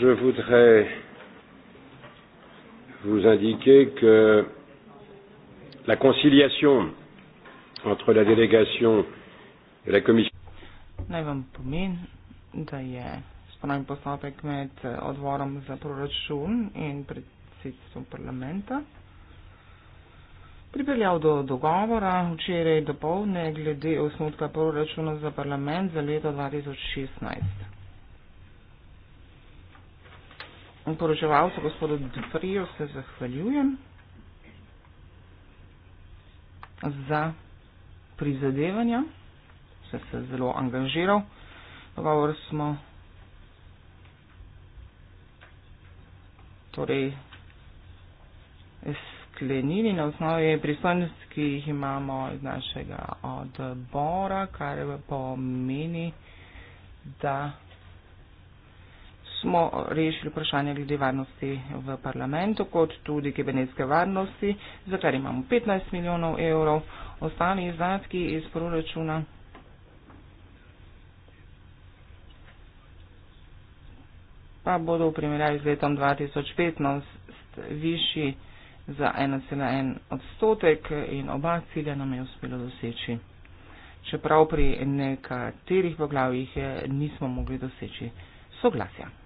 je voudrais vous indiquer que la conciliation entre la délégation et la commission. Naj vam pomen, da je spremenjen postopek med eh, odvorom za proračun in predsedstvom parlamenta pripeljal do dogovora včeraj do povdne glede osnutka proračuna za parlament za leto 2016 poroževalcu, gospodu Dupriju, se zahvaljujem za prizadevanja, se se zelo angažiral. Dogovor smo torej sklenili na osnovi pristojnosti, ki jih imamo iz našega odbora, kar pomeni, da smo rešili vprašanje glede varnosti v parlamentu, kot tudi kibernetske varnosti, za kar imamo 15 milijonov evrov. Ostali izdatki iz proračuna. pa bodo v primerjavi z letom 2015 višji za 1,1 odstotek in oba cilja nam je uspelo doseči. Čeprav pri nekaterih poglavjih eh, nismo mogli doseči soglasja.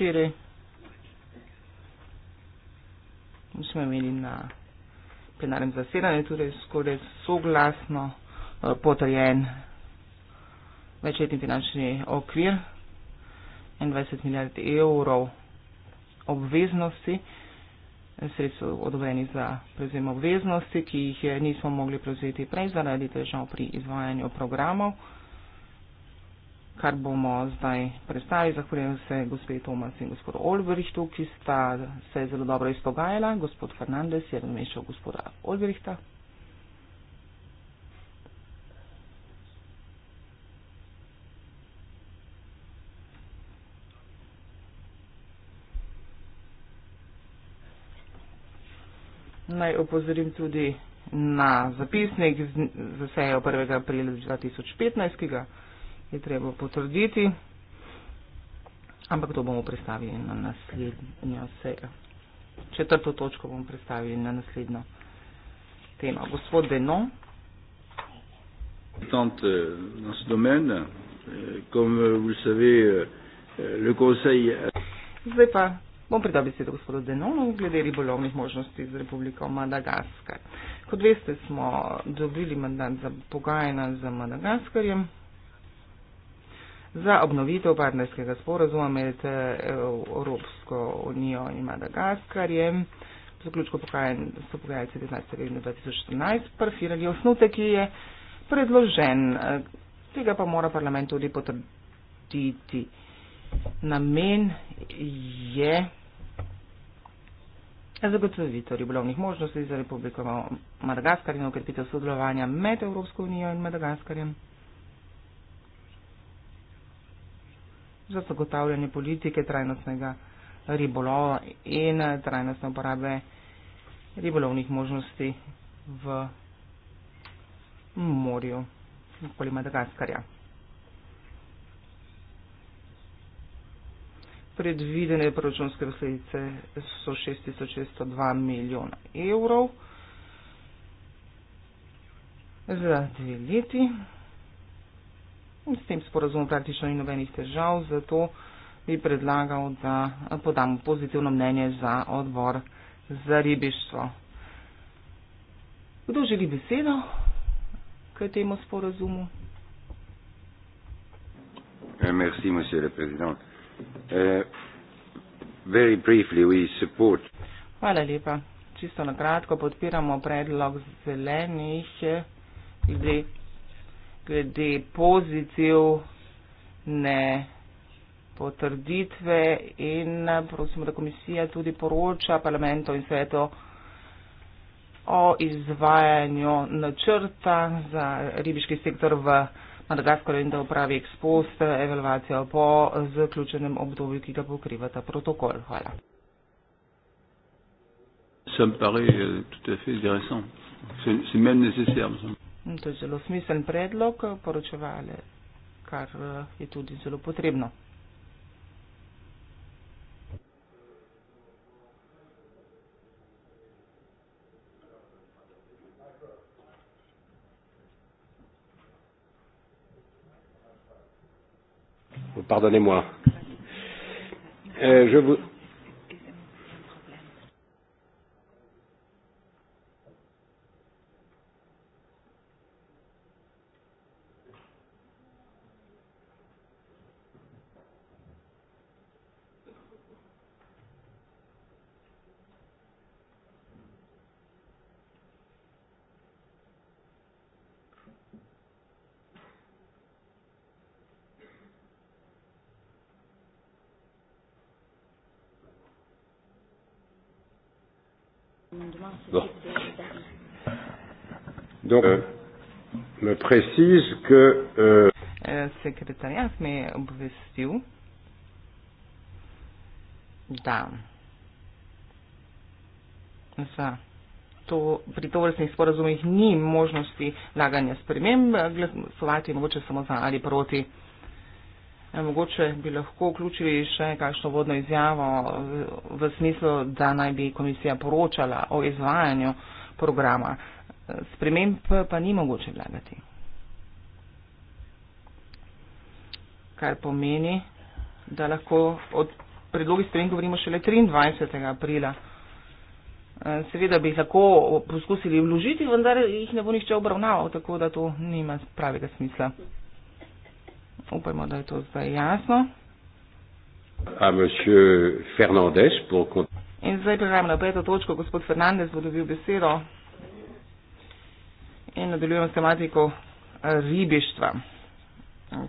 včeraj. Smo imeli na plenarnem zasedanju, torej skoraj soglasno eh, potrjen večletni finančni okvir 21 milijard evrov obveznosti, sredstvo odobreni za prevzem obveznosti, ki jih nismo mogli prevzeti prej zaradi težav pri izvajanju programov kar bomo zdaj predstavili. Zahvaljujem se gospe Tomas in gospod Olberihtu, ki sta se zelo dobro izpogajala. Gospod Fernandez je namešal gospoda Olberihta. Naj opozorim tudi na zapisnik za sejo 1. aprila 2015, ki ga je treba potrditi, ampak to bomo predstavili na naslednjo sejo. Četrto točko bomo predstavili na naslednjo temo. Gospod Deno. Tante, euh, nas domene, euh, comme vous savez, euh, le conseil. Zdaj pa bom predal besedo gospodu Denonu glede ribolovnih možnosti z Republiko Madagaskar. Kot veste, smo dobili mandat za pogajanja z Madagaskarjem za obnovitev partnerskega sporozuma med eh, Evropsko unijo in Madagaskarjem. V zaključku pogajanj so pogajalci 19. junija 2014 parfirali osnutek, ki je predložen. Eh, tega pa mora parlament tudi potrditi. Namen je zagotovitev ribolovnih možnosti za Republiko Madagaskar in okrepitev sodelovanja med Evropsko unijo in Madagaskarjem. za zagotavljanje politike trajnostnega ribolova in trajnostne uporabe ribolovnih možnosti v morju okoli Madagaskarja. Predvidene proračunske posledice so 6602 milijona evrov za dve leti s tem sporozumom praktično ni nobenih težav, zato bi predlagal, da podamo pozitivno mnenje za odbor za ribištvo. Kdo želi besedo k temu sporozumu? Eh, merci, monsieur le président. Uh, very briefly, we support. Hvala lepa. Čisto na kratko podpiramo predlog zelenih glede glede pozitiv, ne potrditve in prosimo, da komisija tudi poroča parlamentu in svetu o izvajanju načrta za ribiški sektor v Madagaskaru in da upravi ekspost evalvacijo po zaključenem obdobju, ki ga pokriva ta protokol. Hvala. Ça me paraît euh, tout à fait intéressant. C'est même nécessaire. Me Mm, to je zelo smiseln predlog, poročevale, kar je tudi zelo potrebno. Pardonnez-moi. Euh, je vous. amendement. Bon. Donc, euh, me précise que. Euh, euh, secrétariat, mais vous où Da. To, pri tovrstnih sporazumih ni možnosti laganja sprememb, glasovati mogoče samo za ali proti. Eh, mogoče bi lahko vključili še kakšno vodno izjavo eh, v smislu, da naj bi komisija poročala o izvajanju programa. Eh, sprememb pa ni mogoče vlagati. Kar pomeni, da lahko o predlogih sprememb govorimo šele 23. aprila. Seveda bi jih lahko poskusili vložiti, vendar jih ne bo nihče obravnaval, tako da to nima pravega smisla. Upajmo, da je to zdaj jasno. In zdaj prehajamo na peto točko. Gospod Fernandez bo dobil besedo in nadaljujemo s tematiko eh, ribištva.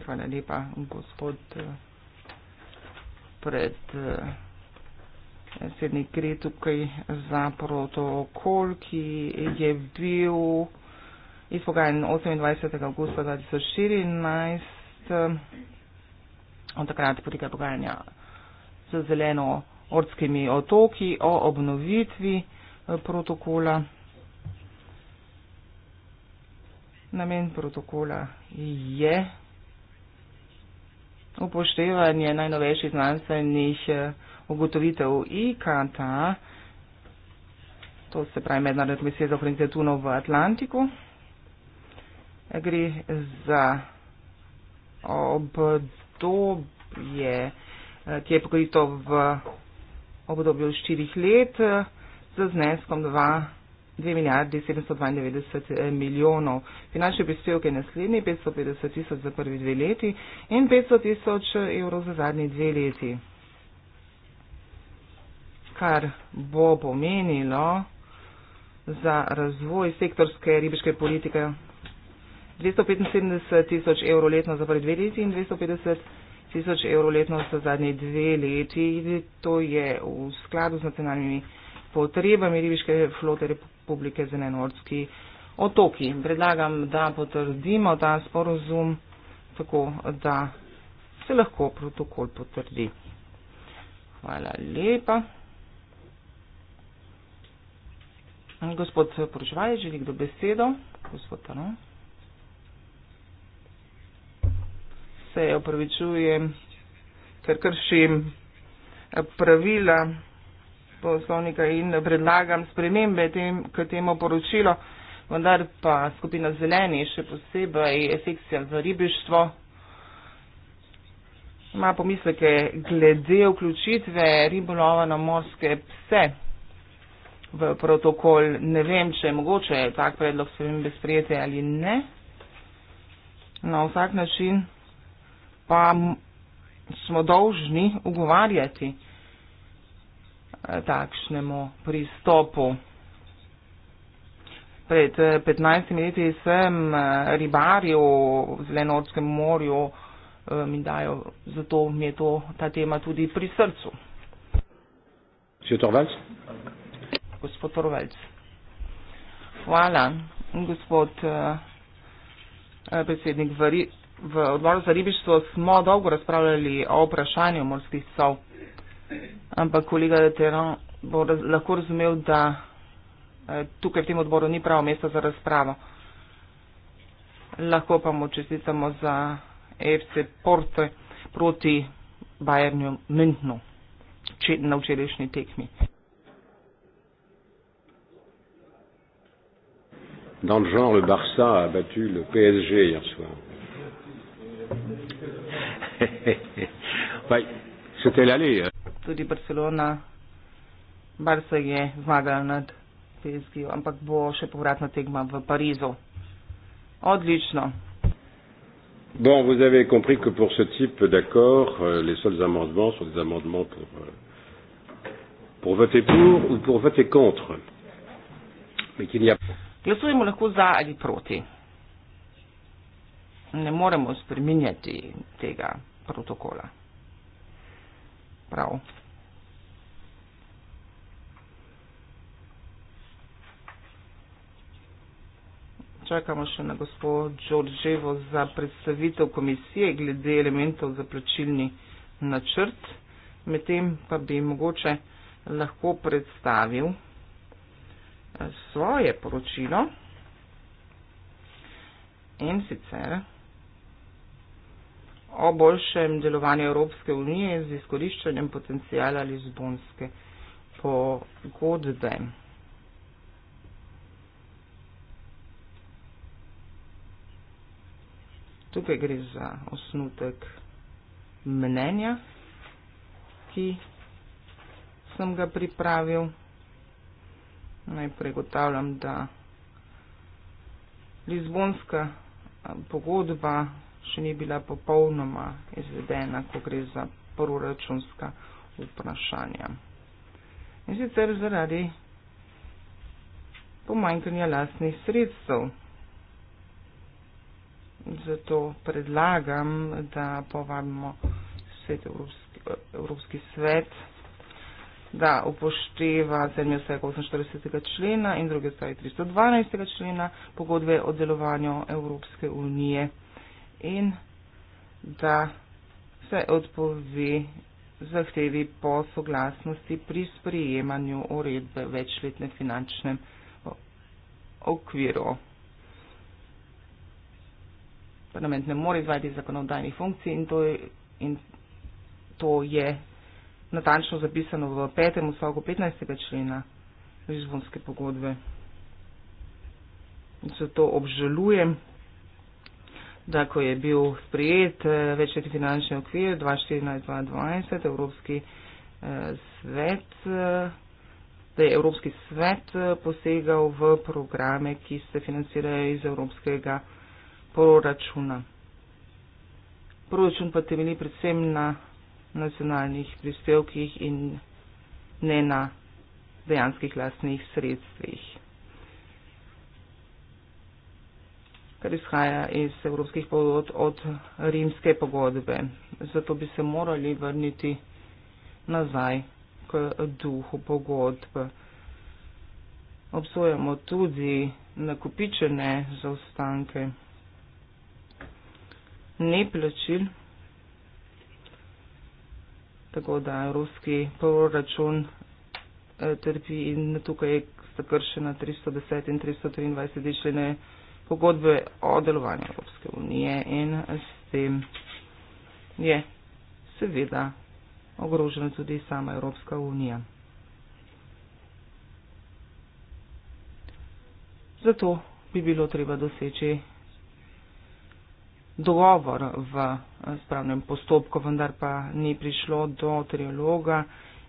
Hvala lepa, gospod eh, pred sednik gre tukaj za protokol, ki je bil izpogajen 28. augusta 2014 jaz eh, od takrat poteka pogajanja z zeleno ordskimi otoki o obnovitvi eh, protokola. Namen protokola je upoštevanje najnovejših znanstvenih eh, ugotovitev IKTA, to se pravi Mednarodne komisije za ohranitev tunov v Atlantiku. Gre za obdobje, eh, ki je pokrito v obdobju štirih let eh, z zneskom 2, 2 milijarde 792 milijonov. Finančne prispevke naslednji 550 tisoč za prvi dve leti in 500 tisoč evrov za zadnji dve leti. Kar bo pomenilo za razvoj sektorske ribiške politike 275 tisoč evrov letno za prvi dve leti in 250 tisoč evrov letno za zadnji dve leti. To je v skladu z nacionalnimi potrebami ribiške flote Republike Zelenorski otoki. Predlagam, da potrdimo ta sporozum tako, da se lahko protokol potrdi. Hvala lepa. Gospod poročevalec, želi kdo besedo? Gospod Tarno. se opravičujem, ker kršim pravila poslovnika in predlagam spremembe tem, k temu poročilo, vendar pa skupina zeleni, še posebej sekcija za ribištvo, ima pomisleke glede vključitve ribolova na morske pse v protokol. Ne vem, če je mogoče tak predlog spremembe sprejeti ali ne. Na vsak način pa smo dolžni ugovarjati eh, takšnemu pristopu. Pred 15 eh, leti sem eh, ribaril v Zelenorskem morju, mi dajo, zato mi je to, ta tema tudi pri srcu. Torvalc. Gospod Torvalc. Hvala, gospod predsednik Vrič v odboru za ribištvo smo dolgo razpravljali o vprašanju morskih sov, ampak kolega Teron bo raz, lahko razumel, da eh, tukaj v tem odboru ni pravo mesto za razpravo. Lahko pa mu čestitamo za e FC Porto proti Bayernu Münchenu na včerajšnji tekmi. Dans le genre, le Barça a battu le PSG hier soir. Vaj, so telali. Tudi Barcelona, Barca je zmagala nad PSG, ampak bo še povratna tekma v Parizu. Odlično. Bon, vous avez compris que pour ce type d'accord, euh, les seuls amendements sont des amendements pour, euh, pour voter pour ou pour voter contre. Mais qu'il n'y a pas. Nous lahko za ali proti. Ne moremo spreminjati tega protokola. Prav. Čakamo še na gospod Đorđevo za predstavitev komisije glede elementov za plačilni načrt. Medtem pa bi mogoče lahko predstavil eh, svoje poročilo. In sicer o boljšem delovanju Evropske unije z izkoriščanjem potencijala Lizbonske pogodbe. Tukaj gre za osnutek mnenja, ki sem ga pripravil. Najprej gotavljam, da Lizbonska pogodba še ni bila popolnoma izvedena, ko gre za proračunska vprašanja. In sicer zaradi pomanjkanja lastnih sredstev. Zato predlagam, da povabimo svet Evropski, Evropski svet, da upošteva 7. stavka 48. člena in 2. stavka 312. člena pogodbe o delovanju Evropske unije in da se odpovi zahtevi po soglasnosti pri sprijemanju uredbe večletne finančnem okviru. Parlament ne more izvajati zakonodajnih funkcij in to je, in to je natančno zapisano v petem odstavku 15. člena Lizbonske pogodbe. Zato obžalujem, da ko je bil sprejet eh, večleti finančni okvir 2014-2020, Evropski eh, svet, eh, da je Evropski svet posegal v programe, ki se financirajo iz evropskega proračuna. Proračun pa temeli predvsem na nacionalnih prispevkih in ne na dejanskih lastnih sredstvih. kar izhaja iz evropskih pogod od rimske pogodbe. Zato bi se morali vrniti nazaj k duhu pogodb. Obsojamo tudi nakupičene zaostanke neplačil, tako da evropski proračun eh, trpi in tukaj sta kršena 310 in 323 člene pogodbe o delovanju Evropske unije in s tem je seveda ogrožena tudi sama Evropska unija. Zato bi bilo treba doseči dogovor v spravnem postopku, vendar pa ni prišlo do trialoga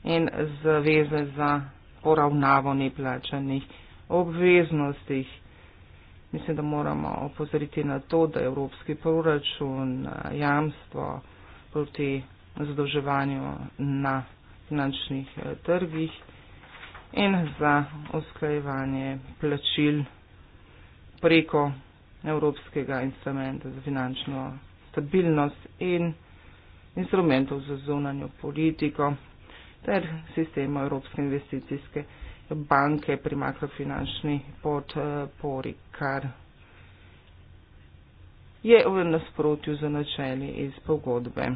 in zaveze za poravnavo neplačanih obveznostih mislim, da moramo opozoriti na to, da je evropski proračun eh, jamstvo proti zadolževanju na finančnih eh, trgih in za usklajevanje plačil preko Evropskega instrumenta za finančno stabilnost in instrumentov za zunanjo politiko ter sistema Evropske investicijske politike banke pri makrofinančni podpori, kar je v nasprotju z načeli iz pogodbe.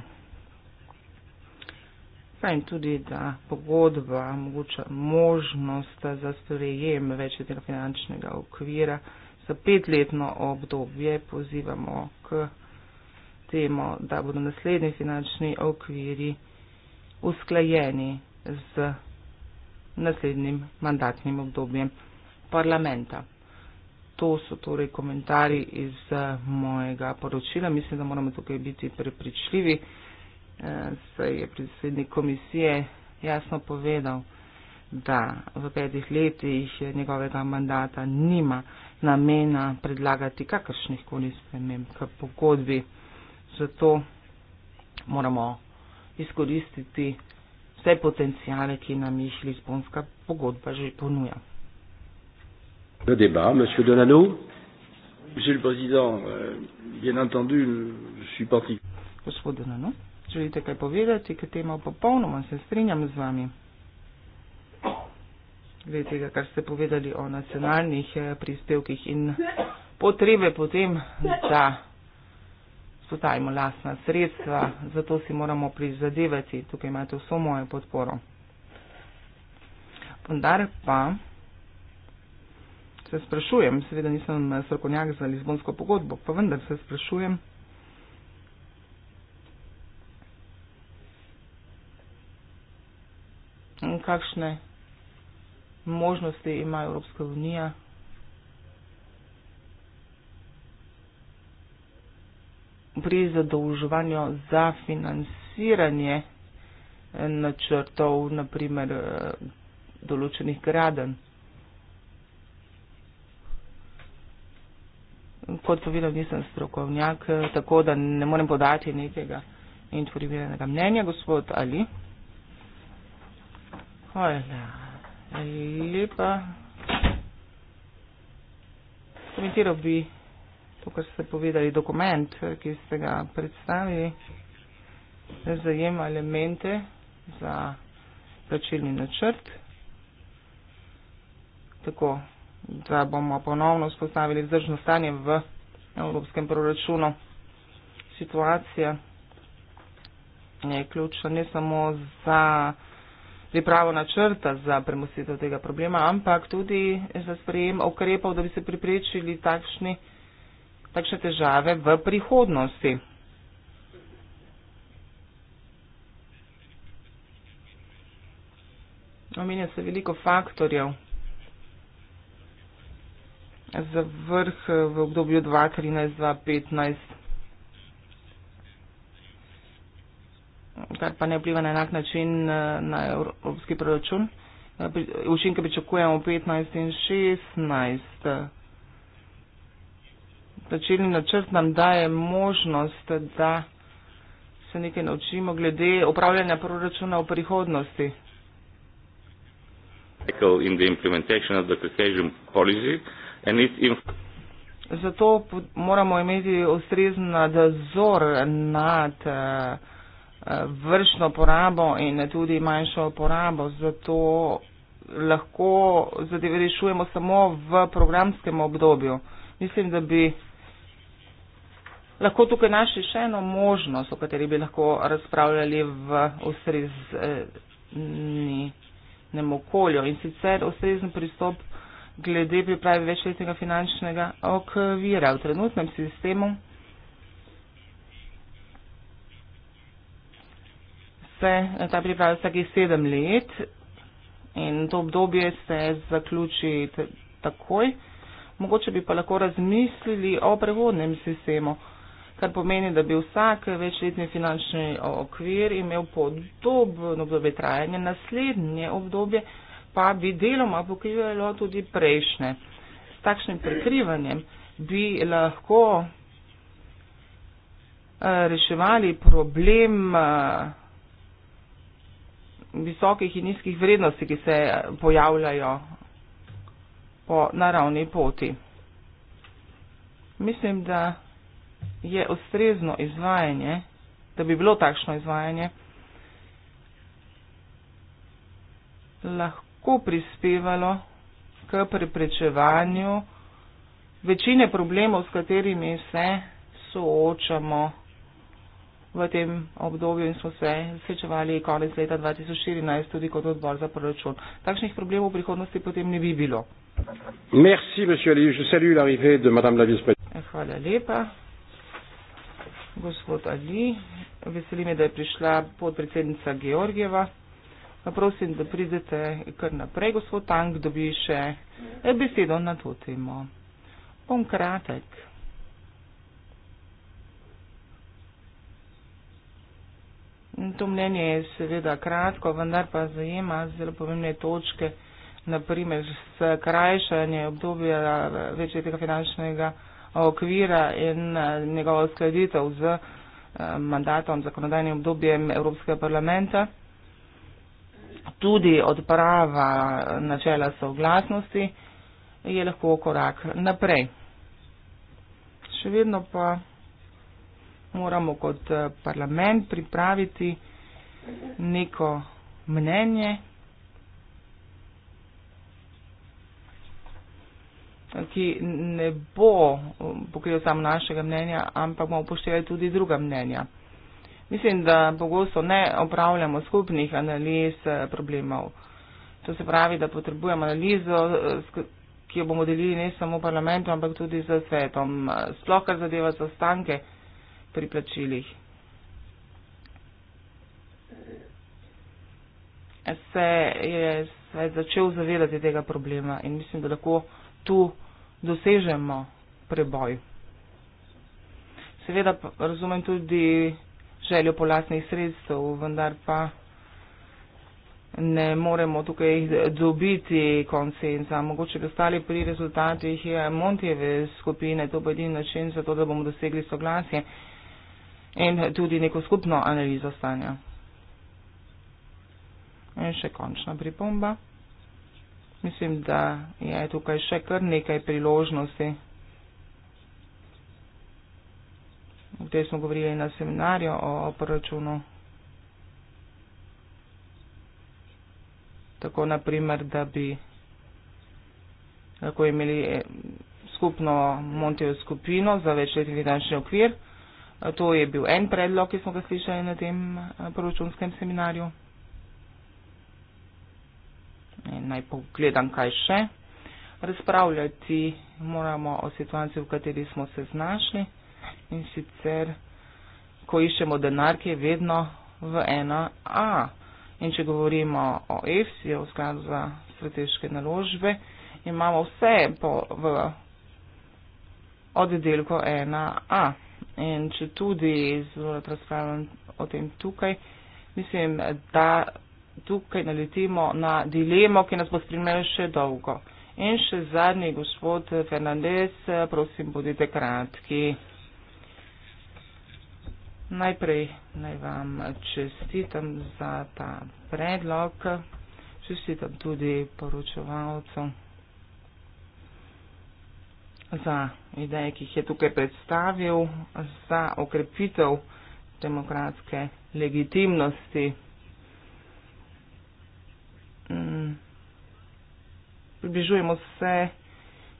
Pravim tudi, da pogodba omogoča možnost za sprejem večjega finančnega okvira za petletno obdobje. Pozivamo k temu, da bodo naslednji finančni okviri usklajeni z naslednjim mandatnim obdobjem parlamenta. To so torej komentari iz eh, mojega poročila. Mislim, da moramo tukaj biti prepričljivi. Eh, saj je predsednik komisije jasno povedal, da v petih letih njegovega mandata nima namena predlagati kakršnih koli sprememb k pogodbi. Zato moramo izkoristiti vse potencijale, ki nam jih Lisbonska pogodba že ponuja. Le débat, monsieur Donano. Monsieur le président, euh, bien entendu, je suis parti. Gospod Donano, želite kaj povedati, ki tema popolnoma se strinjam z vami? Glede tega, kar ste povedali o nacionalnih eh, prispevkih in potrebe potem, da sotajmo lasna sredstva, zato si moramo prizadevati, tukaj imate vso mojo podporo. Vendar pa se sprašujem, seveda nisem srkonjak za Lizbonsko pogodbo, pa vendar se sprašujem, kakšne možnosti ima Evropska unija pri zadolževanju za financiranje eh, načrtov, naprimer eh, določenih graden. Kot povedal, nisem strokovnjak, eh, tako da ne morem podati nekega informiranega mnenja, gospod Ali. Hvala lepa. Komentiral bi to, kar ste povedali, dokument, ki ste ga predstavili, zajema elemente za plačilni načrt, tako da bomo ponovno spostavili vzdržno stanje v evropskem proračunu. Situacija je ključna ne samo za pripravo načrta za premostitev tega problema, ampak tudi za sprejem okrepov, da bi se priprečili takšni takšne težave v prihodnosti. Omenja se veliko faktorjev za vrh v obdobju 2013-2015, kar pa ne vpliva na enak način eh, na evropski proračun. Eh, učinke pričakujemo 15 in 16 načelni načrt nam daje možnost, da se nekaj naučimo glede upravljanja proračuna v prihodnosti. Zato moramo imeti ustrezen nadzor nad eh, vršno porabo in tudi manjšo porabo. Zato lahko zadeve rešujemo samo v programskem obdobju. Mislim, da bi lahko tukaj našli še eno možnost, o kateri bi lahko razpravljali v ustreznem okolju in sicer ustrezen pristop glede priprave večletnega finančnega okvira v trenutnem sistemu. Se, ta priprava je vsakih sedem let in to obdobje se zaključi takoj. Mogoče bi pa lahko razmislili o prehodnem sistemu kar pomeni, da bi vsak večletni finančni okvir imel podobno obdobje trajanja, naslednje obdobje pa bi deloma pokrivalo tudi prejšnje. S takšnim prekrivanjem bi lahko eh, reševali problem eh, visokih in nizkih vrednosti, ki se pojavljajo po naravni poti. Mislim, da je ustrezno izvajanje, da bi bilo takšno izvajanje, lahko prispevalo k preprečevanju večine problemov, s katerimi se soočamo v tem obdobju in smo se srečevali konec leta 2014 tudi kot odbor za proračun. Takšnih problemov v prihodnosti potem ne bi bilo. Merci, monsieur Ali, je salue l'arrivée de madame la vice-présidente. Hvala lepa gospod Ali. Veseli me, da je prišla podpredsednica Georgijeva. Prosim, da pridete kar naprej, gospod Tank, dobi še besedo na to temo. Bom kratek. To mnenje je seveda kratko, vendar pa zajema zelo pomembne točke, naprimer skrajšanje obdobja večjega finančnega okvira in eh, njegovo skladitev z eh, mandatom zakonodajnim obdobjem Evropskega parlamenta. Tudi odprava eh, načela soglasnosti je lahko korak naprej. Še vedno pa moramo kot parlament pripraviti neko mnenje, ki ne bo um, pokril samo našega mnenja, ampak bomo upoštevali tudi druga mnenja. Mislim, da pogosto ne opravljamo skupnih analiz eh, problemov. To se pravi, da potrebujemo analizo, eh, ki jo bomo delili ne samo v parlamentu, ampak tudi z svetom, sploh kar zadeva zastanke pri plačilih. Se je svet začel zavedati tega problema in mislim, da lahko tu dosežemo preboj. Seveda razumem tudi željo po lasnih sredstev, vendar pa ne moremo tukaj dobiti koncenza. Mogoče bi ostali pri rezultatih Montjeve skupine, to bo edin način za to, da bomo dosegli soglasje in tudi neko skupno analizo stanja. In še končna pripomba mislim, da je tukaj še kar nekaj priložnosti. V tej smo govorili na seminarju o proračunu. Tako naprimer, da bi lahko imeli eh, skupno montijo skupino za večletni finančni okvir. To je bil en predlog, ki smo ga slišali na tem eh, proračunskem seminarju naj pogledam kaj še. Razpravljati moramo o situaciji, v kateri smo se znašli in sicer, ko iščemo denar, ki je vedno v 1A. In če govorimo o EFSI, o skladu za strateške naložbe, imamo vse po, v oddelku 1A. In če tudi zelo razpravljam o tem tukaj, mislim, da tukaj naletimo na dilemo, ki nas bo spremljala še dolgo. In še zadnji, gospod Fernandez, prosim, bodite kratki. Najprej naj vam čestitam za ta predlog, čestitam tudi poročevalcu za ideje, ki jih je tukaj predstavil, za okrepitev demokratske legitimnosti. približujemo se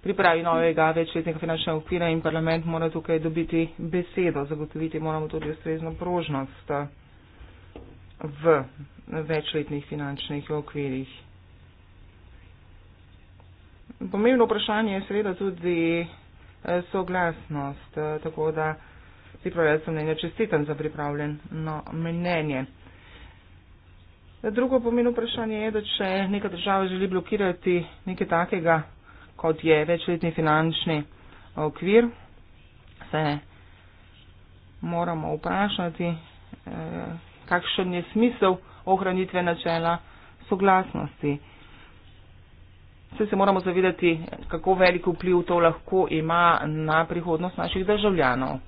pripravi novega večletnega finančnega okvira in parlament mora tukaj dobiti besedo. Zagotoviti moramo tudi ustrezno prožnost v večletnih finančnih okvirih. Pomembno vprašanje je seveda tudi eh, soglasnost, eh, tako da pripravljam mnenje. Čestitam za pripravljeno mnenje. Drugo pomeno vprašanje je, da če neka država želi blokirati nekaj takega, kot je večletni finančni okvir, se moramo vprašati, eh, kakšen je smisel ohranitve načela soglasnosti. Se, se moramo zavedati, kako velik vpliv to lahko ima na prihodnost naših državljanov.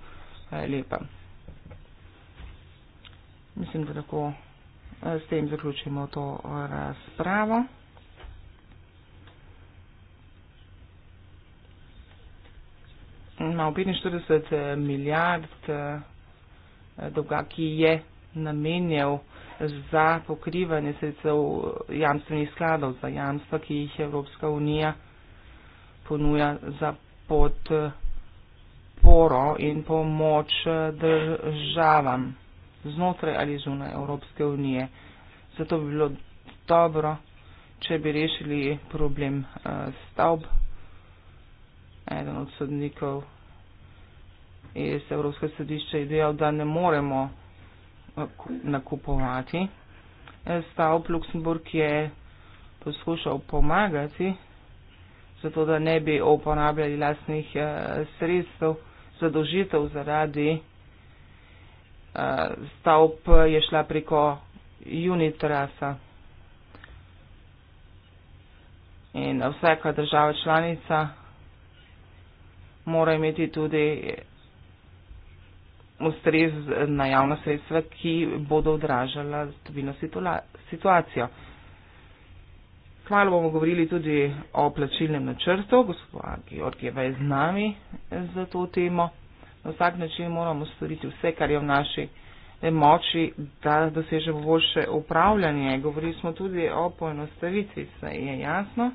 Lepa. Mislim, da tako. S tem zaključimo to razpravo. Na 45 milijard eh, dolga, ki je namenjal za pokrivanje sredstev jamstvenih skladov, za jamstva, ki jih Evropska unija ponuja za podporo in pomoč eh, državam znotraj ali zunaj Evropske unije. Zato bi bilo dobro, če bi rešili problem uh, stavb. Eden od sodnikov iz Evropske sodišče je dejal, da ne moremo eh, nakupovati eh, stavb. Luksemburg je poskušal pomagati, zato da ne bi uporabljali lastnih sredstev, zadožitev zaradi stavb je šla preko Unitrasa. In vsaka država članica mora imeti tudi ustrez na javno sredstva, ki bodo odražala stabilno situacijo. Hvala bomo govorili tudi o plačilnem načrtu. Gospod Georgijeva je z nami za to temo na vsak način moramo storiti vse, kar je v naši moči, da dosežemo boljše upravljanje. Govorili smo tudi o poenostavitvi, se je jasno.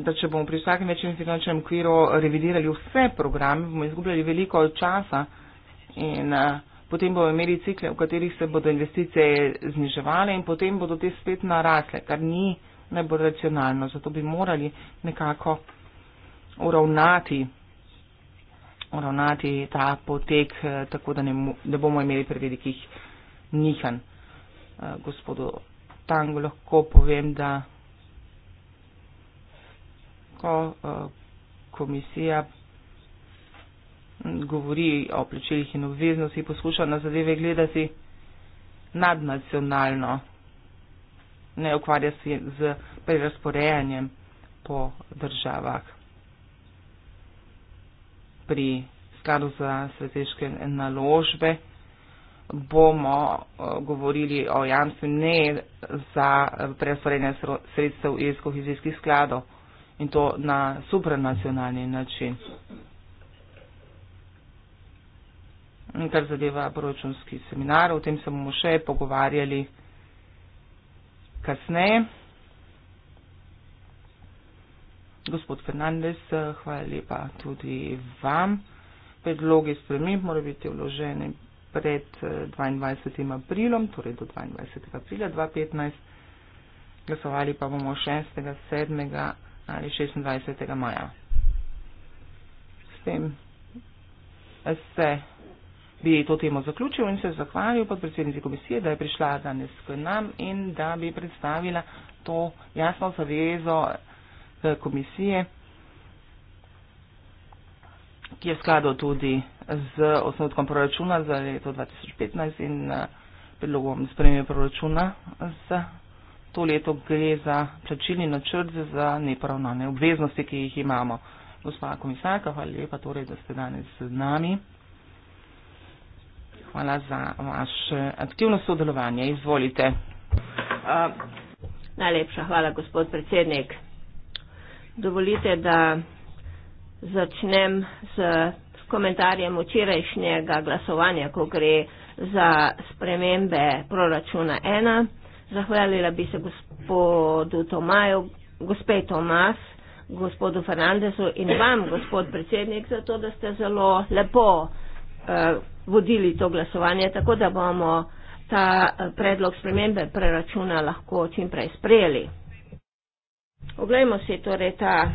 da če bomo pri vsakem večjem finančnem kviru revidirali vse programe, bomo izgubljali veliko časa in a, eh, potem bomo imeli cikle, v katerih se bodo investicije zniževale in potem bodo te spet narasle, kar ni najbolj racionalno. Zato bi morali nekako uravnati, uravnati ta potek, eh, tako da ne, ne bomo imeli prevelikih nihan. Eh, gospodu Tango lahko povem, da ko eh, komisija govori o plačilih in obveznosti, poskuša na zadeve gledati nadnacionalno, ne ukvarja se z prerasporejanjem po državah. Pri skladu za strateške naložbe bomo eh, govorili o jamstvu ne za prerasporejanje sredstev iz kohezijskih skladov in to na supranacionalni način. In kar zadeva proračunski seminar, o tem se bomo še pogovarjali kasneje. Gospod Fernandez, hvala lepa tudi vam. Predloge sprememb morajo biti vložene pred 22. Eh, aprilom, torej do 22. aprila 2015. Glasovali pa bomo 6., 7. ali 26. maja. S tem se bi to temo zaključil in se zahvalil podpredsednici komisije, da je prišla danes k nam in da bi predstavila to jasno zavezo eh, komisije, ki je v skladu tudi z osnutkom proračuna za leto 2015 in eh, predlogom spremembe proračuna za to leto gre za plačilni načrt za neporavnane obveznosti, ki jih imamo. Gospa komisarka, hvala lepa torej, da ste danes z nami. Hvala za vaš eh, aktivno sodelovanje. Izvolite. Uh, najlepša hvala, gospod predsednik. Dovolite, da začnem z komentarjem včerajšnjega glasovanja, ko gre za spremembe proračuna 1. Zahvalila bi se gospodu Tomaju, gospe Tomas, gospodu Fernandezu in vam, gospod predsednik, za to, da ste zelo lepo. Uh, vodili to glasovanje, tako da bomo ta eh, predlog spremembe preračuna lahko čimprej sprejeli. Oglejmo si torej ta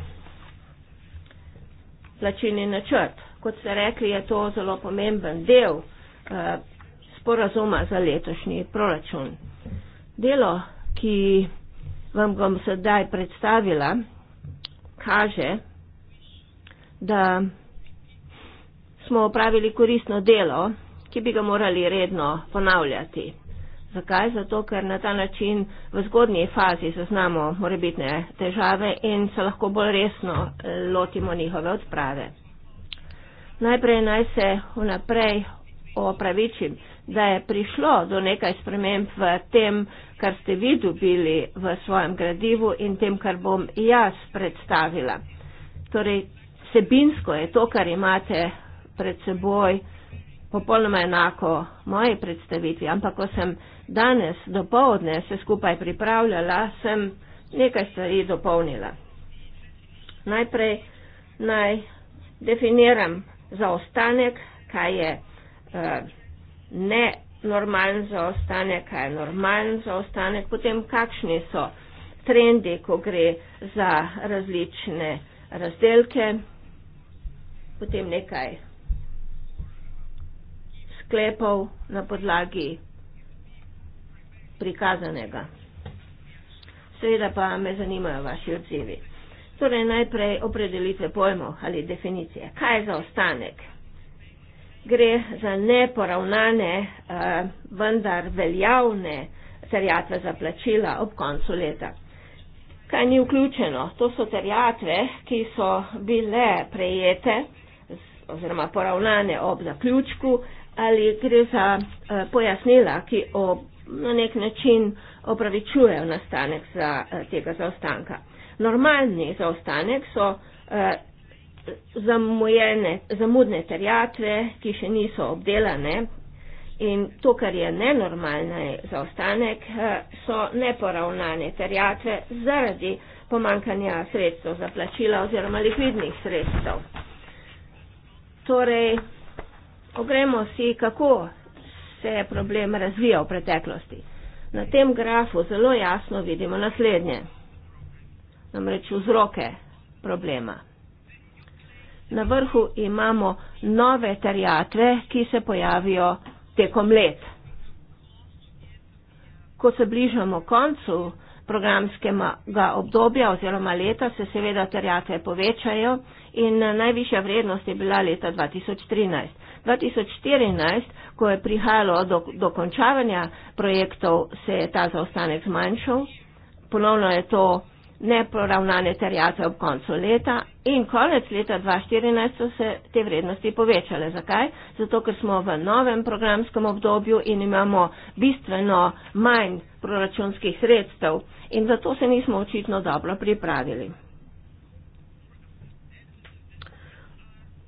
plačilni načrt. Kot ste rekli, je to zelo pomemben del eh, sporazuma za letošnji proračun. Delo, ki vam bom sedaj predstavila, kaže, da smo opravili koristno delo, ki bi ga morali redno ponavljati. Zakaj? Zato, ker na ta način v zgodnji fazi zaznamo morebitne težave in se lahko bolj resno eh, lotimo njihove odprave. Najprej naj se vnaprej opravičim, da je prišlo do nekaj sprememb v tem, kar ste vi dobili v svojem gradivu in tem, kar bom jaz predstavila. Torej, sebinsko je to, kar imate pred seboj popolnoma enako moji predstavitvi, ampak ko sem danes do povdne se skupaj pripravljala, sem nekaj stvari dopolnila. Najprej naj definiram zaostanek, kaj je eh, nenormalen zaostanek, kaj je normalen zaostanek, potem kakšni so trendi, ko gre za različne razdelke, potem nekaj sklepal na podlagi prikazanega. Seveda pa me zanimajo vaši odzivi. Torej najprej opredelitve pojmov ali definicije. Kaj je za ostanek? Gre za neporavnane, eh, vendar veljavne terjatve za plačila ob koncu leta. Kaj ni vključeno? To so terjatve, ki so bile prejete oziroma poravnane ob zaključku ali gre za uh, pojasnila, ki ob, na nek način opravičujejo nastanek za, uh, tega zaostanka. Normalni zaostanek so uh, zamujene, zamudne terjatve, ki še niso obdelane in to, kar je nenormalni zaostanek, uh, so neporavnane terjatve zaradi pomankanja sredstev za plačila oziroma likvidnih sredstev. Torej, Poglejmo si, kako se je problem razvijal v preteklosti. Na tem grafu zelo jasno vidimo naslednje, namreč vzroke problema. Na vrhu imamo nove terjatve, ki se pojavijo tekom let. Ko se bližamo koncu programskega obdobja oziroma leta, se seveda terjatve povečajo in najvišja vrednost je bila leta 2013. 2014, ko je prihajalo do, do končavanja projektov, se je ta zaostanek zmanjšal. Ponovno je to neporavnane terjate ob koncu leta in konec leta 2014 so se te vrednosti povečale. Zakaj? Zato, ker smo v novem programskem obdobju in imamo bistveno manj proračunskih sredstev in zato se nismo očitno dobro pripravili.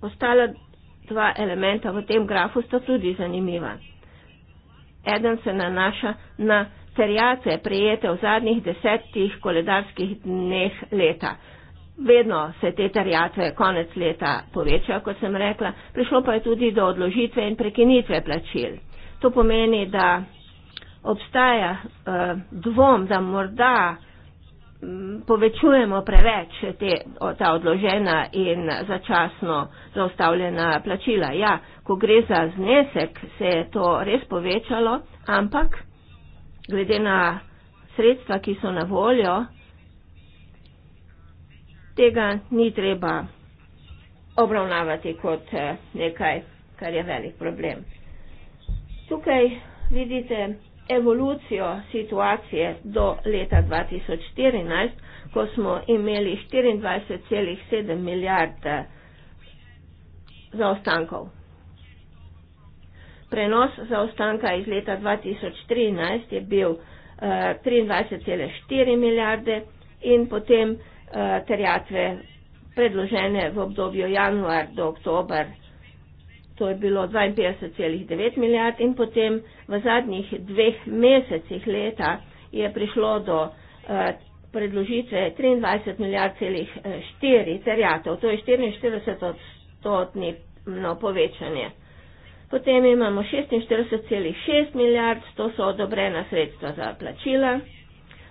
Ostala dva elementa v tem grafu sta tudi zanimiva. Eden se nanaša na terjace prijete v zadnjih desetih koledarskih dneh leta. Vedno se te terjatve konec leta povečajo, kot sem rekla, prišlo pa je tudi do odložitve in prekinitve plačil. To pomeni, da obstaja eh, dvom, da morda povečujemo preveč te, ta odložena in začasno zaustavljena plačila. Ja, ko gre za znesek, se je to res povečalo, ampak glede na sredstva, ki so na voljo, tega ni treba obravnavati kot eh, nekaj, kar je velik problem. Tukaj vidite evolucijo situacije do leta 2014, ko smo imeli 24,7 milijarde eh, zaostankov. Prenos zaostanka iz leta 2013 je bil uh, eh, 23,4 milijarde in potem uh, terjatve predložene v obdobju januar do oktober to je bilo 52,9 milijard in potem v zadnjih dveh mesecih leta je prišlo do eh, predložitve 23 milijard celih 4 eh, terjatev, to je 44 odstotni no, povečanje. Potem imamo 46,6 milijard, to so odobrena sredstva za plačila,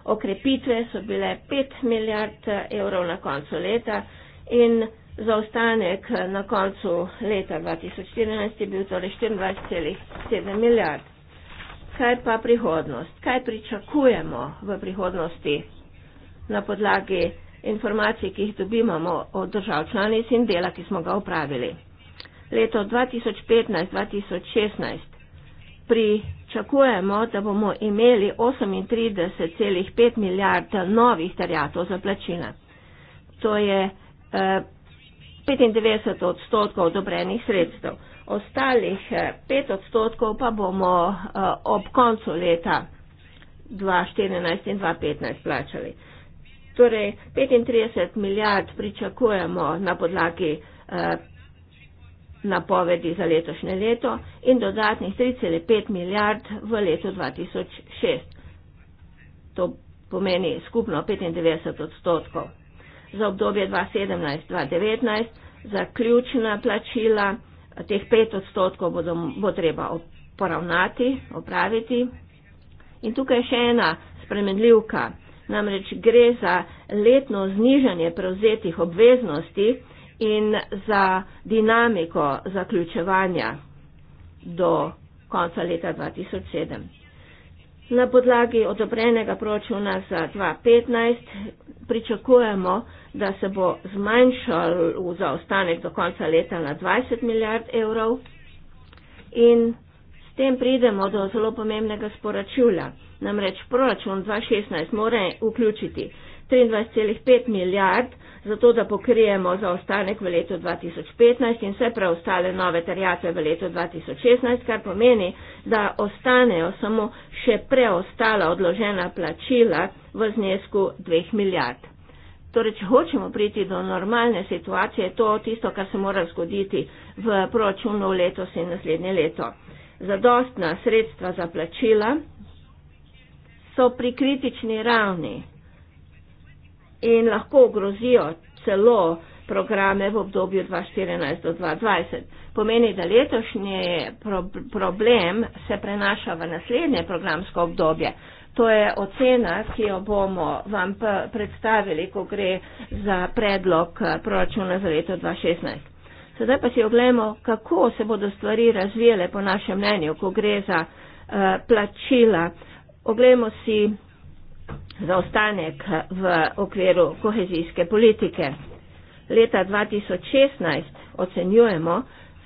okrepitve so bile 5 milijard eh, evrov na koncu leta in zaostanek na koncu leta 2014 je bil torej 24,7 milijard. Kaj pa prihodnost? Kaj pričakujemo v prihodnosti na podlagi informacij, ki jih dobimo od držav članic in dela, ki smo ga upravili? Leto 2015-2016 pričakujemo, da bomo imeli 38,5 milijard novih terjatov za plačila. To je eh, 95 odstotkov odobrenih sredstev. Ostalih 5 eh, odstotkov pa bomo eh, ob koncu leta 2014 in 2015 plačali. Torej 35 milijard pričakujemo na podlagi eh, napovedi za letošnje leto in dodatnih 3,5 milijard v letu 2006. To pomeni skupno 95 odstotkov za obdobje 2017-2019 zaključena plačila, teh pet odstotkov bodo, bo treba poravnati, opraviti. In tukaj še ena spremenljivka, namreč gre za letno znižanje prevzetih obveznosti in za dinamiko zaključevanja do konca leta 2007. Na podlagi odobrenega proračuna za 2015 pričakujemo, da se bo zmanjšal zaostanek do konca leta na 20 milijard evrov in s tem pridemo do zelo pomembnega sporočila. Namreč proračun 2016 mora vključiti 23,5 milijard, zato da pokrijemo zaostanek v letu 2015 in vse preostale nove terjate v letu 2016, kar pomeni, da ostanejo samo še preostala odložena plačila v znesku 2 milijard. Torej, če hočemo priti do normalne situacije, je to tisto, kar se mora zgoditi v proračunu letos in naslednje leto. Zadostna sredstva za plačila so pri kritični ravni in lahko ogrozijo celo programe v obdobju 2014 do 2020. Pomeni, da letošnji problem se prenaša v naslednje programsko obdobje, To je ocena, ki jo bomo vam predstavili, ko gre za predlog eh, proračuna za leto 2016. Sedaj pa si oglejmo, kako se bodo stvari razvijele po našem mnenju, ko gre za uh, plačila. Oglejmo si zaostanek eh, v okviru kohezijske politike. Leta 2016 ocenjujemo,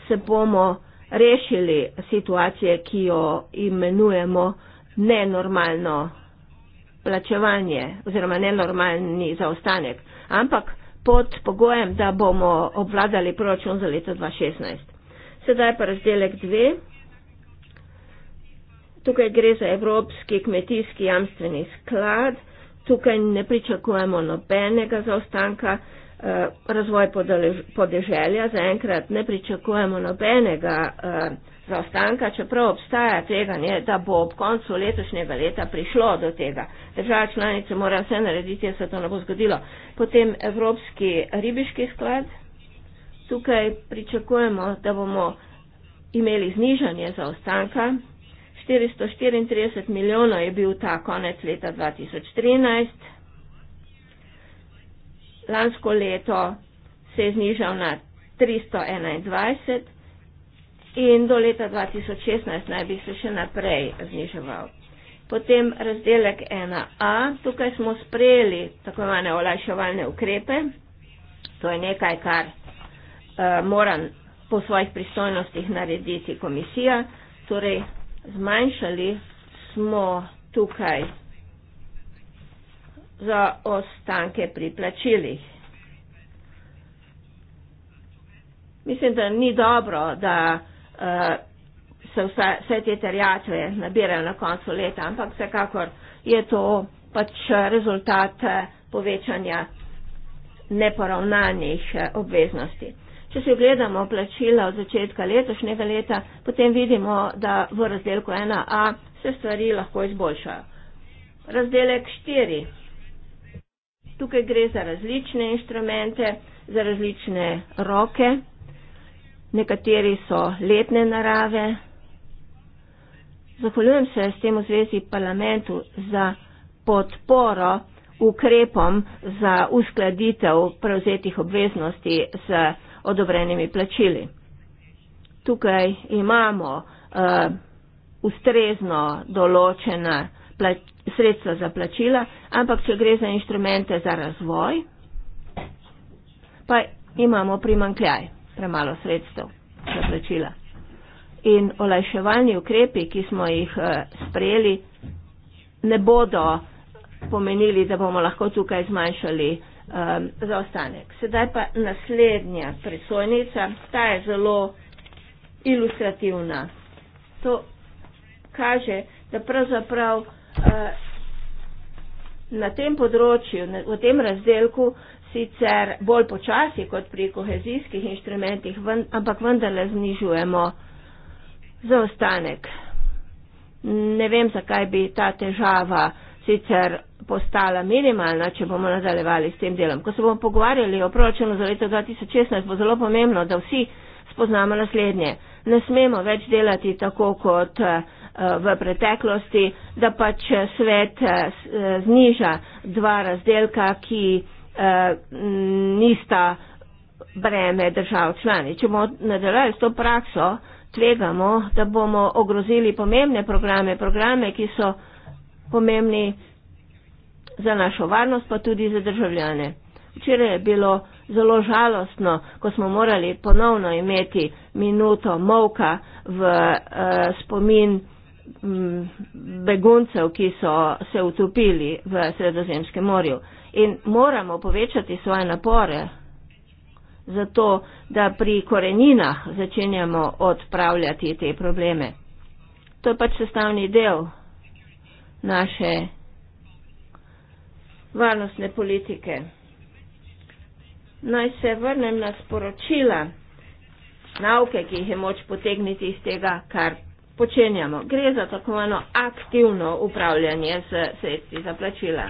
se bomo rešili situacije, ki jo imenujemo uh, nenormalno plačevanje oziroma nenormalni zaostanek, ampak pod pogojem, da bomo obvladali proračun za leto 2016. Sedaj pa razdelek 2. Tukaj gre za Evropski kmetijski jamstveni sklad. Tukaj ne pričakujemo nobenega zaostanka. Eh, razvoj podeželja zaenkrat ne pričakujemo nobenega uh, zaostanka, čeprav obstaja tveganje, da bo ob koncu letošnjega leta prišlo do tega. Država članice mora vse narediti, da se to ne bo zgodilo. Potem Evropski ribiški sklad. Tukaj pričakujemo, da bomo imeli znižanje zaostanka. 434 milijonov je bil ta konec leta 2013. Lansko leto se je znižal na 321 in do leta 2016 naj bi se še naprej zniževal. Potem razdelek 1a, tukaj smo sprejeli tako imene olajševalne ukrepe, to je nekaj, kar uh, mora po svojih pristojnostih narediti komisija, torej zmanjšali smo tukaj za ostanke pri plačilih. Mislim, da ni dobro, da uh, se vse, vse te terjatve nabirajo na koncu leta, ampak vsekakor je to pač rezultat eh, povečanja neporavnanih eh, obveznosti. Če si ogledamo plačila od začetka letošnjega leta, potem vidimo, da v razdelku 1a se stvari lahko izboljšajo. Razdelek 4. Tukaj gre za različne inštrumente, za različne roke nekateri so letne narave. Zahvaljujem se s tem v zvezi parlamentu za podporo ukrepom za uskladitev prevzetih obveznosti z odobrenimi plačili. Tukaj imamo uh, ustrezno določena plač, sredstva za plačila, ampak če gre za inštrumente za razvoj, pa imamo primankljaj premalo sredstev za plačila. In olajševalni ukrepi, ki smo jih eh, sprejeli, ne bodo pomenili, da bomo lahko tukaj zmanjšali um, zaostanek. Sedaj pa naslednja presojnica, ta je zelo ilustrativna. To kaže, da pravzaprav uh, na tem področju, na, v tem razdelku sicer bolj počasi kot pri kohezijskih inštrumentih, ampak vendarle znižujemo zaostanek. Ne vem, zakaj bi ta težava sicer postala minimalna, če bomo nadaljevali s tem delom. Ko se bomo pogovarjali o proračunu za leto 2016, bo zelo pomembno, da vsi spoznamo naslednje. Ne smemo več delati tako kot eh, v preteklosti, da pač eh, svet eh, zniža dva razdelka, ki Eh, nista breme držav člani. Če bomo nadaljali s to prakso, tvegamo, da bomo ogrozili pomembne programe, programe, ki so pomembni za našo varnost, pa tudi za državljane. Včeraj je bilo zelo žalostno, ko smo morali ponovno imeti minuto molka v eh, spomin mm, beguncev, ki so se utopili v Sredozemskem morju in moramo povečati svoje napore za to, da pri koreninah začenjamo odpravljati te probleme. To je pač sestavni del naše varnostne politike. Naj se vrnem na sporočila nauke, ki jih je moč potegniti iz tega, kar počenjamo. Gre za tako eno aktivno upravljanje z sredstvi za plačila,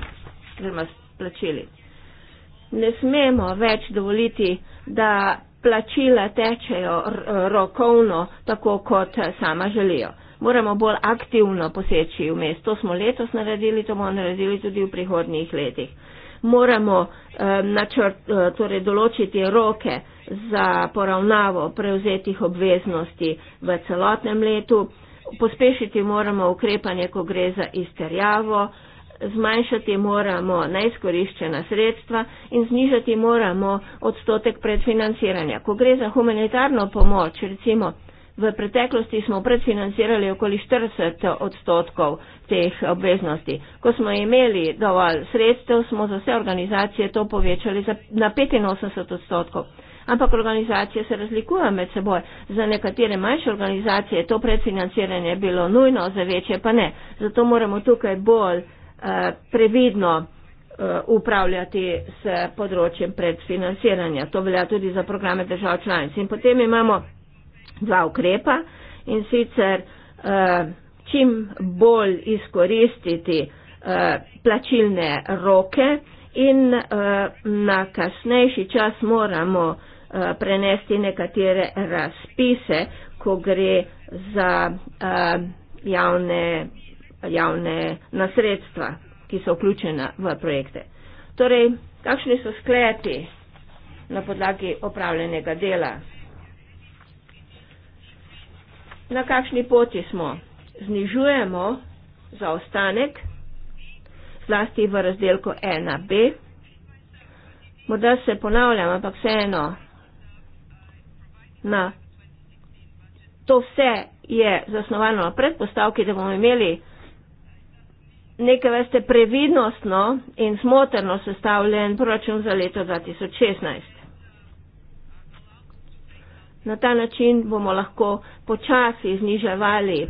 oziroma s plačili. Ne smemo več dovoliti, da plačila tečejo rokovno, tako kot sama želijo. Moramo bolj aktivno poseči v mest. To smo letos naredili, to bomo naredili tudi v prihodnjih letih. Moramo eh, načrt, eh, torej določiti roke za poravnavo prevzetih obveznosti v celotnem letu. Pospešiti moramo ukrepanje, ko gre za izterjavo, eh, zmanjšati moramo neizkoriščena sredstva in znižati moramo odstotek predfinanciranja. Ko gre za humanitarno pomoč, recimo v preteklosti smo predfinancirali okoli 40 odstotkov teh obveznosti. Ko smo imeli dovolj sredstev, smo za vse organizacije to povečali na 85 odstotkov. Ampak organizacije se razlikujejo med seboj. Za nekatere manjše organizacije to predfinanciranje je bilo nujno, za večje pa ne. Zato moramo tukaj bolj Eh, previdno eh, upravljati s področjem predfinanciranja. To velja tudi za programe držav članic. In potem imamo dva ukrepa in sicer eh, čim bolj izkoristiti plačilne roke in na kasnejši čas moramo prenesti nekatere razpise, ko gre za javne javne, na sredstva, ki so vključena v projekte. Torej, kakšni so sklepi na podlagi opravljenega dela? Na kakšni poti smo? Znižujemo zaostanek, zlasti v razdelku 1b. Morda se ponavljam, ampak vseeno na to vse je zasnovano na predpostavki, da bomo imeli neke veste previdnostno in smotrno sestavljen proračun za leto 2016. Na ta način bomo lahko počasi zniževali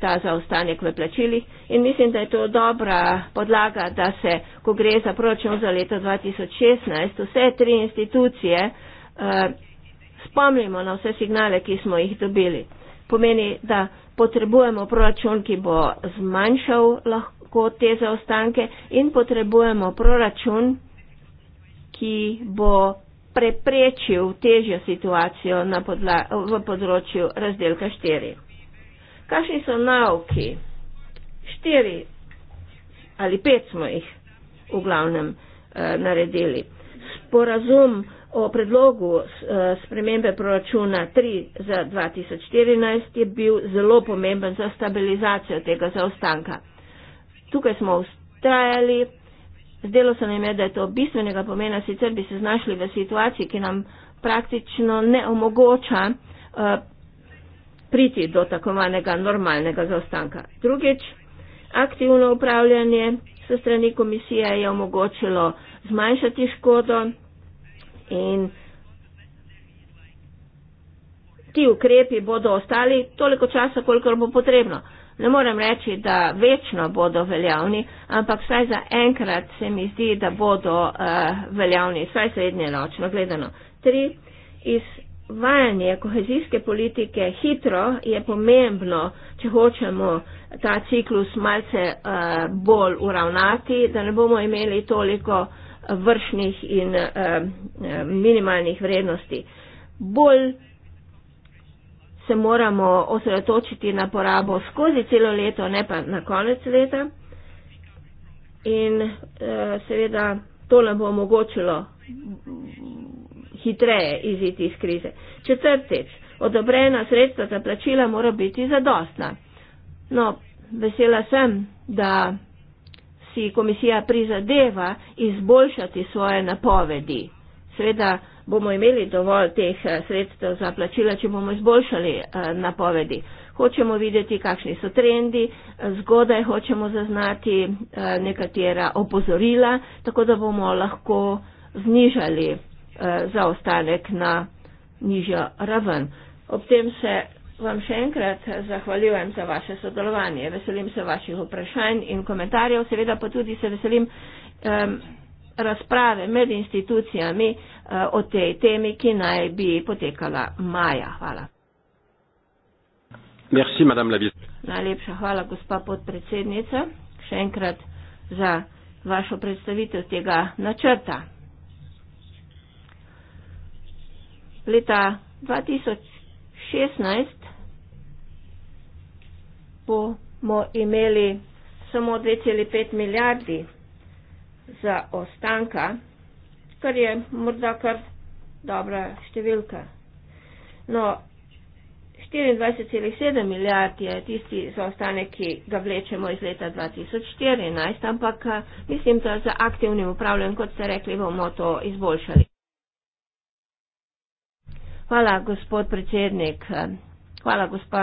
ta zaostanek v plačilih in mislim, da je to dobra podlaga, da se, ko gre za proračun za leto 2016, vse tri institucije eh, spomnimo na vse signale, ki smo jih dobili. Pomeni, da potrebujemo proračun, ki bo zmanjšal lahko lahko te zaostanke in potrebujemo proračun, ki bo preprečil težjo situacijo na podla, v področju razdelka 4. Kakšni so nauki? Štiri ali pet smo jih v glavnem eh, naredili. Sporazum o predlogu eh, spremembe proračuna 3 za 2014 je bil zelo pomemben za stabilizacijo tega zaostanka tukaj smo ustrajali, zdelo se nam je, da je to bistvenega pomena, sicer bi se znašli v situaciji, ki nam praktično ne omogoča uh, priti do takovanega normalnega zaostanka. Drugič, aktivno upravljanje so strani komisije je omogočilo zmanjšati škodo in ti ukrepi bodo ostali toliko časa, koliko bo potrebno ne morem reči, da večno bodo veljavni, ampak vsaj za enkrat se mi zdi, da bodo uh, veljavni, vsaj srednje ročno gledano. Tri, izvajanje kohezijske politike hitro je pomembno, če hočemo ta ciklus malce uh, bolj uravnati, da ne bomo imeli toliko vršnih in uh, minimalnih vrednosti. Bolj se moramo osredotočiti na porabo skozi celo leto, ne pa na konec leta. In e, seveda to nam bo omogočilo hitreje iziti iz krize. Četrtič, odobrena sredstva za plačila mora biti zadostna. No, vesela sem, da si komisija prizadeva izboljšati svoje napovedi. Sveda, bomo imeli dovolj teh eh, sredstev za plačila, če bomo izboljšali eh, napovedi. Hočemo videti, kakšni so trendi, eh, zgodaj hočemo zaznati nekatera opozorila, tako da bomo lahko znižali zaostanek na nižjo raven. Ob tem se vam še enkrat zahvaljujem za vaše sodelovanje. Veselim se vaših vprašanj in komentarjev, seveda pa tudi se veselim razprave med institucijami eh, o tej temi, ki naj bi potekala maja. Hvala. Merci, Najlepša hvala, gospa podpredsednica, še enkrat za vašo predstavitev tega načrta. Leta 2016 bomo imeli samo 2,5 milijardi zaostanka, kar je morda kar dobra številka. No, 24,7 milijard je tisti zaostanek, ki ga vlečemo iz leta 2014, ampak eh, mislim, da za aktivnim upravljanjem, kot ste rekli, bomo to izboljšali. Hvala, gospod predsednik. Hvala, gospa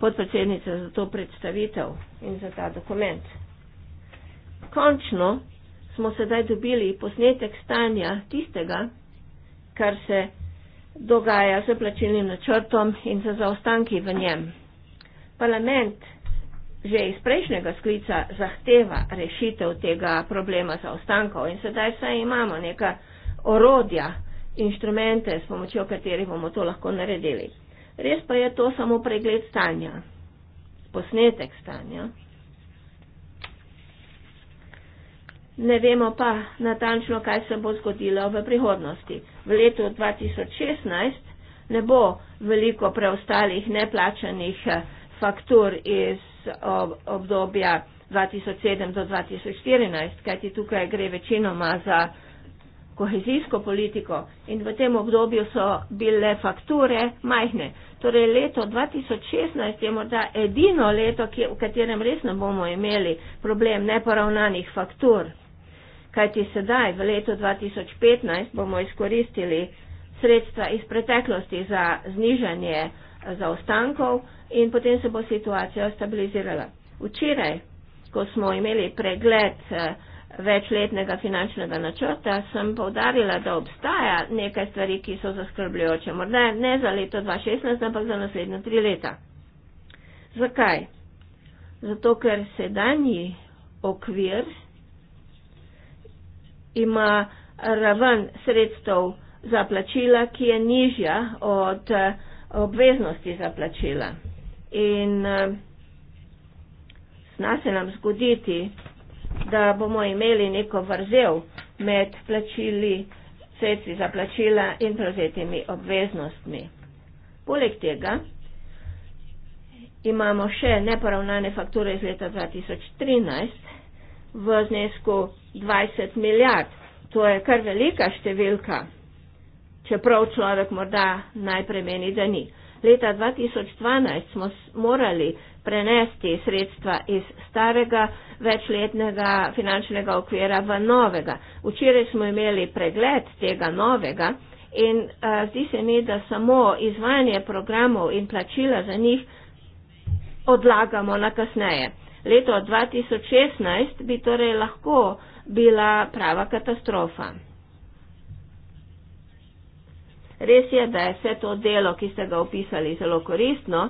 podpredsednica, za to predstavitev in za ta dokument. Končno smo sedaj dobili posnetek stanja tistega, kar se dogaja z plačilnim načrtom in z zaostanki v njem. Parlament že iz prejšnjega sklica zahteva rešitev tega problema zaostankov in sedaj saj imamo neka orodja, inštrumente, s pomočjo katerih bomo to lahko naredili. Res pa je to samo pregled stanja, posnetek stanja. ne vemo pa natančno, kaj se bo zgodilo v prihodnosti. V letu 2016 ne bo veliko preostalih neplačanih eh, faktur iz obdobja 2007 do 2014, kajti tukaj gre večinoma za kohezijsko politiko in v tem obdobju so bile fakture majhne. Torej leto 2016 je morda edino leto, v katerem res ne bomo imeli problem neporavnanih faktur kajti sedaj, v letu 2015, bomo izkoristili sredstva iz preteklosti za znižanje zaostankov in potem se bo situacija stabilizirala. Včeraj, ko smo imeli pregled eh, večletnega finančnega načrta, sem povdarila, da obstaja nekaj stvari, ki so zaskrbljujoče. Morda ne za leto 2016, ampak za naslednje tri leta. Zakaj? Zato, ker sedanji okvir ima raven sredstev za plačila, ki je nižja od eh, obveznosti za plačila. In eh, zna se nam zgoditi, da bomo imeli neko vrzel med plačili, sredstvi za plačila in prevzetimi obveznostmi. Poleg tega imamo še neporavnane fakture iz leta 2013 v znesku 20 milijard. To je kar velika številka, čeprav človek morda najprej meni, da ni. Leta 2012 smo morali prenesti sredstva iz starega večletnega finančnega okvira v novega. Včeraj smo imeli pregled tega novega in a, eh, zdi se mi, da samo izvajanje programov in plačila za njih odlagamo na kasneje. Leto 2016 bi torej lahko bila prava katastrofa. Res je, da je vse to delo, ki ste ga opisali, zelo koristno,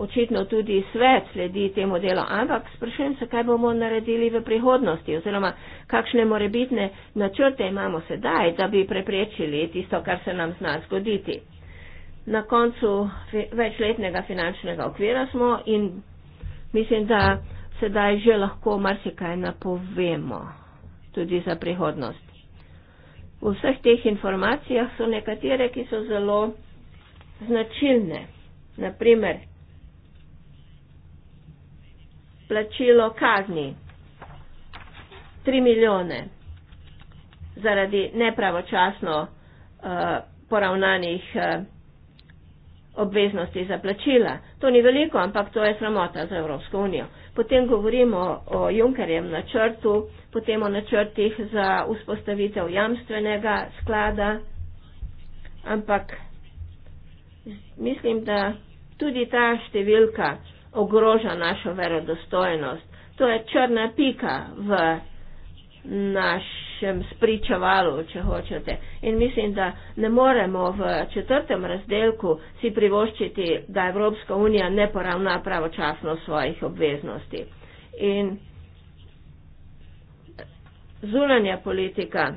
očitno tudi svet sledi temu delu, ampak sprašujem se, kaj bomo naredili v prihodnosti oziroma kakšne morebitne načrte imamo sedaj, da bi preprečili tisto, kar se nam zna zgoditi. Na koncu večletnega finančnega okvira smo in mislim, da sedaj že lahko marsikaj napovemo tudi za prihodnost. V vseh teh informacijah so nekatere, ki so zelo značilne. Naprimer, plačilo kazni 3 milijone zaradi nepravočasno uh, poravnanih uh, obveznosti za plačila. To ni veliko, ampak to je sramota za Evropsko unijo. Potem govorimo o Junkerjem načrtu potem o načrtih za vzpostavitev jamstvenega sklada, ampak mislim, da tudi ta številka ogroža našo verodostojnost. To je črna pika v našem spričevalu, če hočete. In mislim, da ne moremo v četrtem razdelku si privoščiti, da Evropska unija ne poravna pravočasno svojih obveznosti. In zunanja politika,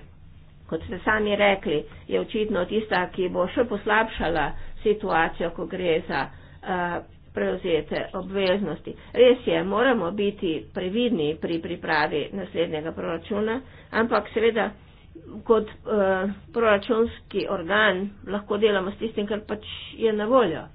kot ste sami rekli, je očitno tista, ki bo še poslabšala situacijo, ko gre za eh, prevzete obveznosti. Res je, moramo biti previdni pri pripravi naslednjega proračuna, ampak seveda kot eh, proračunski organ lahko delamo s tistim, kar pač je na voljo.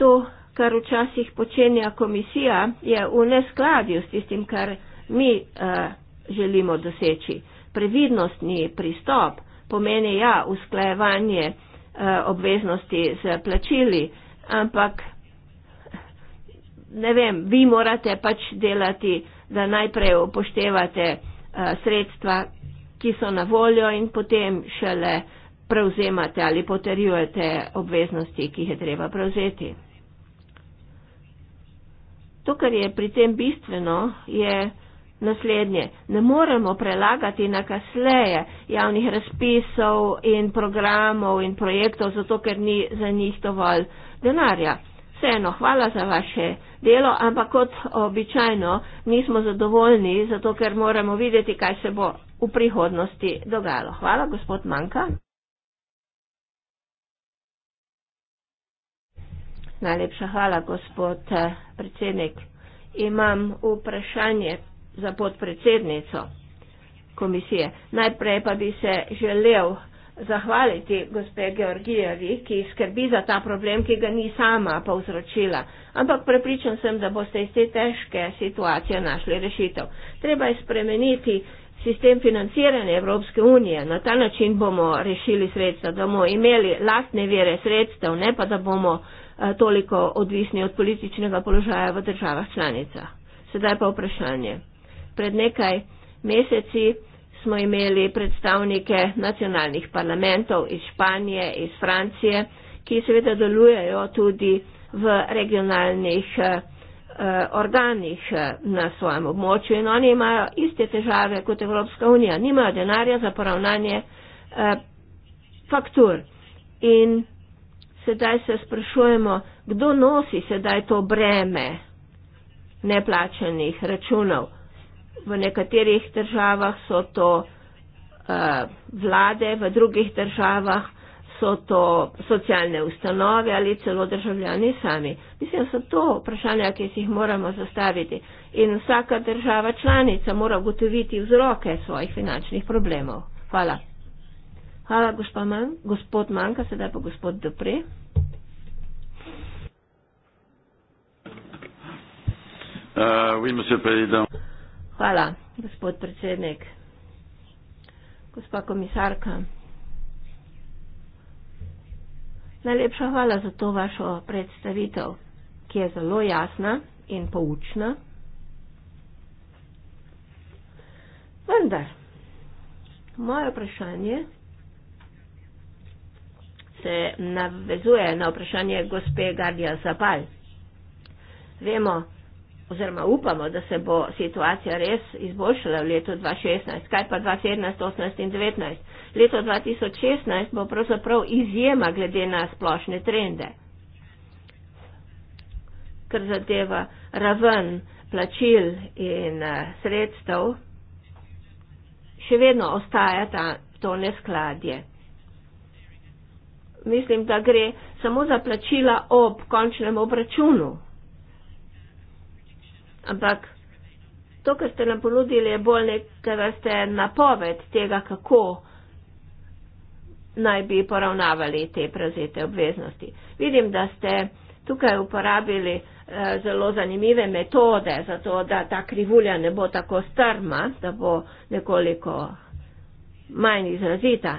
To kar včasih počenja komisija, je v neskladju s tistim, kar mi uh, želimo doseči. Previdnostni pristop pomeni ja usklajevanje uh, obveznosti z plačili, ampak ne vem, vi morate pač delati, da najprej upoštevate uh, sredstva, ki so na voljo in potem šele prevzemate ali potrjujete obveznosti, ki jih je treba prevzeti. To, kar je pri tem bistveno, je naslednje. Ne moremo prelagati na kasleje javnih razpisov in programov in projektov, zato ker ni za njih dovolj denarja. Vseeno, hvala za vaše delo, ampak kot običajno nismo zadovoljni, zato ker moramo videti, kaj se bo v prihodnosti dogajalo. Hvala, gospod Manka. Najlepša hvala, gospod eh, predsednik. Imam vprašanje za podpredsednico komisije. Najprej pa bi se želel zahvaliti gospe Georgijevi, ki skrbi za ta problem, ki ga ni sama povzročila. Ampak prepričan sem, da boste iz te težke situacije našli rešitev. Treba je spremeniti sistem financiranja Evropske unije. Na ta način bomo rešili sredstva, da bomo imeli lastne vire sredstev, ne pa da bomo Eh, toliko odvisni od političnega položaja v državah članicah. Sedaj pa vprašanje. Pred nekaj meseci smo imeli predstavnike nacionalnih parlamentov iz Španije, iz Francije, ki seveda delujejo tudi v regionalnih eh, eh, organih na svojem območju in oni imajo iste težave kot Evropska unija. Nimajo denarja za poravnanje faktur. In sedaj se sprašujemo, kdo nosi sedaj to breme neplačanih računov. V nekaterih državah so to uh, vlade, v drugih državah so to socialne ustanove ali celo državljani sami. Mislim, da so to vprašanja, ki si jih moramo zastaviti. In vsaka država članica mora gotoviti vzroke svojih finančnih problemov. Hvala. Hvala, Man, gospod Manka, sedaj pa gospod Dopre. Uh, Hvala, gospod predsednik. Gospa komisarka. Najlepša hvala za to vašo predstavitev, ki je zelo jasna in poučna. Vendar, moje vprašanje se navezuje na vprašanje gospe Gardija Zapal. Vemo oziroma upamo, da se bo situacija res izboljšala v letu 2016. Kaj pa 2017, 2018 in 2019? Leto 2016 bo pravzaprav izjema glede na splošne trende, kar zadeva raven plačil in eh, sredstev, še vedno ostaja ta, to neskladje mislim, da gre samo za plačila ob končnem obračunu. Ampak to, kar ste nam ponudili, je bolj nekaj vrste napoved tega, kako naj bi poravnavali te prezete obveznosti. Vidim, da ste tukaj uporabili eh, zelo zanimive metode, zato da ta krivulja ne bo tako strma, da bo nekoliko manj izrazita.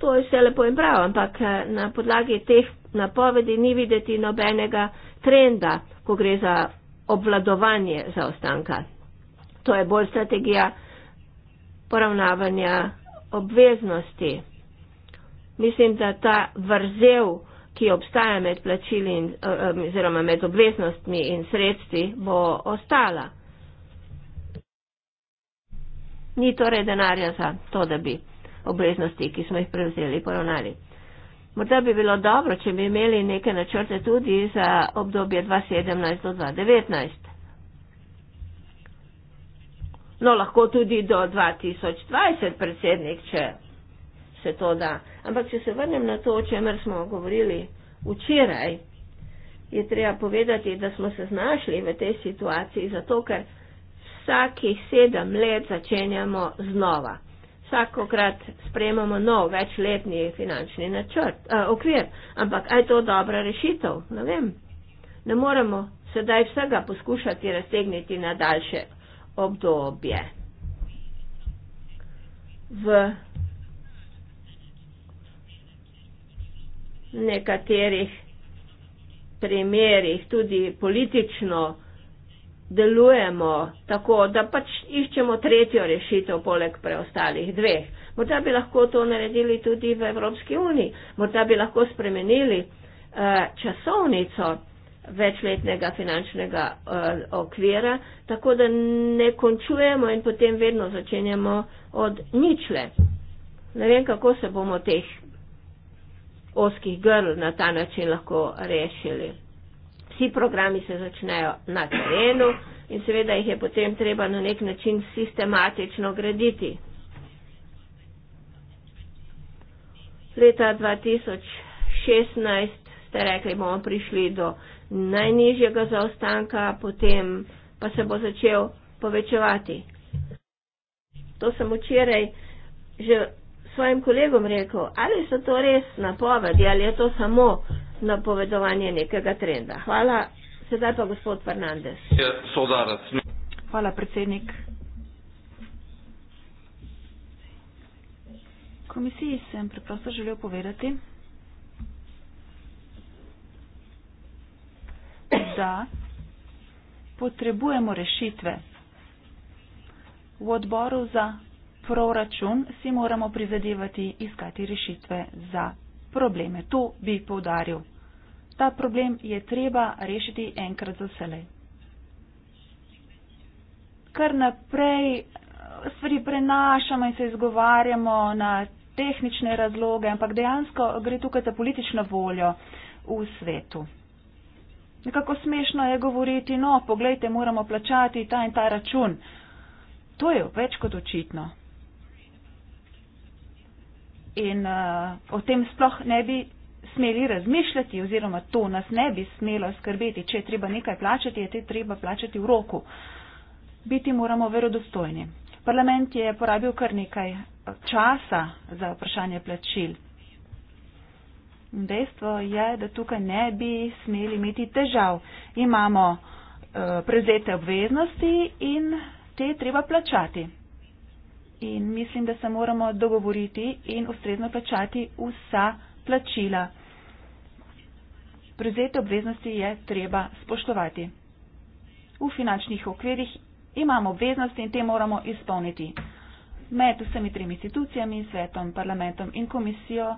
To je vse lepo in prav, ampak eh, na podlagi teh napovedi ni videti nobenega trenda, ko gre za obvladovanje zaostanka. To je bolj strategija poravnavanja obveznosti. Mislim, da ta vrzel, ki obstaja med plačili in, eh, eh, oziroma med obveznostmi in sredstvi, bo ostala. Ni torej denarja za to, da bi obveznosti, ki smo jih prevzeli, poravnali. Morda bi bilo dobro, če bi imeli neke načrte tudi za obdobje 2017 do 2019. No, lahko tudi do 2020, predsednik, če se to da. Ampak, če se vrnem na to, o čemer smo govorili včeraj, je treba povedati, da smo se znašli v tej situaciji zato, ker vsakih sedem let začenjamo znova vsakokrat sprejemamo nov večletni finančni načrt, eh, okvir, ampak aj to dobra rešitev, ne vem. Ne moremo sedaj vsega poskušati raztegniti na daljše obdobje. V nekaterih primerih tudi politično delujemo tako, da pač iščemo tretjo rešitev poleg preostalih dveh. Morda bi lahko to naredili tudi v Evropski uniji, morda bi lahko spremenili eh, časovnico večletnega finančnega eh, okvira, tako da ne končujemo in potem vedno začenjamo od ničle. Ne vem, kako se bomo teh oskih grl na ta način lahko rešili vsi programi se začnejo na terenu in seveda jih je potem treba na nek način sistematično graditi. Leta 2016 ste rekli, bomo prišli do najnižjega zaostanka, potem pa se bo začel povečevati. To sem včeraj že svojim kolegom rekel, ali so to res napovedi, ali je to samo napovedovanje nekega trenda. Hvala. Sedaj pa gospod Fernandez. Hvala, predsednik. Komisiji sem preprosto želel povedati, da potrebujemo rešitve. V odboru za proračun si moramo prizadevati iskati rešitve za probleme. To bi povdaril. Ta problem je treba rešiti enkrat za vselej. Kar naprej eh, stvari prenašamo in se izgovarjamo na tehnične razloge, ampak dejansko gre tukaj za politično voljo v svetu. Nekako smešno je govoriti, no, pogledajte, moramo plačati ta in ta račun. To je več kot očitno in uh, o tem sploh ne bi smeli razmišljati oziroma to nas ne bi smelo skrbeti. Če je treba nekaj plačati, je te treba plačati v roku. Biti moramo verodostojni. Parlament je porabil kar nekaj eh, časa za vprašanje plačil. Dejstvo je, da tukaj ne bi smeli imeti težav. Imamo uh, eh, prezete obveznosti in te treba plačati in mislim, da se moramo dogovoriti in ustrezno plačati vsa plačila. Prezete obveznosti je treba spoštovati. V finančnih okvirih imamo obveznosti in te moramo izpolniti. Med vsemi tremi institucijami, svetom, parlamentom in komisijo,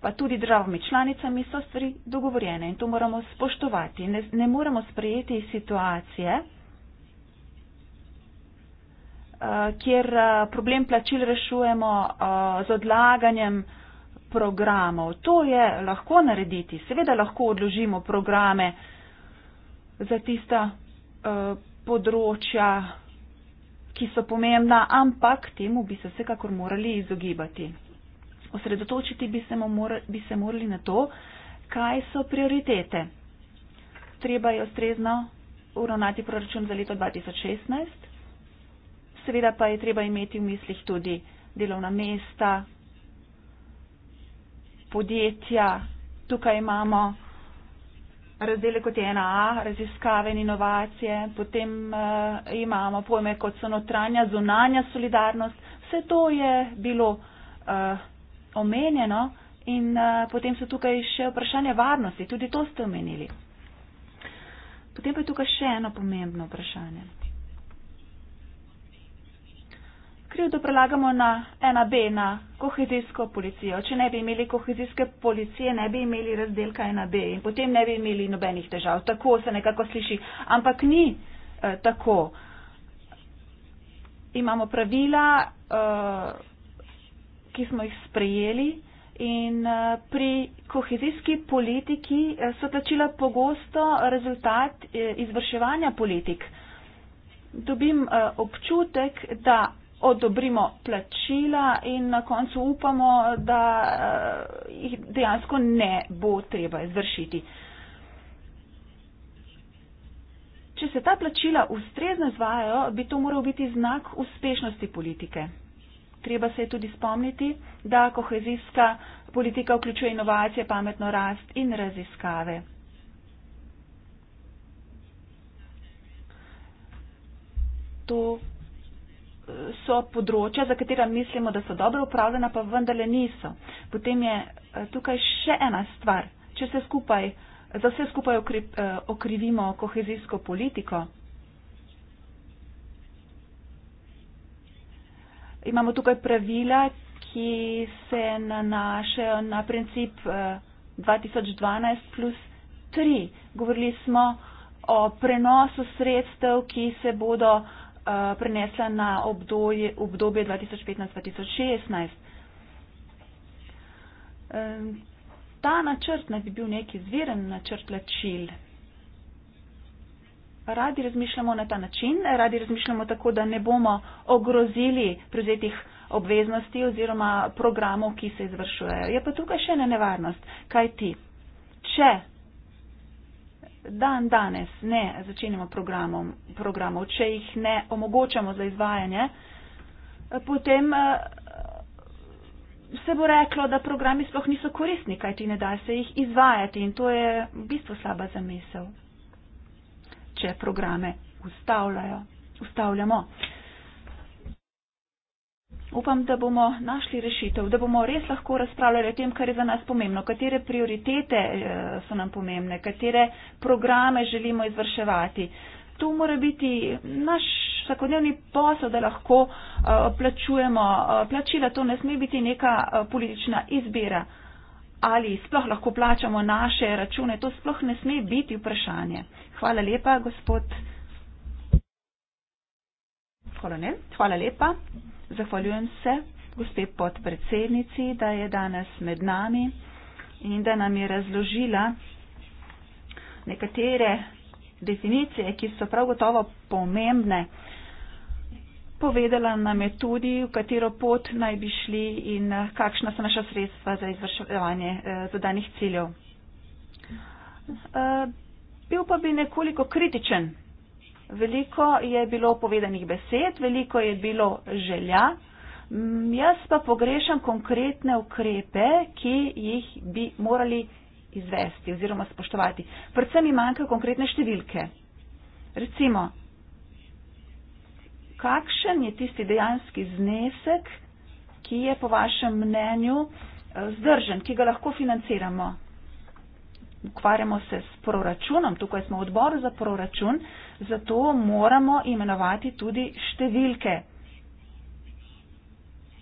pa tudi državami članicami, so stvari dogovorjene in to moramo spoštovati. Ne, ne moremo sprejeti situacije, Eh, kjer eh, problem plačil rešujemo eh, z odlaganjem programov. To je lahko narediti. Seveda lahko odložimo programe za tista področja, ki so pomembna, ampak temu bi se vsekakor morali izogibati. Osredotočiti bi se, morali, bi se morali na to, kaj so prioritete. Treba je ustrezno uravnati proračun za leto 2016, seveda pa je treba imeti v mislih tudi delovna mesta, podjetja. Tukaj imamo razdele kot je ena A, raziskave in inovacije, potem uh, imamo pojme kot so notranja, zunanja solidarnost. Vse to je bilo uh, omenjeno in uh, potem so tukaj še vprašanje varnosti, tudi to ste omenili. Potem pa je tukaj še eno pomembno vprašanje krivdo prelagamo na ena B, na kohezijsko policijo. Če ne bi imeli kohezijske policije, ne bi imeli razdelka ena B in potem ne bi imeli nobenih težav. Tako se nekako sliši. Ampak ni eh, tako. Imamo pravila, eh, ki smo jih sprejeli in eh, pri kohezijski politiki eh, so plačila pogosto rezultat eh, izvrševanja politik. Dobim eh, občutek, da odobrimo plačila in na koncu upamo, da eh, jih dejansko ne bo treba izvršiti. Če se ta plačila ustrezno izvajajo, bi to moral biti znak uspešnosti politike. Treba se je tudi spomniti, da kohezijska politika vključuje inovacije, pametno rast in raziskave. To so področja, za katera mislimo, da so dobro upravljena, pa vendarle niso. Potem je eh, tukaj še ena stvar. Če se skupaj, za vse skupaj okri, eh, okrivimo kohezijsko politiko, imamo tukaj pravila, ki se nanašajo na princip 2012 eh, plus 3. Govorili smo o prenosu sredstev, ki se bodo uh, Eh, prenesla na obdobje, obdobje 2015-2016. Ta načrt naj bi bil nek izviren načrt plačil. Radi razmišljamo na ta način, radi razmišljamo tako, da ne bomo ogrozili prevzetih obveznosti oziroma programov, ki se izvršujejo. Je pa tukaj še ena nevarnost. Kaj ti? Če dan danes ne začenjamo programom, programov, če jih ne omogočamo za izvajanje, eh, potem eh, se bo reklo, da programi sploh niso koristni, kaj ti ne da se jih izvajati in to je v bistvu slaba zamisel, če programe ustavljajo, ustavljamo upam, da bomo našli rešitev, da bomo res lahko razpravljali o tem, kar je za nas pomembno, katere prioritete eh, so nam pomembne, katere programe želimo izvrševati. Tu mora biti naš vsakodnevni posel, da lahko eh, plačujemo eh, plačila, to ne sme biti neka politična izbira. Ali sploh lahko plačamo naše račune, to sploh ne sme biti vprašanje. Hvala lepa, gospod. Hvala, Hvala lepa. Zahvaljujem se gospe podpredsednici, da je danes med nami in da nam je razložila nekatere definicije, ki so prav gotovo pomembne. Povedala nam je tudi, v katero pot naj bi šli in kakšna so naša sredstva za izvrševanje zadanih eh, ciljev. Eh, bil pa bi nekoliko kritičen veliko je bilo povedanih besed, veliko je bilo želja. Mm, jaz pa pogrešam konkretne ukrepe, ki jih bi morali izvesti oziroma spoštovati. Predvsem mi manjkajo konkretne številke. Recimo, kakšen je tisti dejanski znesek, ki je po vašem mnenju eh, zdržen, ki ga lahko financiramo? ukvarjamo se s proračunom, tukaj smo v odboru za proračun, zato moramo imenovati tudi številke.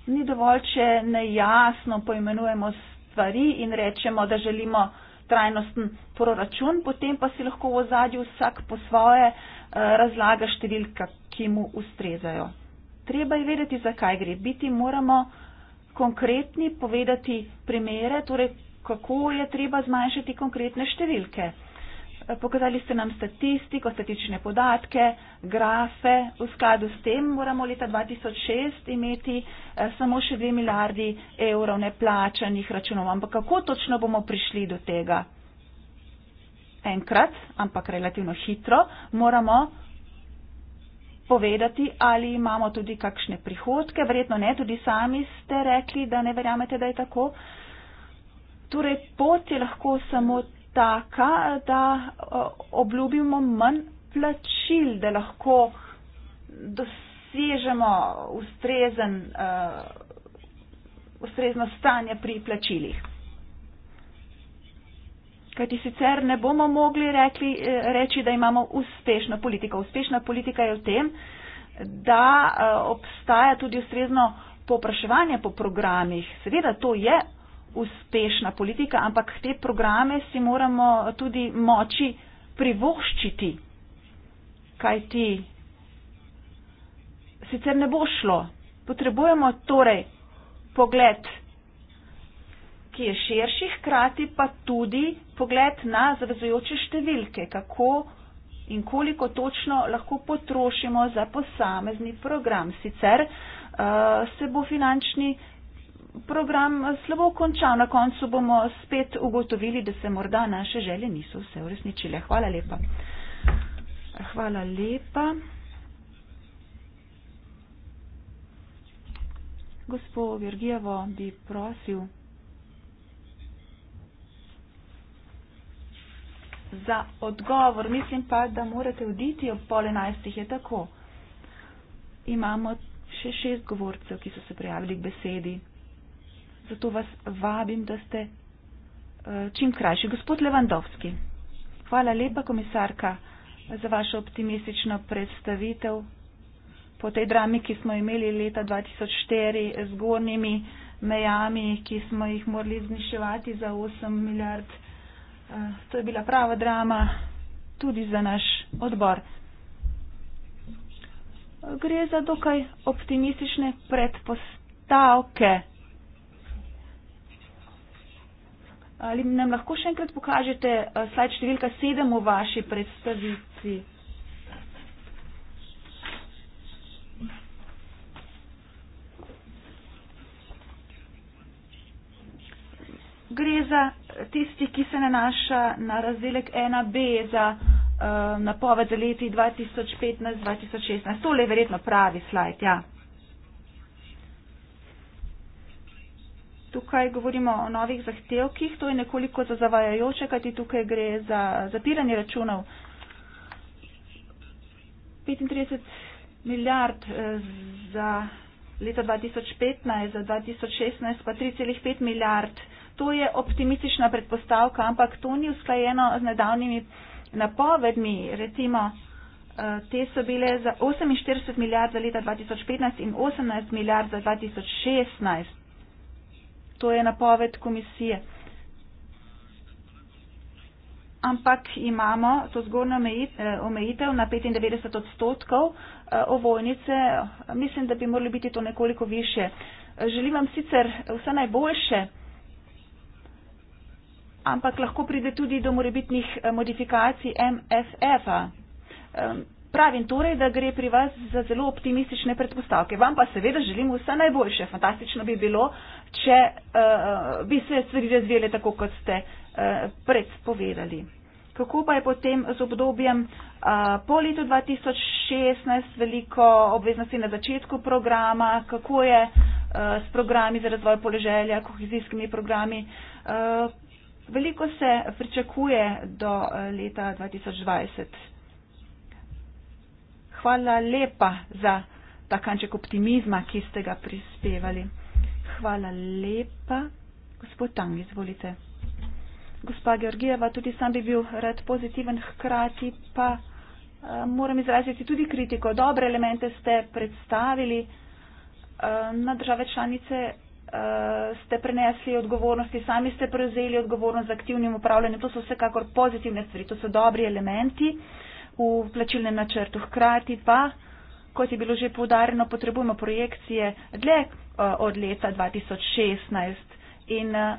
Ni dovolj, če nejasno poimenujemo stvari in rečemo, da želimo trajnosten proračun, potem pa si lahko v ozadju vsak po svoje eh, razlaga številka, ki mu ustrezajo. Treba je vedeti, zakaj gre. Biti moramo konkretni, povedati primere, torej kako je treba zmanjšati konkretne številke. Pokazali ste nam statistiko, statične podatke, grafe. V skladu s tem moramo leta 2006 imeti eh, samo še 2 milijardi evrov neplačanih računov. Ampak kako točno bomo prišli do tega? Enkrat, ampak relativno hitro, moramo povedati, ali imamo tudi kakšne prihodke. Verjetno ne, tudi sami ste rekli, da ne verjamete, da je tako. Uh, Torej, pot je lahko samo taka, da obljubimo manj plačil, da lahko dosežemo ustrezen, uh, ustrezno stanje pri plačilih. Kaj ti sicer ne bomo mogli rekli, e, reči, da imamo uspešno politiko. Uspešna politika je v tem, da uh, obstaja tudi ustrezno popraševanje po programih. Seveda, to je uspešna politika, ampak te programe si moramo tudi moči privoščiti, kaj ti sicer ne bo šlo. Potrebujemo torej pogled, ki je širši, hkrati pa tudi pogled na zavezujoče številke, kako in koliko točno lahko potrošimo za posamezni program. Sicer uh, se bo finančni program slabo končal. Na koncu bomo spet ugotovili, da se morda naše želje niso vse uresničile. Hvala lepa. Hvala lepa. Gospod Virgijevo bi prosil za odgovor. Mislim pa, da morate oditi ob pol enajstih. Je tako. Imamo še šest govorcev, ki so se prijavili k besedi. Zato vas vabim, da ste eh, čim krajši. Gospod Levandovski, hvala lepa, komisarka, za vašo optimistično predstavitev po tej drami, ki smo imeli leta 2004 z gornjimi mejami, ki smo jih morali zniševati za 8 milijard. Eh, to je bila prava drama tudi za naš odbor. Gre za dokaj optimistične predpostavke. Ali nam lahko še enkrat pokažete eh, slajd številka 7 v vaši predstavici? Gre za tisti, ki se nanaša na razdelek 1b za uh, napoved za leti 2015-2016. Tole je verjetno pravi slajd, ja. Tukaj govorimo o novih zahtevkih, to je nekoliko za zavajajoče, kajti tukaj gre za zapiranje računov. 35 milijard eh, za leto 2015, za 2016 pa 3,5 milijard. To je optimistična predpostavka, ampak to ni usklajeno z nedavnimi napovedmi. Recimo, eh, te so bile za 48 milijard za leta 2015 in 18 milijard za 2016. To je napoved komisije. Ampak imamo to zgornjo eh, omejitev na 95 odstotkov eh, ovojnice. Mislim, da bi morali biti to nekoliko više. Želim vam sicer vse najboljše, ampak lahko pride tudi do morebitnih eh, modifikacij MFF-a. Pravim torej, da gre pri vas za zelo optimistične predpostavke. Vam pa seveda želim vse najboljše. Fantastično bi bilo, če uh, bi se stvari razvijale tako, kot ste uh, predpovedali. Kako pa je potem z obdobjem uh, po letu 2016 veliko obveznosti na začetku programa, kako je uh, s programi za razvoj poleželja, kohezijskimi programi. Uh, veliko se pričakuje do uh, leta 2020 hvala lepa za ta kanček optimizma, ki ste ga prispevali. Hvala lepa. Gospod Tang, izvolite. Gospa Georgijeva, tudi sam bi bil rad pozitiven, hkrati pa eh, moram izraziti tudi kritiko. Dobre elemente ste predstavili eh, na države članice eh, ste prenesli odgovornosti, sami ste prevzeli odgovornost za aktivnim upravljanjem. To so vsekakor pozitivne stvari, to so dobri elementi. Uh, v plačilnem načrtu. Hkrati pa, kot je bilo že povdarjeno, potrebujemo projekcije dlje eh, od leta 2016. In eh,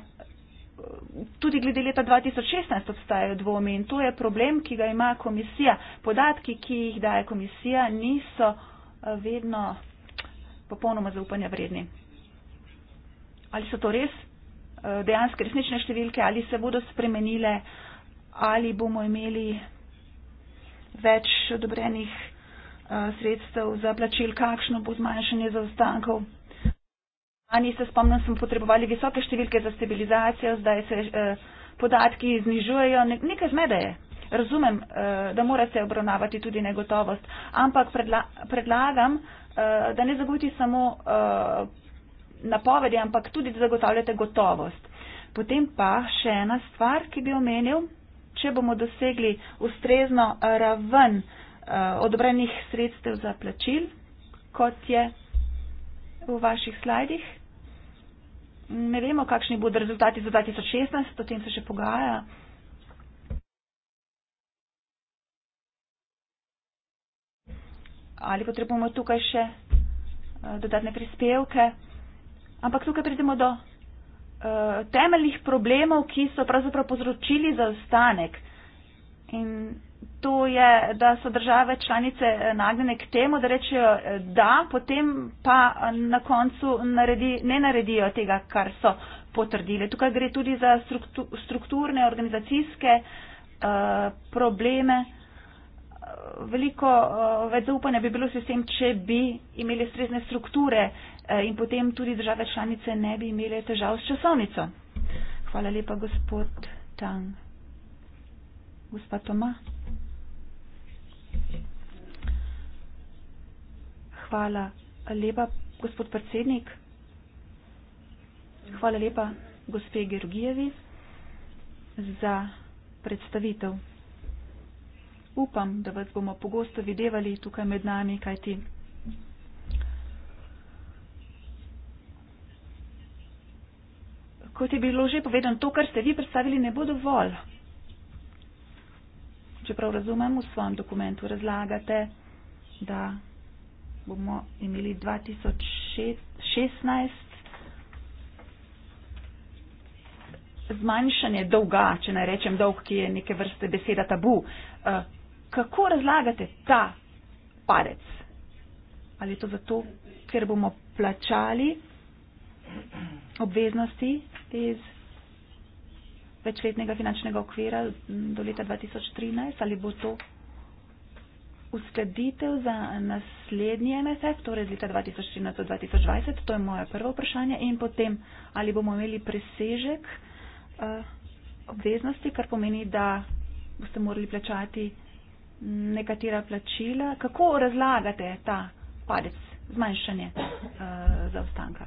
tudi glede leta 2016 obstajajo dvomi in to je problem, ki ga ima komisija. Podatki, ki jih daje komisija, niso eh, vedno popolnoma zaupanja vredni. Ali so to res dejansko resnične številke, ali se bodo spremenile, ali bomo imeli več odobrenih eh, sredstev za plačil, kakšno bo zmanjšanje zaostankov. Ani se spomnim, smo potrebovali visoke številke za stabilizacijo, zdaj se eh, podatki znižujejo, ne, nekaj zmede je. Razumem, eh, da mora se obravnavati tudi negotovost, ampak predla, predlagam, eh, da ne zagotovite samo eh, napovedi, ampak tudi da zagotavljate gotovost. Potem pa še ena stvar, ki bi omenil če bomo dosegli ustrezno raven eh, odobrenih sredstev za plačil, kot je v vaših slajdih. Ne vemo, kakšni bodo rezultati za 2016, o tem se še pogaja. Ali potrebujemo tukaj še eh, dodatne prispevke. Ampak tukaj pridemo do Eh, temeljnih problemov, ki so pravzaprav povzročili zaostanek. In to je, da so države članice eh, nagnjene k temu, da rečejo eh, da, potem pa na koncu naredi, ne naredijo tega, kar so potrdili. Tukaj gre tudi za strukturne, organizacijske uh, probleme veliko eh, več zaupanja bi bilo s tem, če bi imeli strezne strukture eh, in potem tudi države članice ne bi imele težav s časovnico. Hvala lepa, gospod Tang. Gospa Toma. Hvala lepa, gospod predsednik. Hvala lepa, gospe Georgijevi, za predstavitev upam, da vas bomo pogosto videvali tukaj med nami, kaj ti. Kot je bilo že povedano, to, kar ste vi predstavili, ne bo dovolj. Čeprav razumem, v svojem dokumentu razlagate, da bomo imeli 2016 zmanjšanje dolga, če naj rečem dolg, ki je neke vrste beseda tabu. Eh, kako razlagate ta padec? Ali je to zato, ker bomo plačali obveznosti iz večletnega finančnega okvira do leta 2013, ali bo to uskladitev za naslednji MSF, torej z leta 2014 do 2020, to je moje prvo vprašanje, in potem, ali bomo imeli presežek uh, obveznosti, kar pomeni, da boste morali plačati nekatera plačila. Kako razlagate ta padec, zmanjšanje uh, zaostanka?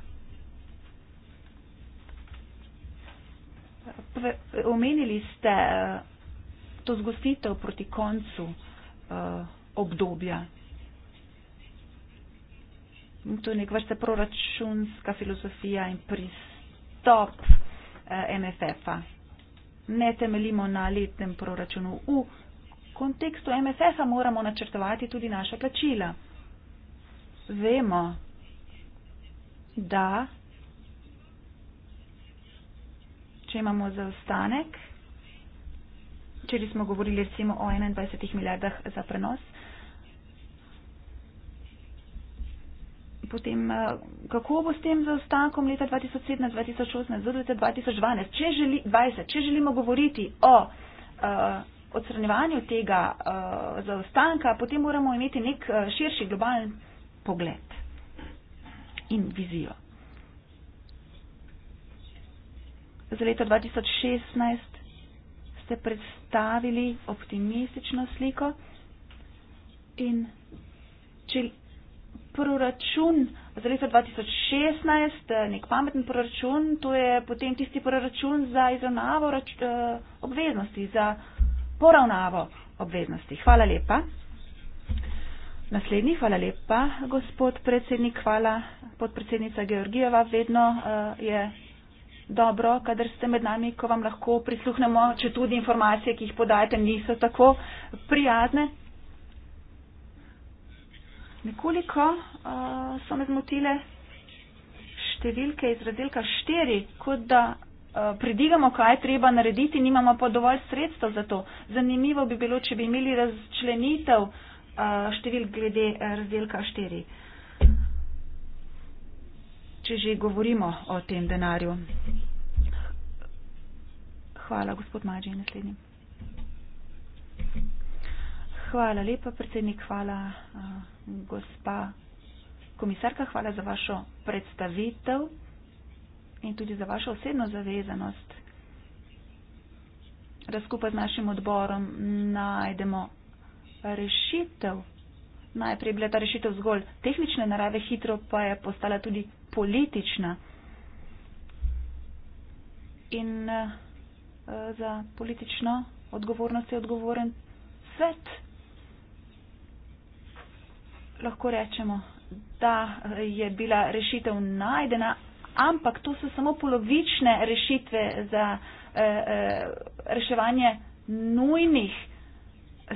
Omenili ste uh, to zgostitev proti koncu uh, obdobja. To je nek vrste proračunska filozofija in pristop uh, MFF-a. Ne temeljimo na letnem proračunu. U, uh, kontekstu MFF-a moramo načrtovati tudi naša plačila. Vemo, da če imamo zaostanek, če smo govorili recimo o 21 milijardah za prenos, potem eh, kako bo s tem zaostankom leta 2017-2018, zdaj leta 2012, če, želi, 20, če želimo govoriti o. Uh, odstranjevanju tega uh, zaostanka, potem moramo imeti nek uh, širši globalen pogled in vizijo. Za leto 2016 ste predstavili optimistično sliko in če proračun za leto 2016, eh, nek pameten proračun, to je potem tisti proračun za izravnavo obveznosti, za poravnavo obveznosti. Hvala lepa. Naslednji, hvala lepa, gospod predsednik. Hvala, podpredsednica Georgijeva. Vedno uh, je dobro, kadar ste med nami, ko vam lahko prisluhnemo, če tudi informacije, ki jih podajate, niso tako prijazne. Nekoliko uh, so me zmotile številke iz razdelka 4, kot da Eh, pridigamo, kaj je treba narediti, nimamo pa dovolj sredstva za to. Zanimivo bi bilo, če bi imeli razčlenitev eh, števil glede eh, razdelka 4, če že govorimo o tem denarju. Hvala, gospod Mađi, naslednji. Hvala lepa, predsednik, hvala, gospa komisarka, hvala za vašo predstavitev in tudi za vašo osebno zavezanost, da skupaj z našim odborom najdemo rešitev. Najprej je bila ta rešitev zgolj tehnične narave, hitro pa je postala tudi politična. In uh, za politično odgovornost je odgovoren svet. Lahko rečemo, da eh, je bila rešitev najdena ampak to so samo polovične rešitve za eh, eh, reševanje nujnih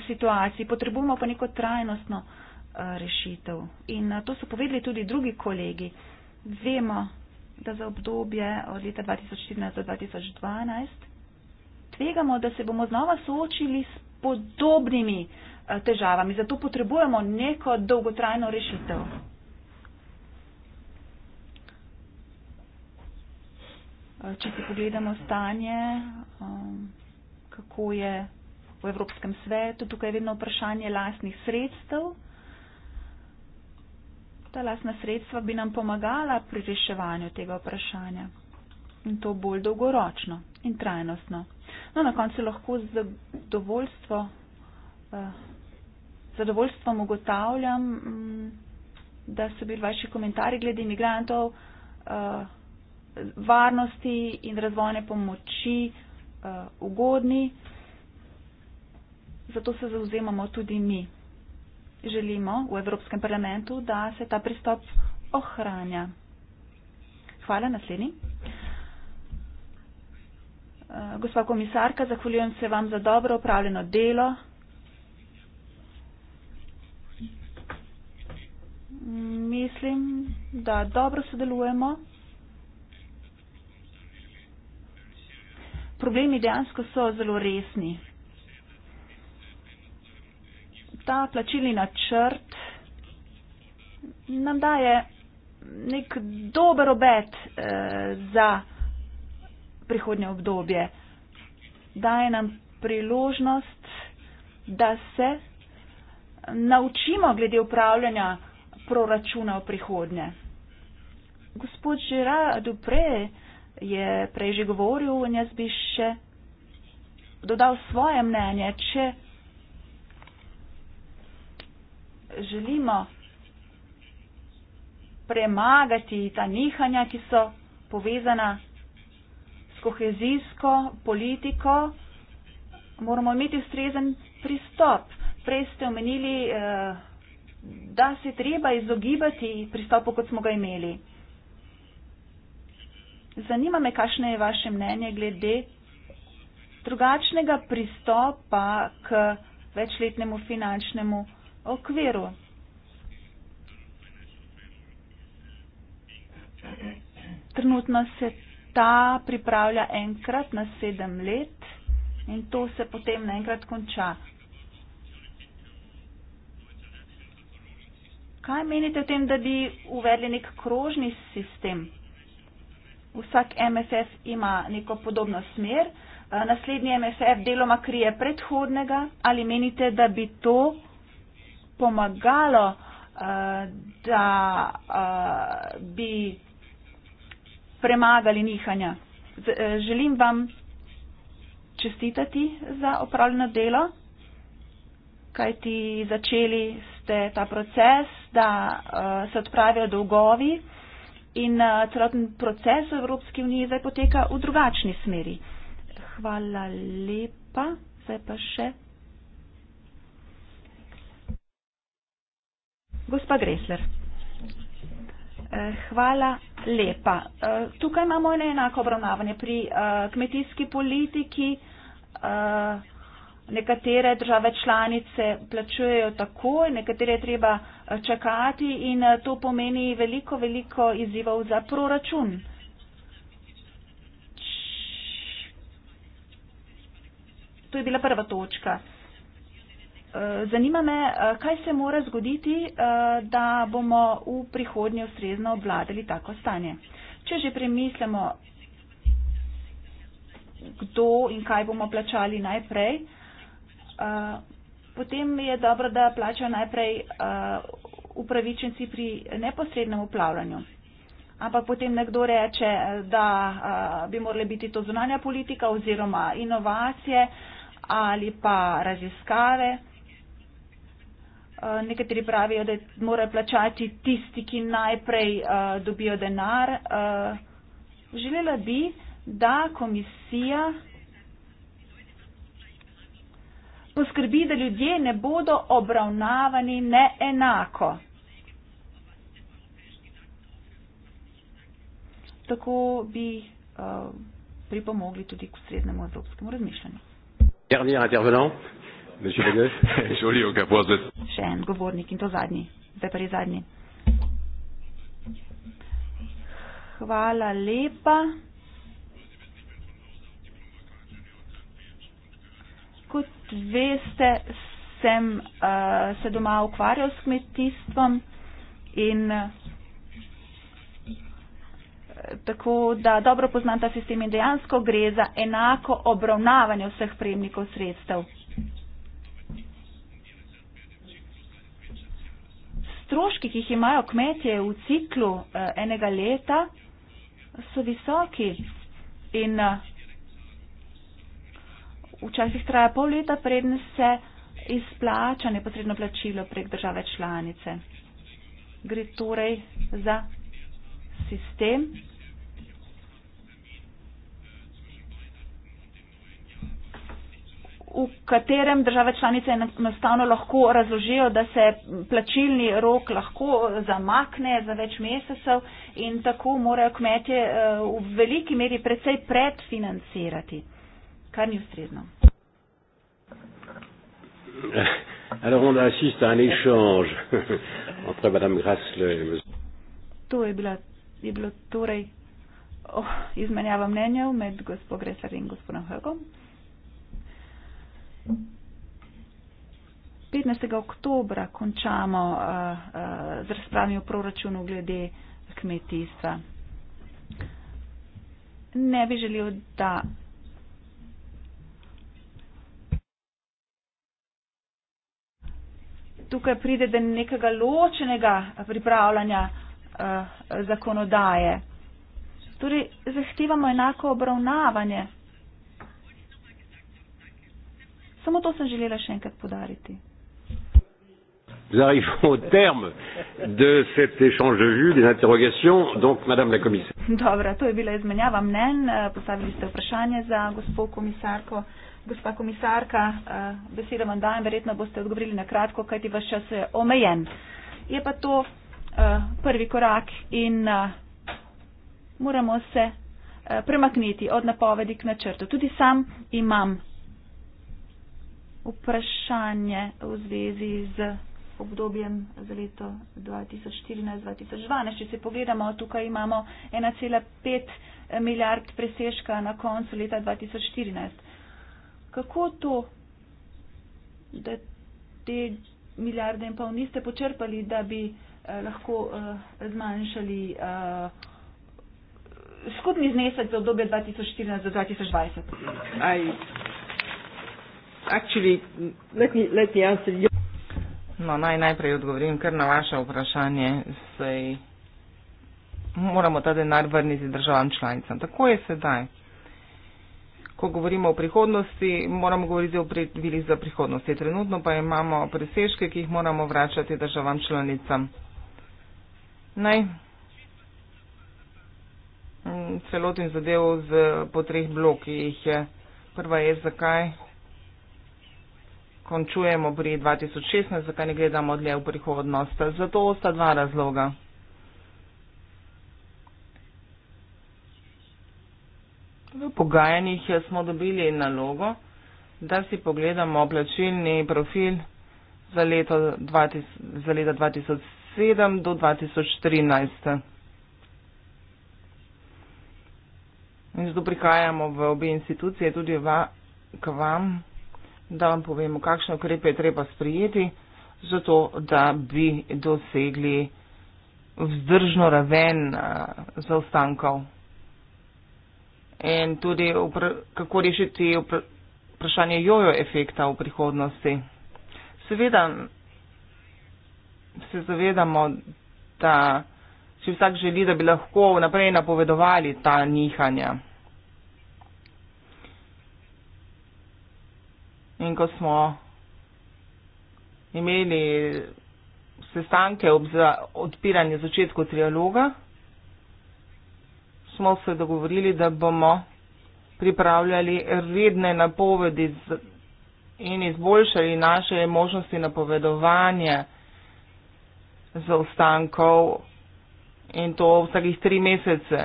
situacij, potrebujemo pa neko trajnostno eh, rešitev. In eh, to so povedali tudi drugi kolegi. Vemo, da za obdobje od leta 2014 do 2012 tvegamo, da se bomo znova soočili s podobnimi eh, težavami. Zato potrebujemo neko dolgotrajno rešitev. Če si pogledamo stanje, um, kako je v Evropskem svetu, tukaj je vedno vprašanje lastnih sredstev. Ta lastna sredstva bi nam pomagala pri reševanju tega vprašanja in to bolj dolgoročno in trajnostno. No, na koncu lahko zadovoljstvo, eh, zadovoljstvom ugotavljam, mm, da so bili vaši komentarji glede imigrantov. Eh, varnosti in razvojne pomoči uh, ugodni. Zato se zauzemamo tudi mi. Želimo v Evropskem parlamentu, da se ta pristop ohranja. Hvala, naslednji. Eh, gospa komisarka, zahvaljujem se vam za dobro upravljeno delo. Mislim, da dobro sodelujemo. problemi dejansko so zelo resni. Ta plačilni načrt nam daje nek dober obet eh, za prihodnje obdobje. Daje nam priložnost, da se naučimo glede upravljanja proračuna v prihodnje. Gospod Žira Dupre, eh, je prej že govoril in jaz bi še dodal svoje mnenje, če želimo premagati ta nihanja, ki so povezana s kohezijsko politiko, moramo imeti ustrezen pristop. Prej ste omenili, eh, da se treba izogibati pristopu, kot smo ga imeli. Zanima me, kakšno je vaše mnenje glede drugačnega pristopa k večletnemu finančnemu okviru. Trenutno se ta pripravlja enkrat na sedem let in to se potem naenkrat konča. Kaj menite o tem, da bi uvedli nek krožni sistem? vsak MFF ima neko podobno smer. Eh, naslednji MFF deloma krije predhodnega. Ali menite, da bi to pomagalo, eh, da eh, bi premagali nihanja? Želim vam čestitati za opravljeno delo, kajti začeli ste ta proces, da se odpravijo dolgovi in uh, celoten proces v Evropski uniji zdaj poteka v drugačni smeri. Hvala lepa. Zdaj pa še. Gospa Gresler. Eh, hvala lepa. Eh, tukaj imamo eno enako obravnavanje pri kmetijski politiki. Nekatere države članice plačujejo takoj, nekatere je treba eh, čakati in eh, to pomeni veliko, veliko izzivov za proračun. To je bila prva točka. Eh, zanima me, kaj se mora zgoditi, da bomo v prihodnje ustrezno obvladali tako stanje. Če že premislimo, kdo in kaj bomo plačali najprej, Eh, potem je dobro, da plačajo najprej uh, upravičenci pri neposrednem upravljanju. Ampak potem nekdo reče, eh, da uh, bi morali biti to zunanja politika oziroma inovacije ali pa raziskave. Nekateri pravijo, da morajo plačati tisti, ki najprej uh, dobijo denar. Uh, želela bi, da komisija poskrbi, da ljudje ne bodo obravnavani neenako. Tako bi uh, pripomogli tudi k srednjemu evropskemu razmišljanju. Še en govornik in to zadnji. Zdaj pa je zadnji. Hvala lepa. kot veste, sem uh, se doma ukvarjal s kmetijstvom in eh, Tako da dobro poznam ta sistem in dejansko gre za enako obravnavanje vseh prejemnikov sredstev. Stroški, ki jih imajo kmetje v ciklu eh, enega leta, so visoki in včasih traja pol leta, preden se izplača neposredno plačilo prek države članice. Gre torej za sistem, v katerem države članice enostavno lahko razložijo, da se plačilni rok lahko zamakne za več mesecev in tako morajo kmetje eh, v veliki meri predvsej predfinancirati kar ni ustrezno. Alors on assiste à un échange entre Madame Grassle et Monsieur. Torej, oh, izmenjava mnenja med gospod Gresler in gospodom Högom. 15. oktobra končamo uh, uh, z razpravami o proračunu glede kmetijstva. Ne bi želel, da tukaj pride do nekega ločenega pripravljanja uh, zakonodaje. Torej, zahtevamo enako obravnavanje. Samo to sem želela še enkrat podariti. Nous arrivons au terme de cet échange de vues, des interrogations. Donc, Madame la Commissaire. Dobra, to je bila izmenjava mnen. Eh, postavili ste vprašanje za gospod komisarko. Gospa komisarka, eh, besedo vam dajem, verjetno boste odgovorili na kratko, kajti vaš čas je omejen. Je pa to eh, prvi korak in eh, moramo se premakniti od napovedi k načrtu. Tudi sam imam vprašanje v zvezi z obdobjem za leto 2014-2012. Če se pogledamo, tukaj imamo 1,5 milijard presežka na koncu leta 2014 kako to, da te milijarde in pol niste počrpali, da bi eh, lahko eh, zmanjšali eh, skupni znesek za obdobje 2014 do 2020? I, actually, let me, let me no, naj najprej odgovorim kar na vaše vprašanje. Sej, moramo ta denar vrniti državam članicam. Tako je sedaj ko govorimo o prihodnosti, moramo govoriti o predvilih za prihodnosti. Trenutno pa imamo presežke, ki jih moramo vračati državam članicam. Naj mm, celotim zadev z, po treh blokih. Prva je, zakaj končujemo pri 2016, zakaj ne gledamo dlje v prihodnost. Zato sta dva razloga. pogajanjih smo dobili nalogo, da si pogledamo plačilni profil za leto 20, za leta 2007 do 2013. In zato prihajamo v obe institucije, tudi va, k vam, da vam povemo, kakšne ukrepe je treba sprijeti, zato da bi dosegli vzdržno raven eh, zaostankov in tudi kako rešiti vprašanje jojo efekta v prihodnosti. Seveda se zavedamo, da si vsak želi, da bi lahko naprej napovedovali ta nihanja. In ko smo imeli sestanke ob za odpiranje začetku trialoga, smo se dogovorili, da bomo pripravljali redne napovedi in izboljšali naše možnosti napovedovanja zaostankov in to vsakih tri mesece.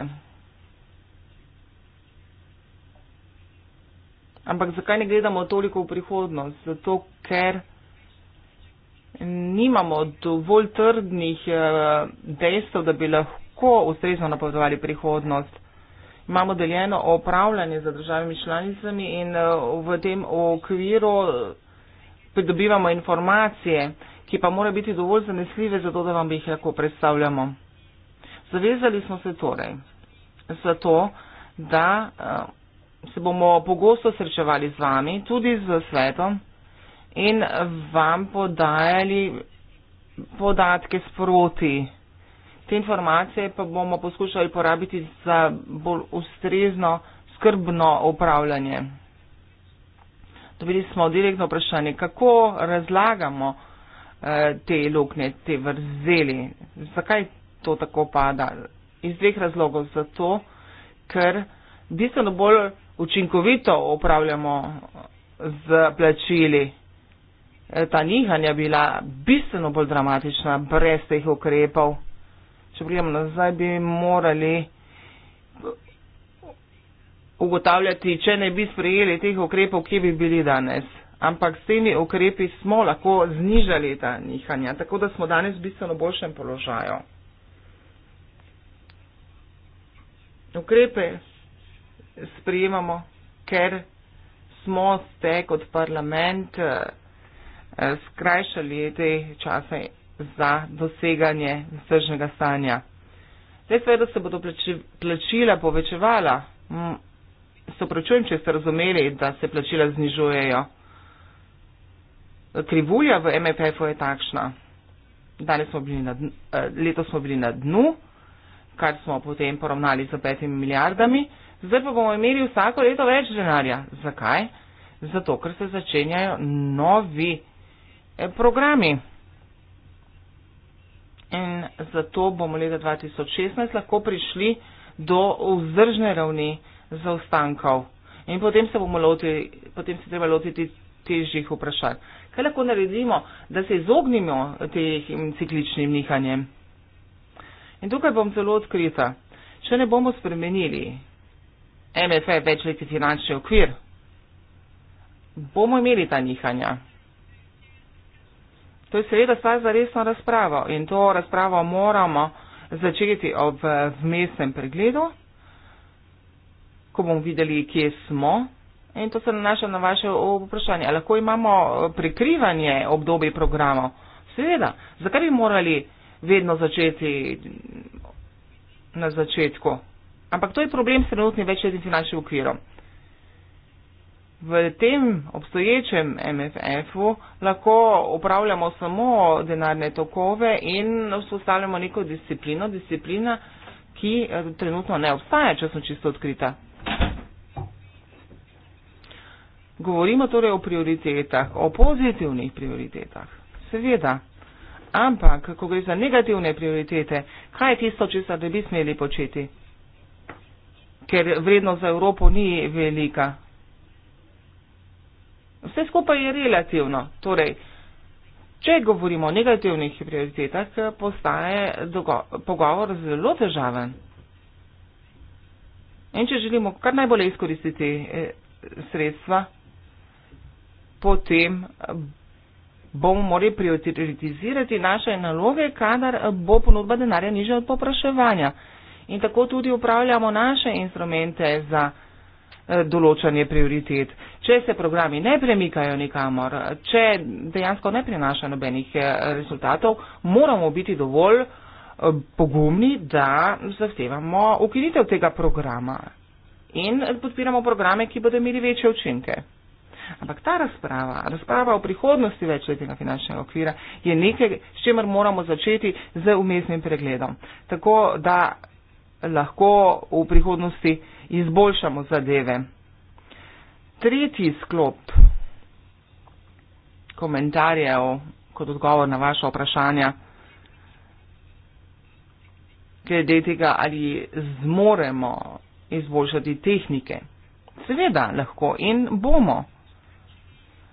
Ampak zakaj ne gledamo toliko v prihodnost? Zato, ker nimamo dovolj trdnih eh, dejstev, da bi lahko lahko ustrezno napovedovali prihodnost. Imamo deljeno opravljanje z državami članicami in eh, v tem okviru pridobivamo informacije, ki pa morajo biti dovolj zanesljive, zato da vam jih lahko predstavljamo. Zavezali smo se torej za to, da eh, se bomo pogosto srečevali z vami, tudi z svetom in vam podajali podatke sproti. Te informacije pa bomo poskušali uporabiti za bolj ustrezno skrbno upravljanje. Dobili smo direktno vprašanje, kako razlagamo eh, te luknje, te vrzeli, zakaj to tako pada. Iz dveh razlogov. Zato, ker bistveno bolj učinkovito upravljamo eh, z plačili. Eh, ta nihanja bila bistveno bolj dramatična brez teh ukrepov če pridem nazaj, bi morali ugotavljati, če ne bi sprejeli teh ukrepov, kje bi bili danes. Ampak s temi ukrepi smo lahko znižali ta nihanja, tako da smo danes v bistveno boljšem položaju. Ukrepe sprejemamo, ker smo ste kot parlament eh, skrajšali te čase za doseganje vzdržnega stanja. Res je, da se bodo plačila povečevala. Mm, se opračujem, če ste razumeli, da se plačila znižujejo. Krivulja v MFF-u je takšna. Danes smo bili na dnu, eh, letos smo bili na dnu, kar smo potem poravnali z petimi milijardami. Zdaj pa bomo imeli vsako leto več denarja. Zakaj? Zato, ker se začenjajo novi eh, programi in zato bomo leta 2016 lahko prišli do vzdržne ravni zaostankov. In potem se bomo lotili, potem se treba lotiti težjih vprašanj. Kaj lahko naredimo, da se izognimo tem cikličnim nihanjem? In tukaj bom zelo odkrita. Če ne bomo spremenili MFE večleti finančni okvir, bomo imeli ta nihanja. To je seveda stvar za resno razpravo in to razpravo moramo začeti ob eh, vmesnem pregledu, ko bomo videli, kje smo. In to se nanaša na vaše vprašanje. A lahko imamo eh, prekrivanje obdobje programov? Seveda. Zakaj bi morali vedno začeti na začetku? Ampak to je problem s trenutnim večletnim finančnim okvirom. V tem obstoječem MFF-u lahko upravljamo samo denarne tokove in vzpostavljamo neko disciplino, disciplina, ki eh, trenutno ne obstaja, če sem čisto odkrita. Govorimo torej o prioritetah, o pozitivnih prioritetah. Seveda. Ampak, ko gre za negativne prioritete, kaj je tisto, če se ne bi smeli početi? Ker vrednost za Evropo ni velika, Vse skupaj je relativno. Torej, če govorimo o negativnih prioritetah, postaje pogovor zelo težaven. In če želimo kar najbolje izkoristiti eh, sredstva, potem eh, bomo morali prioritizirati naše naloge, kadar eh, bo ponudba denarja nižja od popraševanja. In tako tudi upravljamo naše instrumente za določanje prioritet. Če se programi ne premikajo nikamor, če dejansko ne prinaša nobenih eh, rezultatov, moramo biti dovolj eh, pogumni, da zahtevamo ukinitev tega programa in podpiramo programe, ki bodo imeli večje učinke. Ampak ta razprava, razprava o prihodnosti večletnega finančnega okvira, je nekaj, s čemer moramo začeti z umestnim pregledom. Tako da lahko v prihodnosti izboljšamo zadeve. Tretji sklop komentarjev kot odgovor na vaše vprašanja, glede tega, ali zmoremo izboljšati tehnike. Seveda lahko in bomo.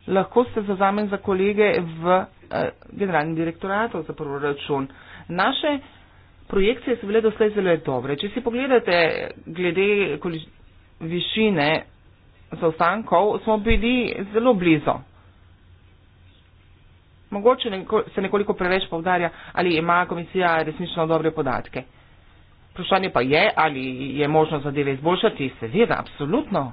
Lahko se zazamem za kolege v eh, generalnem direktoratu za proračun. Naše eh, Projekcije so bile doslej zelo dobre. Če si pogledate glede višine zaostankov, smo bili zelo blizu. Mogoče se nekoliko preveč povdarja, ali ima komisija resnično dobre podatke. Vprašanje pa je, ali je možno zadeve izboljšati. Seveda, absolutno.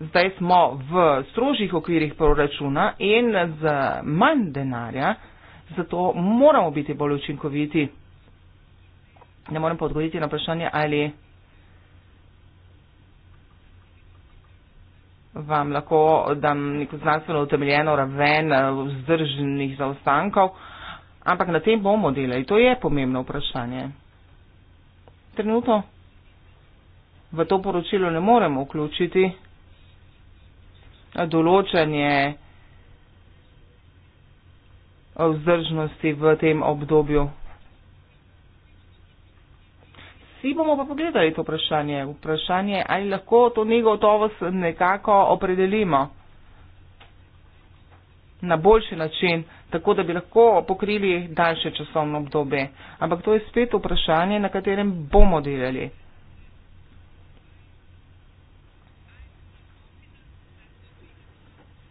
Zdaj smo v strožjih okvirih proračuna in z manj denarja zato moramo biti bolj učinkoviti. Ne morem pa odgovoriti na vprašanje, ali vam lahko dam neko znanstveno utemeljeno raven eh, vzdržnih zaostankov, ampak na tem bomo delali. To je pomembno vprašanje. Trenutno v to poročilo ne morem vključiti določanje vzdržnosti v tem obdobju. Vsi bomo pa pogledali to vprašanje. Vprašanje, ali lahko to negotovost nekako opredelimo na boljši način, tako da bi lahko pokrili daljše časovno obdobje. Ampak to je spet vprašanje, na katerem bomo delali.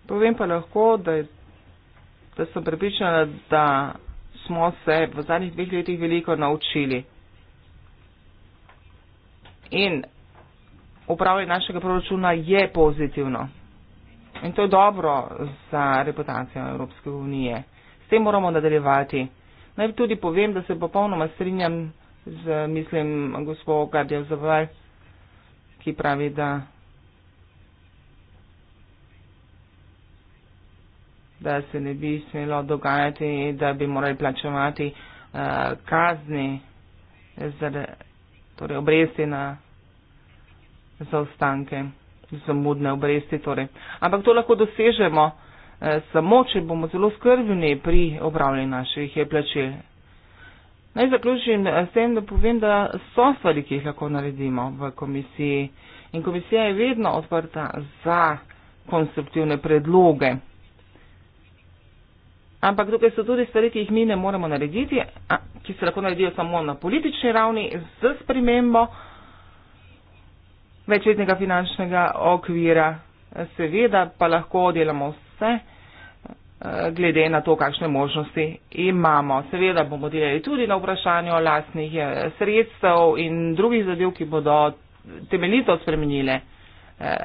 Povem pa lahko, da je da sem prepričana, da smo se v zadnjih dveh letih veliko naučili. In upravljanje našega proračuna je pozitivno. In to je dobro za reputacijo Evropske unije. S tem moramo nadaljevati. Naj tudi povem, da se popolnoma strinjam z, mislim, gospod Gardjev Zavaj, ki pravi, da da se ne bi smelo dogajati, da bi morali plačevati uh, kazni, torej obresti na zaostanke, zamudne obresti. Torej. Ampak to lahko dosežemo uh, samo, če bomo zelo skrbni pri obravljanju naših eh, plačil. Naj zaključim s tem, da povem, da so stvari, ki jih lahko naredimo v komisiji. In komisija je vedno odprta za konstruktivne predloge ampak tukaj so tudi stvari, ki jih mi ne moremo narediti, ki se lahko naredijo samo na politični ravni z spremembo večletnega finančnega okvira. Seveda pa lahko delamo vse e, glede na to, kakšne možnosti imamo. Seveda bomo delali tudi na vprašanju lastnih e, sredstev in drugih zadev, ki bodo temeljito spremenile e,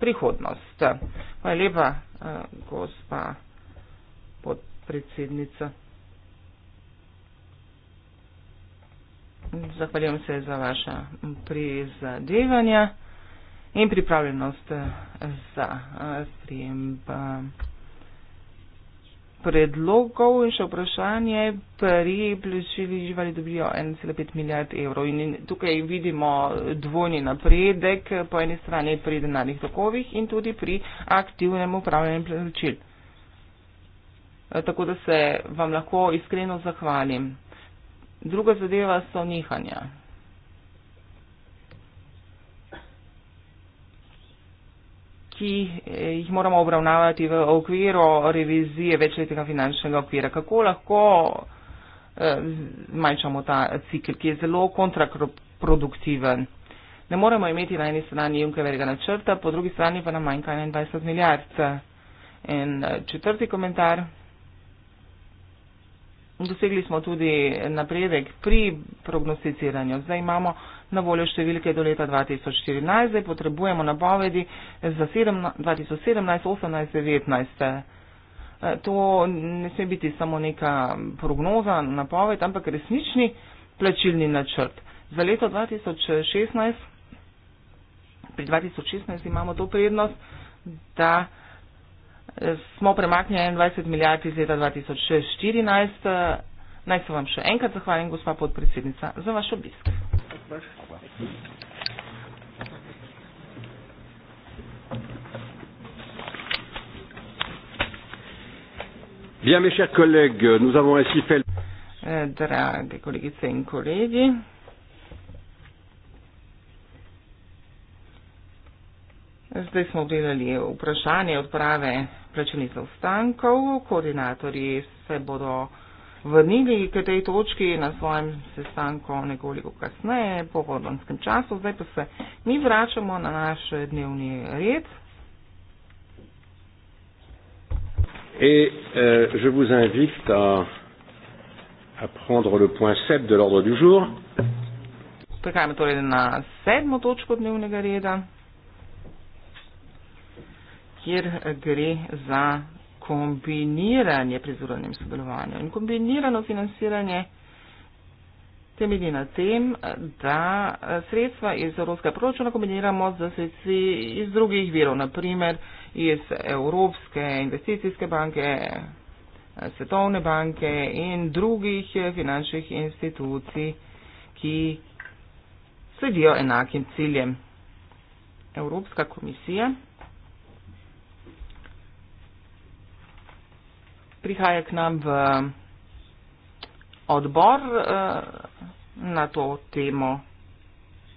prihodnost. Hvala lepa, gospa predsednica. Zahvaljujem se za vaša prizadevanja in pripravljenost eh, za eh, sprejem eh, predlogov in še vprašanje. Pri plačili živali dobijo 1,5 milijard evrov in tukaj vidimo dvojni napredek po eni strani pri denarnih tokovih in tudi pri aktivnem upravljanju plačil. Eh, tako da se vam lahko iskreno zahvalim. Druga zadeva so nihanja. ki eh, jih moramo obravnavati v okviru revizije večletnega finančnega okvira. Kako lahko eh, zmanjšamo ta cikl, ki je zelo kontraproduktiven? Ne moremo imeti na eni strani Junckerjevega načrta, po drugi strani pa nam manjka 21 milijard. In četrti komentar. Dosegli smo tudi napredek pri prognosticiranju. Zdaj imamo na voljo številke do leta 2014, zdaj potrebujemo napovedi za 2017, 2018, 2019. To ne sme biti samo neka prognoza, napoved, ampak resnični plačilni načrt. Za leto 2016, pri 2016 imamo to prednost, da smo premaknili 21 milijard iz leta 2014. Naj se vam še enkrat zahvalim, gospa podpredsednica, za vaš obisk. Bien, mes chers collègues, nous avons ainsi fait. Eh, drage kolegice in kolegi, zdaj smo gledali vprašanje odprave plačenicov stankov. Koordinatorji se bodo vrnili k tej točki na svojem sestanku nekoliko kasneje, po hodlonskem času. Zdaj pa se mi vračamo na naš dnevni red. Et euh, je vous invite à, à prendre le point 7 de l'ordre du jour. Prekajmo torej na sedmo točko dnevnega reda kjer gre za kombiniranje pri zunanjem sodelovanju. In kombinirano financiranje temelji na tem, da sredstva iz evropskega proračuna kombiniramo z sredstvi iz drugih virov, naprimer iz Evropske investicijske banke, Svetovne banke in drugih finančnih institucij, ki sledijo enakim ciljem. Evropska komisija prihaja k nam v odbor eh, na to temo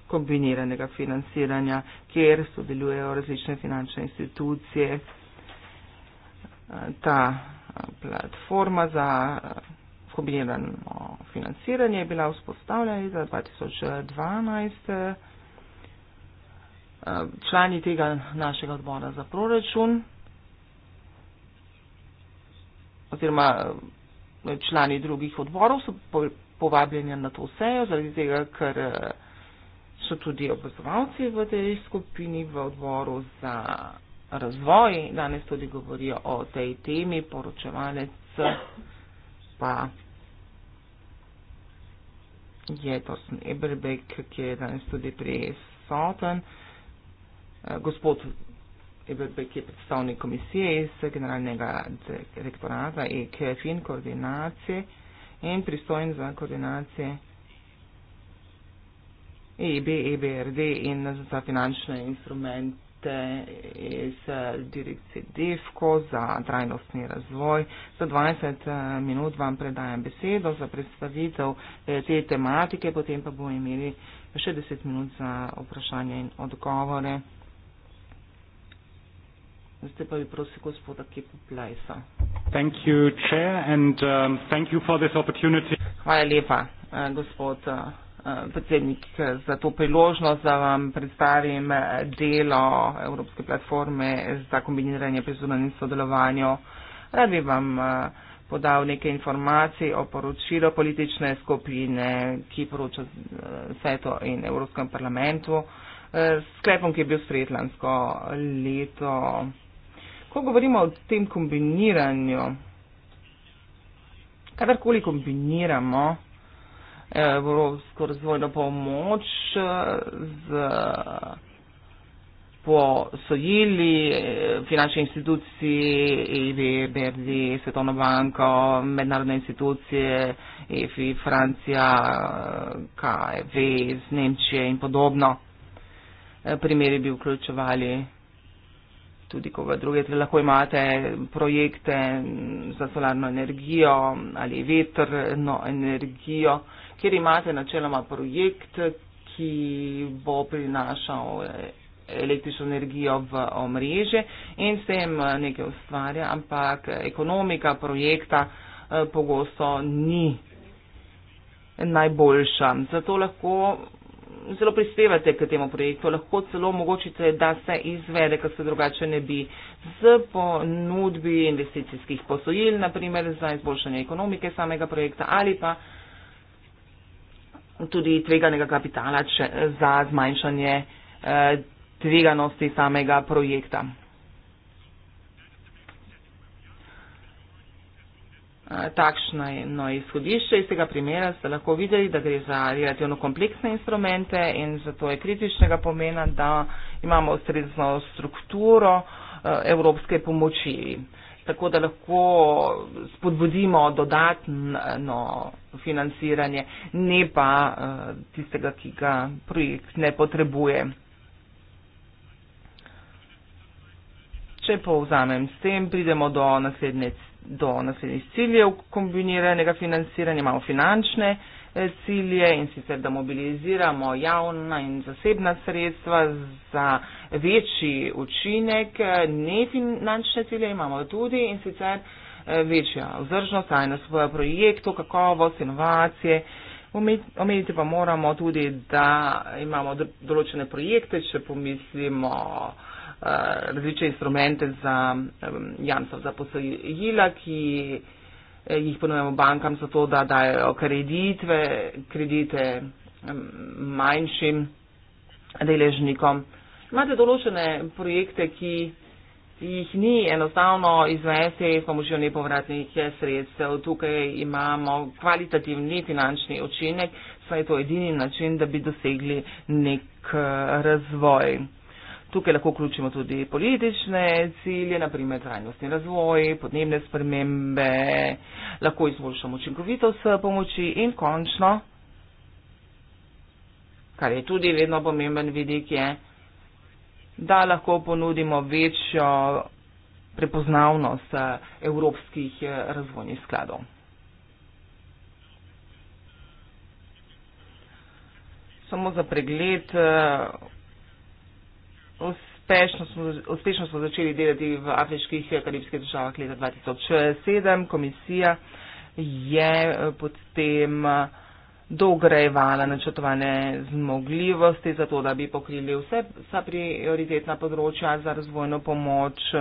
kombiniranega financiranja, kjer sodelujejo različne finančne institucije. Eh, ta eh, platforma za kombinirano financiranje je bila vzpostavljena za 2012. Člani tega našega odbora za proračun oziroma eh, člani drugih odborov so povabljeni na to sejo, zaradi tega, ker eh, so tudi obozovalci v tej skupini v odboru za razvoj. Danes tudi govorijo o tej temi, poročevalec pa je Torsten Eberbeck, ki je danes tudi prisoten. Eh, gospod EBB, ki je predstavnik komisije iz generalnega direktorata EKF in koordinacije in pristojen za koordinacije EIB, EBRD in za finančne instrumente iz direkcije DEFCO za trajnostni razvoj. Za 20 eh, minut vam predajam besedo za predstavitev eh, te tematike, potem pa bomo imeli še 10 minut za vprašanje in odgovore. Zdaj pa bi prosil gospoda Kepu Plajsa. Thank you, chair, and um, thank you for this opportunity. Hvala lepa, uh, gospod uh, predsednik, za to priložnost, da vam predstavim eh, delo Evropske platforme za kombiniranje pri zunanjem sodelovanju. Rad bi vam uh, podal nekaj informacij o poročilu politične skupine, ki poroča svetu in Evropskem parlamentu. Uh, sklepom, ki je bil sprejet lansko leto ko govorimo o tem kombiniranju, kadarkoli kombiniramo eh, evropsko razvojno pomoč eh, z posojili eh, finančnih institucij, EIB, BRD, Svetovno banko, mednarodne institucije, EFI, Francija, KFV e iz Nemčije in podobno. Primeri bi vključevali tudi koga druge. Tle torej, lahko imate projekte za solarno energijo ali vetrno energijo, kjer imate načeloma projekt, ki bo prinašal električno energijo v omrežje in s tem nekaj ustvarja, ampak ekonomika projekta eh, pogosto ni najboljša. Zato lahko zelo prispevate k temu projektu, lahko celo omogočite, da se izvede, ker se drugače ne bi z ponudbi investicijskih posojil, naprimer za izboljšanje ekonomike samega projekta ali pa tudi tveganega kapitala če, za zmanjšanje eh, tveganosti samega projekta. Eh, takšno izhodišče. Iz tega primera ste lahko videli, da gre za relativno kompleksne instrumente in zato je kritičnega pomena, da imamo ustrezno strukturo eh, evropske pomoči, tako da lahko spodbudimo dodatno financiranje, ne pa eh, tistega, ki ga projekt ne potrebuje. Če povzamem s tem, pridemo do naslednje do naslednjih ciljev kombiniranega financiranja. Imamo finančne eh, cilje in sicer, da mobiliziramo javna in zasebna sredstva za večji učinek. Eh, nefinančne cilje imamo tudi in sicer eh, večja vzdržnost, tajnost v projektu, kakovost, inovacije. Omeniti pa moramo tudi, da imamo določene projekte, če pomislimo Eh, različne instrumente za jamstva za posojila, ki eh, jih ponujemo bankam za to, da dajo kreditve, kredite manjšim deležnikom. Imate določene projekte, ki jih ni enostavno izvesti s pomočjo nepovratnih sredstev. Tukaj imamo kvalitativni finančni učinek, saj je to edini način, da bi dosegli nek eh, razvoj. Tukaj lahko vključimo tudi politične cilje, naprimer trajnostni razvoj, podnebne spremembe, lahko izboljšamo učinkovitost pomoči in končno, kar je tudi vedno pomemben vidik, je, da lahko ponudimo večjo prepoznavnost eh, evropskih eh, razvojnih skladov. Samo za pregled eh, Uspešno smo začeli delati v afriških karibskih državah leta 2007. Komisija je eh, potem eh, dograjevala načrtovane zmogljivosti za to, da bi pokrili vse sa prioritetna področja za razvojno pomoč.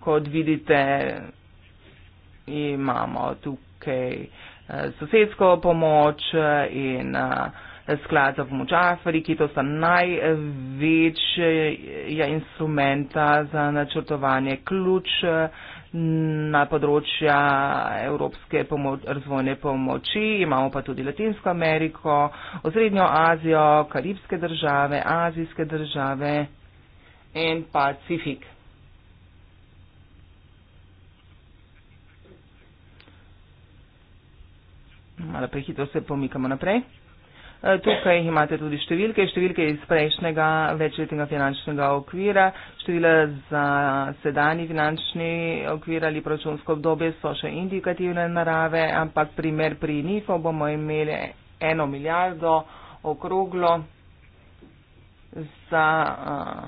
Kot vidite, imamo tukaj eh, sosedsko pomoč in sklad za pomoč Afriki. To sta največja instrumenta za načrtovanje ključ eh, na področja evropske pomoč, razvojne pomoči. Imamo pa tudi Latinsko Ameriko, Osrednjo Azijo, Karibske države, Azijske države in Pacifik. Malo prehitro se pomikamo naprej. Eh, tukaj imate tudi številke, številke iz prejšnjega večletnega finančnega okvira, števila za sedani finančni okvir ali proračunsko obdobje so še indikativne narave, ampak primer pri NIFO bomo imeli eno milijardo okroglo za eh,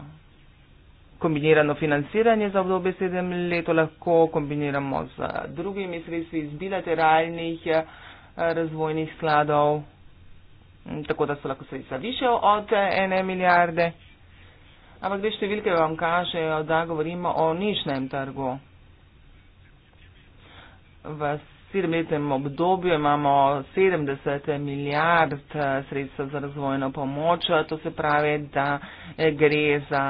kombinirano financiranje za obdobje sedem let, lahko kombiniramo z drugimi sredstvi iz bilateralnih eh, razvojnih skladov. Mm, tako da so lahko sredstva više od eh, ene milijarde. Ampak te številke vam kažejo, da govorimo o nižnem trgu. V sedemletnem obdobju imamo 70 milijard eh, sredstva za razvojno pomoč, to se pravi, da eh, gre za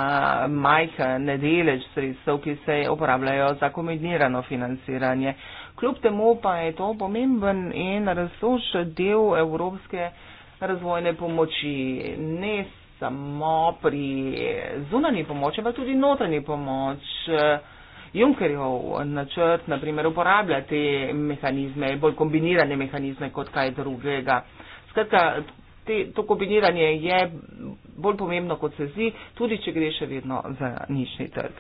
majhen delež sredstev, ki se uporabljajo za kombinirano financiranje. Kljub temu pa je to pomemben in razsož del Evropske unije razvojne pomoči, ne samo pri zunanji pomoči, ampak tudi notranji pomoč. Junkerjev načrt, naprimer, uporablja te mehanizme, bolj kombinirane mehanizme kot kaj drugega. Skratka, te, to kombiniranje je bolj pomembno, kot se zdi, tudi če gre še vedno za nišni trg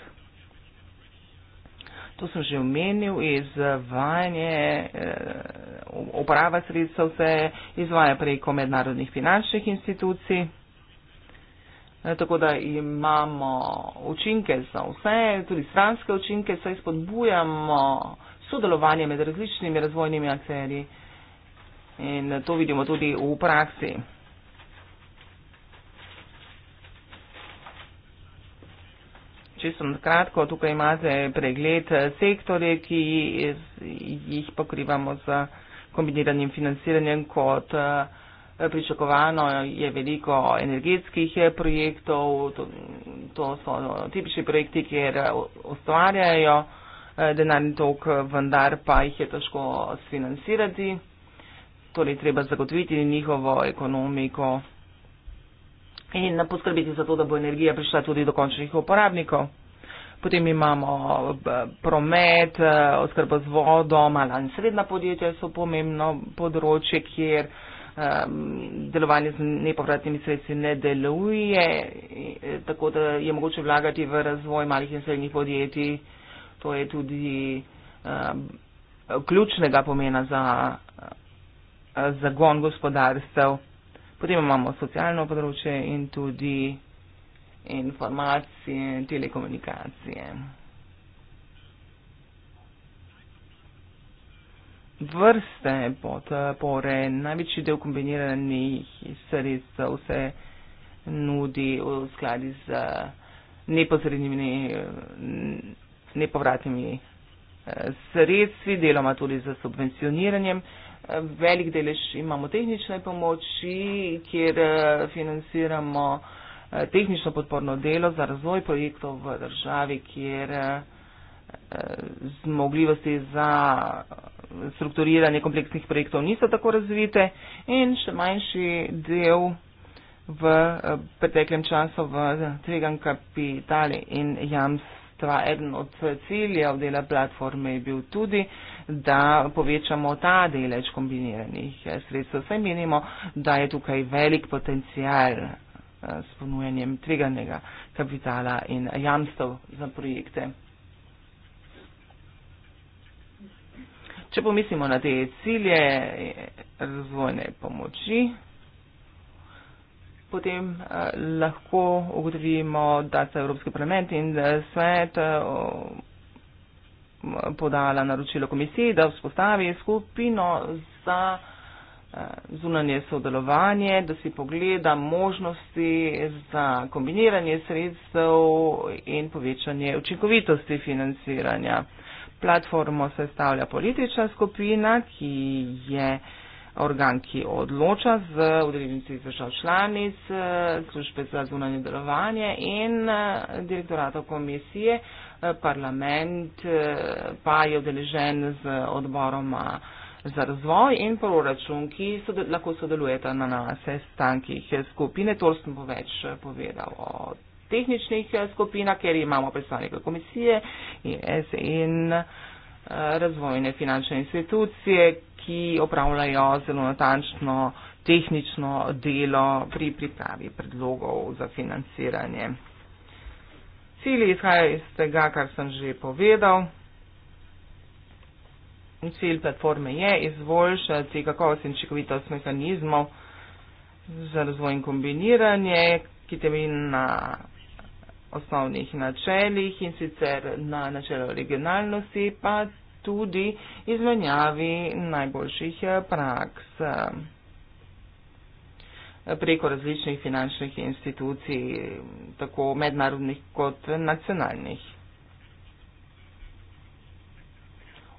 to sem že omenil, izvajanje, eh, uporaba sredstev se izvaja preko mednarodnih finančnih institucij. Eh, tako da imamo učinke za vse, tudi stranske učinke, saj spodbujamo sodelovanje med različnimi razvojnimi akterji in to vidimo tudi v praksi. čisto na kratko, tukaj imate pregled sektorje, ki jih pokrivamo z kombiniranim financiranjem kot eh, pričakovano je veliko energetskih eh, projektov, to, to so no, tipični projekti, kjer eh, ustvarjajo denarni tok, vendar pa jih je težko sfinancirati, torej treba zagotoviti njihovo ekonomiko in poskrbeti za to, da bo energija prišla tudi do končnih uporabnikov. Potem imamo eh, promet, eh, oskrba z vodo, mala in srednja podjetja so pomembno področje, kjer ehm, delovanje z nepovratnimi sredstvi ne deluje, eh, tako da je mogoče vlagati v razvoj malih in srednjih podjetij. To je tudi ehm, ključnega pomena za zagon gospodarstva. Potem imamo socialno področje in tudi informacije, telekomunikacije. Vrste podpore, največji del kombiniranih sredstev se nudi v skladi z neposrednimi, nepovratnimi eh, sredstvi, deloma tudi z subvencioniranjem velik delež imamo tehnične pomoči, kjer eh, financiramo eh, tehnično podporno delo za razvoj projektov v državi, kjer eh, zmogljivosti za strukturiranje kompleksnih projektov niso tako razvite in še manjši del v preteklem času v tvegan kapitali in jamstvo ministrstva, eden od ciljev dela platforme je bil tudi, da povečamo ta delež kombiniranih eh, sredstev. Saj menimo, da je tukaj velik potencial eh, s ponujanjem tveganega kapitala in jamstev za projekte. Če pomislimo na te cilje eh, razvojne pomoči, potem eh, lahko ugotovimo, da so Evropski parlament in eh, svet eh, podala naročilo komisiji, da vzpostavi skupino za zunanje sodelovanje, da si pogleda možnosti za kombiniranje sredstev in povečanje učinkovitosti financiranja. Platformo sestavlja politična skupina, ki je uh, organ, ki odloča z udeleženci držav članic, eh, službe za zunanje delovanje in eh, direktorata komisije. Eh, parlament pa je udeležen z odboroma za razvoj in proračun, ki sodel lahko sodelujeta na sestankih skupine. To sem bo več povedal o tehničnih skupinah, ker imamo predstavnike komisije in, in razvojne finančne institucije, ki opravljajo zelo natančno tehnično delo pri pripravi predlogov za financiranje. Cilji izhajajo iz tega, kar sem že povedal. Cilj platforme je izboljšati kakovost in čekovitost mehanizmov za razvoj in kombiniranje, ki temelji na osnovnih načelih in sicer na načelo regionalnosti, pa tudi izmenjavi najboljših eh, praks eh, preko različnih finančnih institucij, tako mednarodnih kot nacionalnih.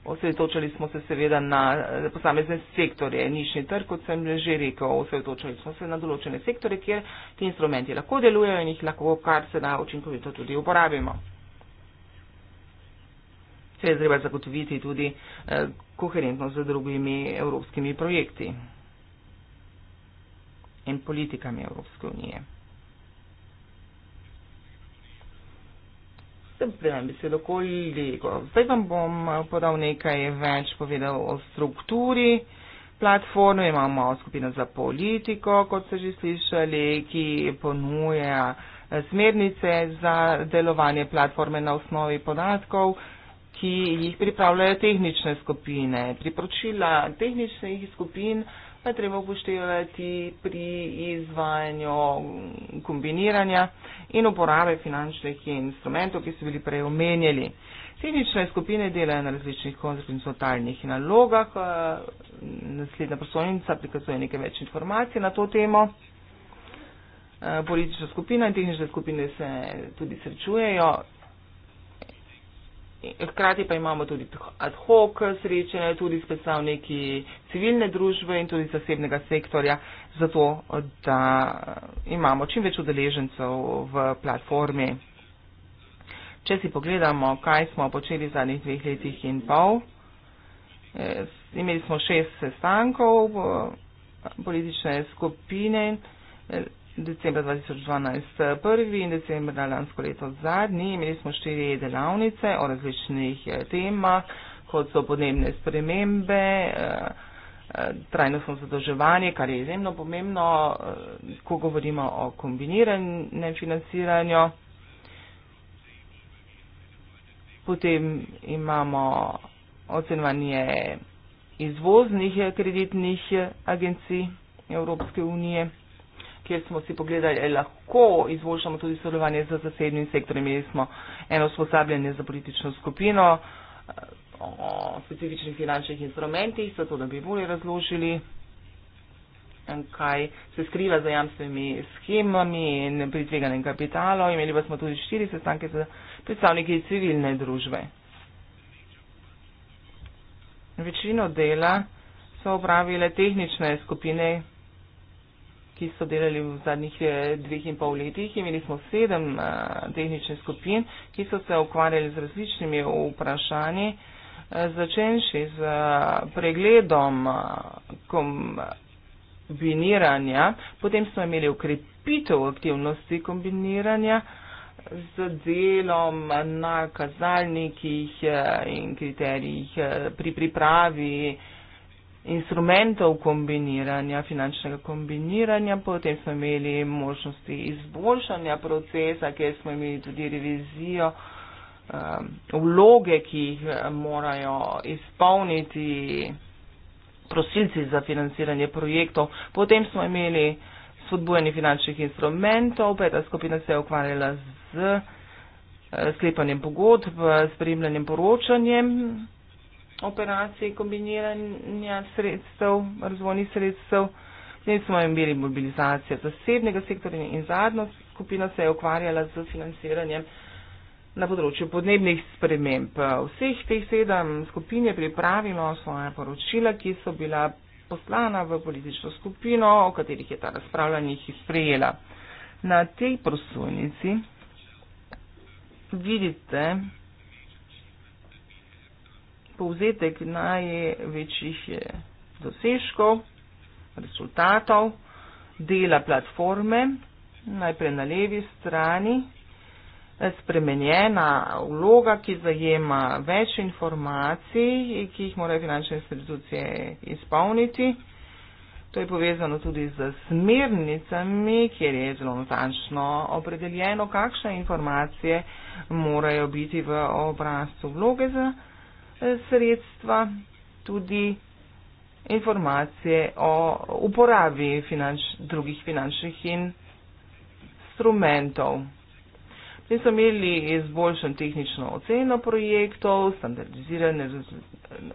Osredotočali smo se seveda na eh, posamezne sektorje, nišni trg, kot sem že rekel, osredotočali smo se na določene sektore, kjer ti instrumenti lahko delujejo in jih lahko kar se da učinkovito tudi uporabimo se je treba zagotoviti tudi eh, koherentno z drugimi evropskimi projekti in politikami Evropske unije. Zdaj vam bom eh, podal nekaj več povedal o strukturi platforme. Imamo skupino za politiko, kot ste že slišali, ki ponuja eh, smernice za delovanje platforme na osnovi podatkov, ki jih pripravljajo tehnične skupine. Priporočila tehničnih skupin pa je treba upoštevati pri izvajanju kombiniranja in uporabe finančnih instrumentov, ki so bili prej omenjeni. Tehnične skupine delajo na različnih konzultantnih nalogah. Naslednja poslovnica prikazuje nekaj več informacij na to temo. Politična skupina in tehnične skupine se tudi srečujejo Hkrati pa imamo tudi ad hoc srečanje, tudi s predstavniki civilne družbe in tudi zasebnega sektorja, zato da imamo čim več udeležencev v platformi. Če si pogledamo, kaj smo počeli v zadnjih dveh letih in pol, eh, imeli smo šest sestankov eh, politične skupine. Eh, decembra 2012 eh, prvi in decembra lansko leto zadnji. Imeli smo štiri delavnice o različnih eh, temah, kot so podnebne spremembe, eh, trajnostno zadolževanje, kar je izjemno pomembno, ko govorimo o kombiniranem financiranju. Potem imamo ocenovanje izvoznih kreditnih agencij Evropske unije kjer smo si pogledali, ali lahko izboljšamo tudi sodelovanje z zasebnim sektorjem. Imeli smo eno usposabljanje za politično skupino eh, o specifičnih finančnih instrumentih, zato da bi bolje razložili, eh, kaj se skriva za jamstvenimi schemami in pritveganim kapitalom. Imeli pa smo tudi štiri sestanke z predstavniki civilne družbe. Večino dela so opravile tehnične skupine, ki so delali v zadnjih eh, dveh in pol letih. Imeli smo sedem eh, tehničnih skupin, ki so se ukvarjali z različnimi vprašanji, eh, začenši z pregledom kombiniranja, potem smo imeli ukrepitev aktivnosti kombiniranja z delom na kazalnikih in kriterijih pri pripravi instrumentov kombiniranja, finančnega kombiniranja, potem smo imeli možnosti izboljšanja procesa, kjer smo imeli tudi revizijo um, vloge, ki jih eh, morajo izpolniti prosilci za financiranje projektov. Potem smo imeli spodbujanje finančnih instrumentov, peta skupina se je ukvarjala z eh, sklepanjem pogodb, spremljanjem poročanjem operacije, kombiniranja sredstev, razvojnih sredstev. Zdaj smo imeli mobilizacijo zasebnega sektorja in zadnja skupina se je ukvarjala z financiranjem na področju podnebnih sprememb. Vseh teh sedem skupin je pripravilo svoje poročila, ki so bila poslana v politično skupino, o katerih je ta razpravljanje jih sprejela. Na tej prosojnici vidite povzetek največjih eh, dosežkov, rezultatov dela platforme, najprej na levi strani, eh, spremenjena vloga, ki zajema več informacij, ki jih morajo finančne institucije izpolniti. To je povezano tudi z smernicami, kjer je zelo natančno opredeljeno, kakšne informacije morajo biti v obrazcu vloge za sredstva, tudi informacije o uporabi finanč, drugih finančnih instrumentov. Mi smo imeli izboljšan tehnično oceno projektov, standardiziran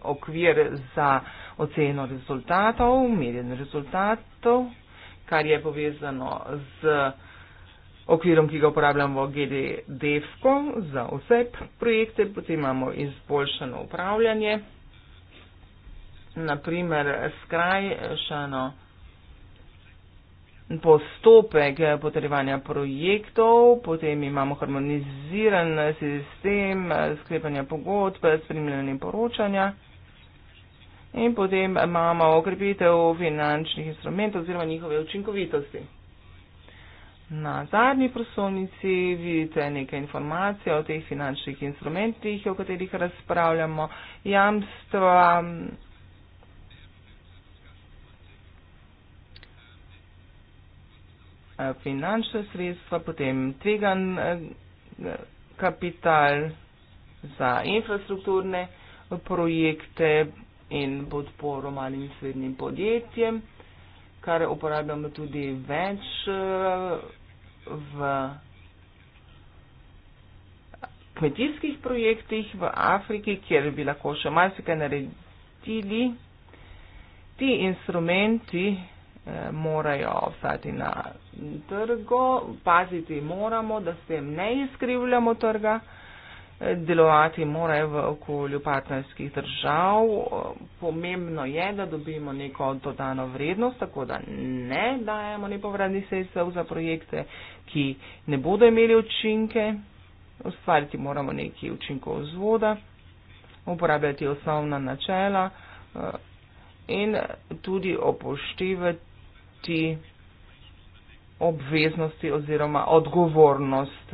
okvir za oceno rezultatov, merjen rezultatov, kar je povezano z okvirom, ki ga uporabljamo GDDF-ko za vse projekte, potem imamo izboljšano upravljanje, naprimer skrajšano postopek potrebovanja projektov, potem imamo harmoniziran sistem sklepanja pogodb, spremljanje poročanja in potem imamo okrepitev finančnih instrumentov oziroma njihove učinkovitosti. Na zadnji prosovnici vidite nekaj informacij o teh finančnih instrumentih, o katerih razpravljamo, jamstva. Eh, finančne sredstva, potem tvegan eh, kapital za infrastrukturne projekte in podporo malim in srednjim podjetjem, kar uporabljamo tudi več eh, v kmetijskih projektih v Afriki, kjer bi lahko še marsikaj naredili. Ti instrumenti eh, morajo obstati na trgu, paziti moramo, da s tem ne izkrivljamo trga. Eh, delovati morajo v okolju partnerskih držav. Pomembno je, da dobimo neko dodano vrednost, tako da ne dajemo nepovratnih sredstev za projekte, ki ne bodo imeli učinke. Ustvariti moramo neki učinkov vzvoda, uporabljati osnovna načela eh, in tudi upoštevati obveznosti oziroma odgovornost.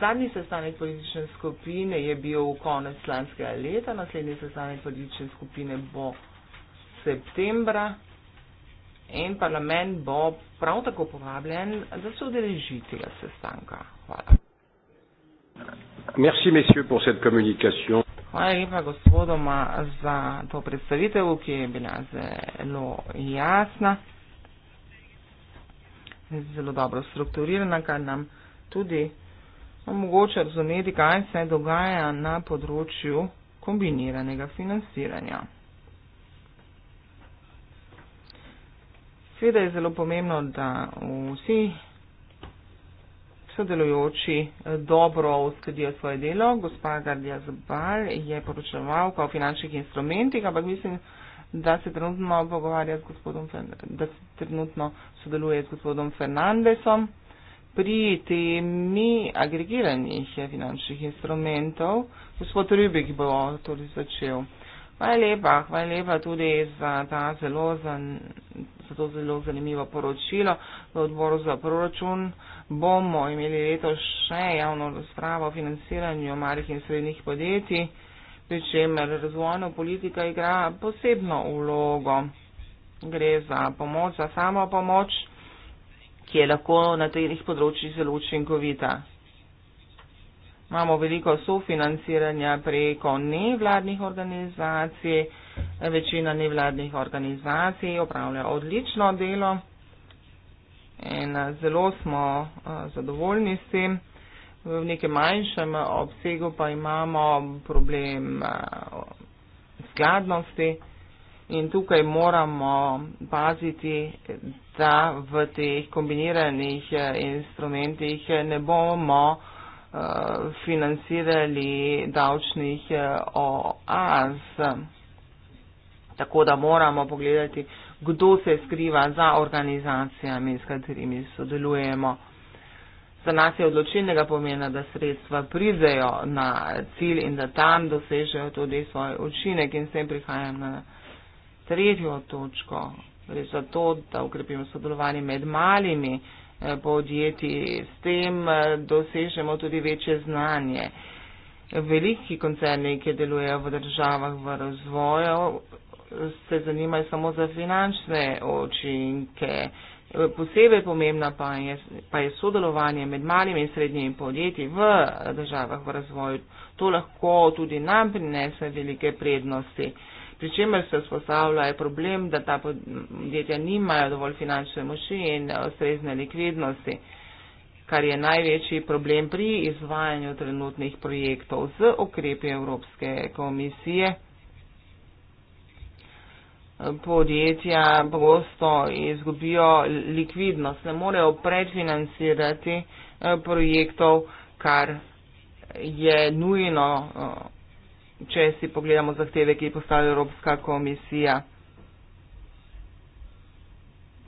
Zadnji sestanek politične skupine je bil konec lanskega leta, naslednji sestanek politične skupine bo septembra in parlament bo prav tako povabljen, da se odeleži tega sestanka. Hvala. Merci, messieurs, pour cette communication. Hvala lepa gospodoma za to predstavitev, ki je bila zelo jasna, zelo dobro strukturirana, kar nam tudi omogoča razumeti, kaj se dogaja na področju kombiniranega financiranja. Sveda je zelo pomembno, da vsi sodelujoči dobro uskladijo svoje delo. Gospa Gardija Zabar je poročevalka o finančnih instrumentih, ampak mislim, da se trenutno pogovarja z gospodom, da se trenutno sodeluje z gospodom Fernandesom pri temi agregiranih finančnih instrumentov. Gospod Rubik bo tudi začel. Hvala lepa, hvala lepa tudi za, ta zelo za, za to zelo zanimivo poročilo. V odboru za proračun bomo imeli leto še javno razpravo o financiranju malih in srednjih podjetij, pri čemer razvojna politika igra posebno vlogo. Gre za pomoč, za samo pomoč ki je lahko na teh področjih zelo učinkovita. Imamo veliko sofinanciranja preko nevladnih organizacij. Večina nevladnih organizacij opravlja odlično delo in eh, zelo smo eh, zadovoljni s tem. V nekem manjšem eh, obsegu pa imamo problem skladnosti. Uh, In tukaj moramo paziti, da v teh kombiniranih eh, instrumentih ne bomo eh, financirali davčnih eh, oaz. Tako da moramo pogledati, kdo se skriva za organizacijami, s katerimi sodelujemo. Za nas je odločilnega pomena, da sredstva pridejo na cilj in da tam dosežejo tudi svoj učinek in s tem prihajam na tretjo točko, res zato, da ukrepimo sodelovanje med malimi eh, podjetji, s tem eh, dosežemo tudi večje znanje. Veliki koncerni, ki delujejo v državah v razvoju, se zanimajo samo za finančne očinke. Posebej pomembna pa je, pa je sodelovanje med malimi in srednjimi podjetji v državah v razvoju. To lahko tudi nam prinese velike prednosti pri čemer se vzpostavlja problem, da ta podjetja nimajo dovolj finančne moči in ustrezne likvidnosti, kar je največji problem pri izvajanju trenutnih projektov z okrepi Evropske komisije. Podjetja pogosto izgubijo likvidnost, ne morejo predfinancirati eh, projektov, kar je nujno eh, če si pogledamo zahteve, ki je postavila Evropska komisija.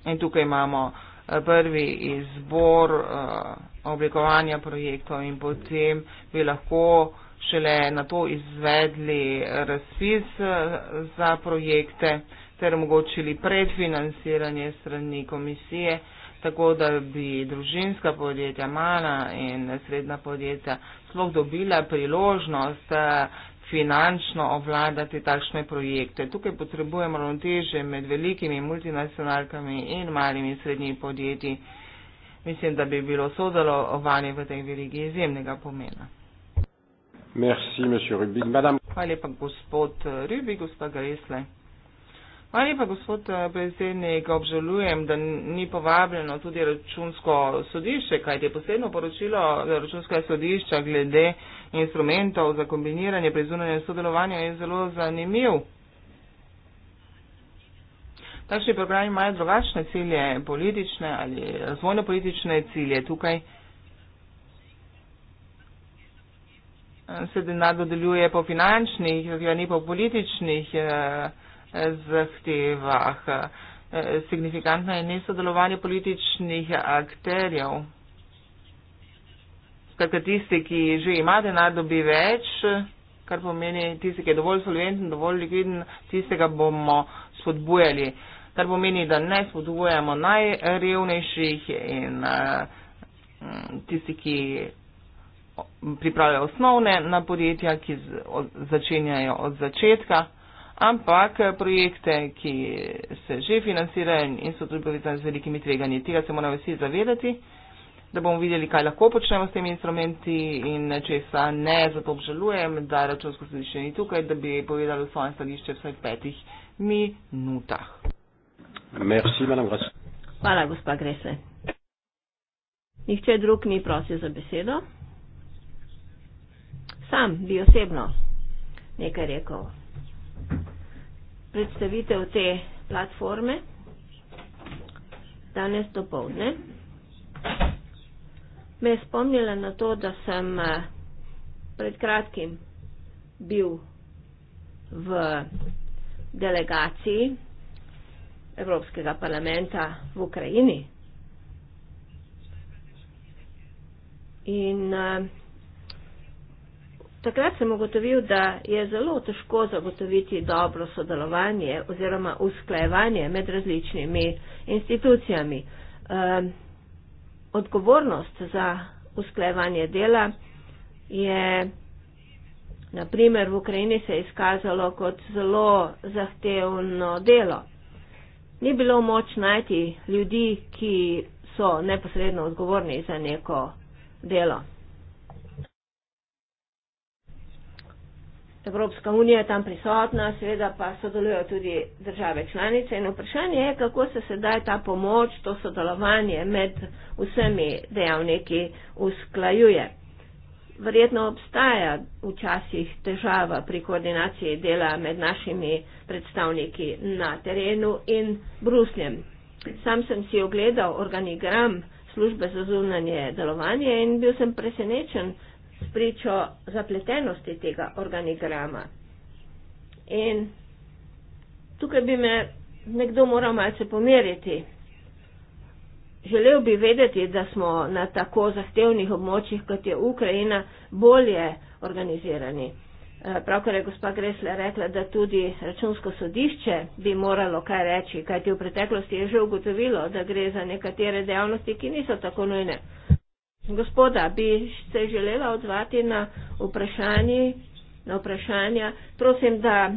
In tukaj imamo eh, prvi izbor eh, oblikovanja projektov in potem bi lahko šele na to izvedli razpis eh, za projekte ter omogočili predfinanciranje strani komisije, tako da bi družinska podjetja, mala in srednja podjetja sploh dobila priložnost finančno ovladati takšne projekte. Tukaj potrebujemo ravnoteže med velikimi multinacionalkami in malimi in srednjimi podjetji. Mislim, da bi bilo sodelovanje v tej verigi izjemnega pomena. Merci, Rubik. Madame... Hvala lepa, gospod eh, Rubik, gospa Gresle. Hvala lepa, gospod eh, predsednik. Obžalujem, da ni povabljeno tudi računsko sodišče, kajti posebno poročilo računskega sodišča glede instrumentov za kombiniranje pri zunanjem sodelovanju je zelo zanimiv. Takšni programi imajo drugačne cilje, politične ali razvojno-politične cilje. Tukaj eh, se denar dodeljuje po finančnih, ni po političnih eh, zahtevah. Eh, signifikantno je nesodelovanje političnih akterjev. Skratka, tisti, ki že ima denar, dobi več, kar pomeni, tisti, ki je dovolj solventen, dovolj likviden, tistega bomo spodbujali. Kar pomeni, da ne spodbujamo najrevnejših in eh, tisti, ki pripravljajo osnovne na podjetja, ki začenjajo od začetka, ampak projekte, ki se že financirajo in so tudi povezani z velikimi tveganji. Tega se moramo vsi zavedati da bomo videli, kaj lahko počnemo s temi instrumenti in česa ne, zato obžalujem, da računsko sodišče ni tukaj, da bi povedali svoje stališče vsaj petih minutah. Merci, Hvala, gospa Grese. Nihče drug ni prosil za besedo. Sam bi osebno nekaj rekel. Predstavitev te platforme danes do povdne me je spomnila na to, da sem eh, pred kratkim bil v delegaciji Evropskega parlamenta v Ukrajini. In eh, Takrat sem ugotovil, da je zelo težko zagotoviti dobro sodelovanje oziroma usklajevanje med različnimi institucijami. Um, odgovornost za usklajevanje dela je naprimer v Ukrajini se izkazalo kot zelo zahtevno delo. Ni bilo moč najti ljudi, ki so neposredno odgovorni za neko delo. Evropska unija je tam prisotna, seveda pa sodelujo tudi države članice in vprašanje je, kako se sedaj ta pomoč, to sodelovanje med vsemi dejavniki usklajuje. Verjetno obstaja včasih težava pri koordinaciji dela med našimi predstavniki na terenu in Brusljem. Sam sem si ogledal organigram službe za zunanje delovanje in bil sem presenečen, spričo zapletenosti tega organigrama. In tukaj bi me nekdo moral malce pomeriti. Želel bi vedeti, da smo na tako zahtevnih območjih, kot je Ukrajina, bolje organizirani. Eh, pravkar je gospa Gresle rekla, da tudi računsko sodišče bi moralo kaj reči, kajti v preteklosti je že ugotovilo, da gre za nekatere dejavnosti, ki niso tako nujne. Gospoda, bi se želela odzvati na vprašanje, na vprašanja. Prosim, da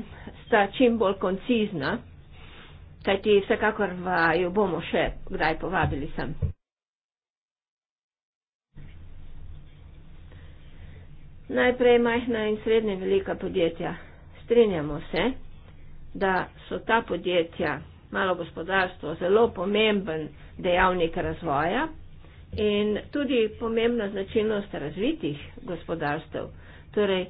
sta čim bolj koncizna, kajti vsekakor vaju bomo še kdaj povabili sem. Najprej majhna in srednje velika podjetja. Strinjamo se, da so ta podjetja, malo gospodarstvo, zelo pomemben dejavnik razvoja, in tudi pomembna značilnost razvitih gospodarstev, torej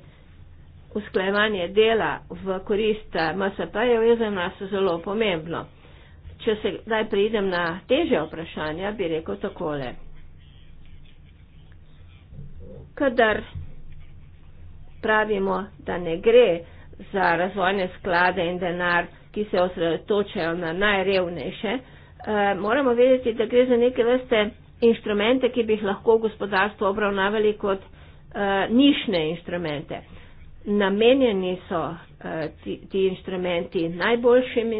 usklajevanje dela v korist eh, MSP-jev je za nas zelo pomembno. Če se daj pridem na teže vprašanja, bi rekel takole. Kadar pravimo, da ne gre za razvojne sklade in denar, ki se osredotočajo na najrevnejše, eh, moramo vedeti, da gre za neke vrste inštrumente, ki bi jih lahko gospodarstvo obravnavali kot uh, nišne inštrumente. Namenjeni so uh, ti, ti inštrumenti najboljšim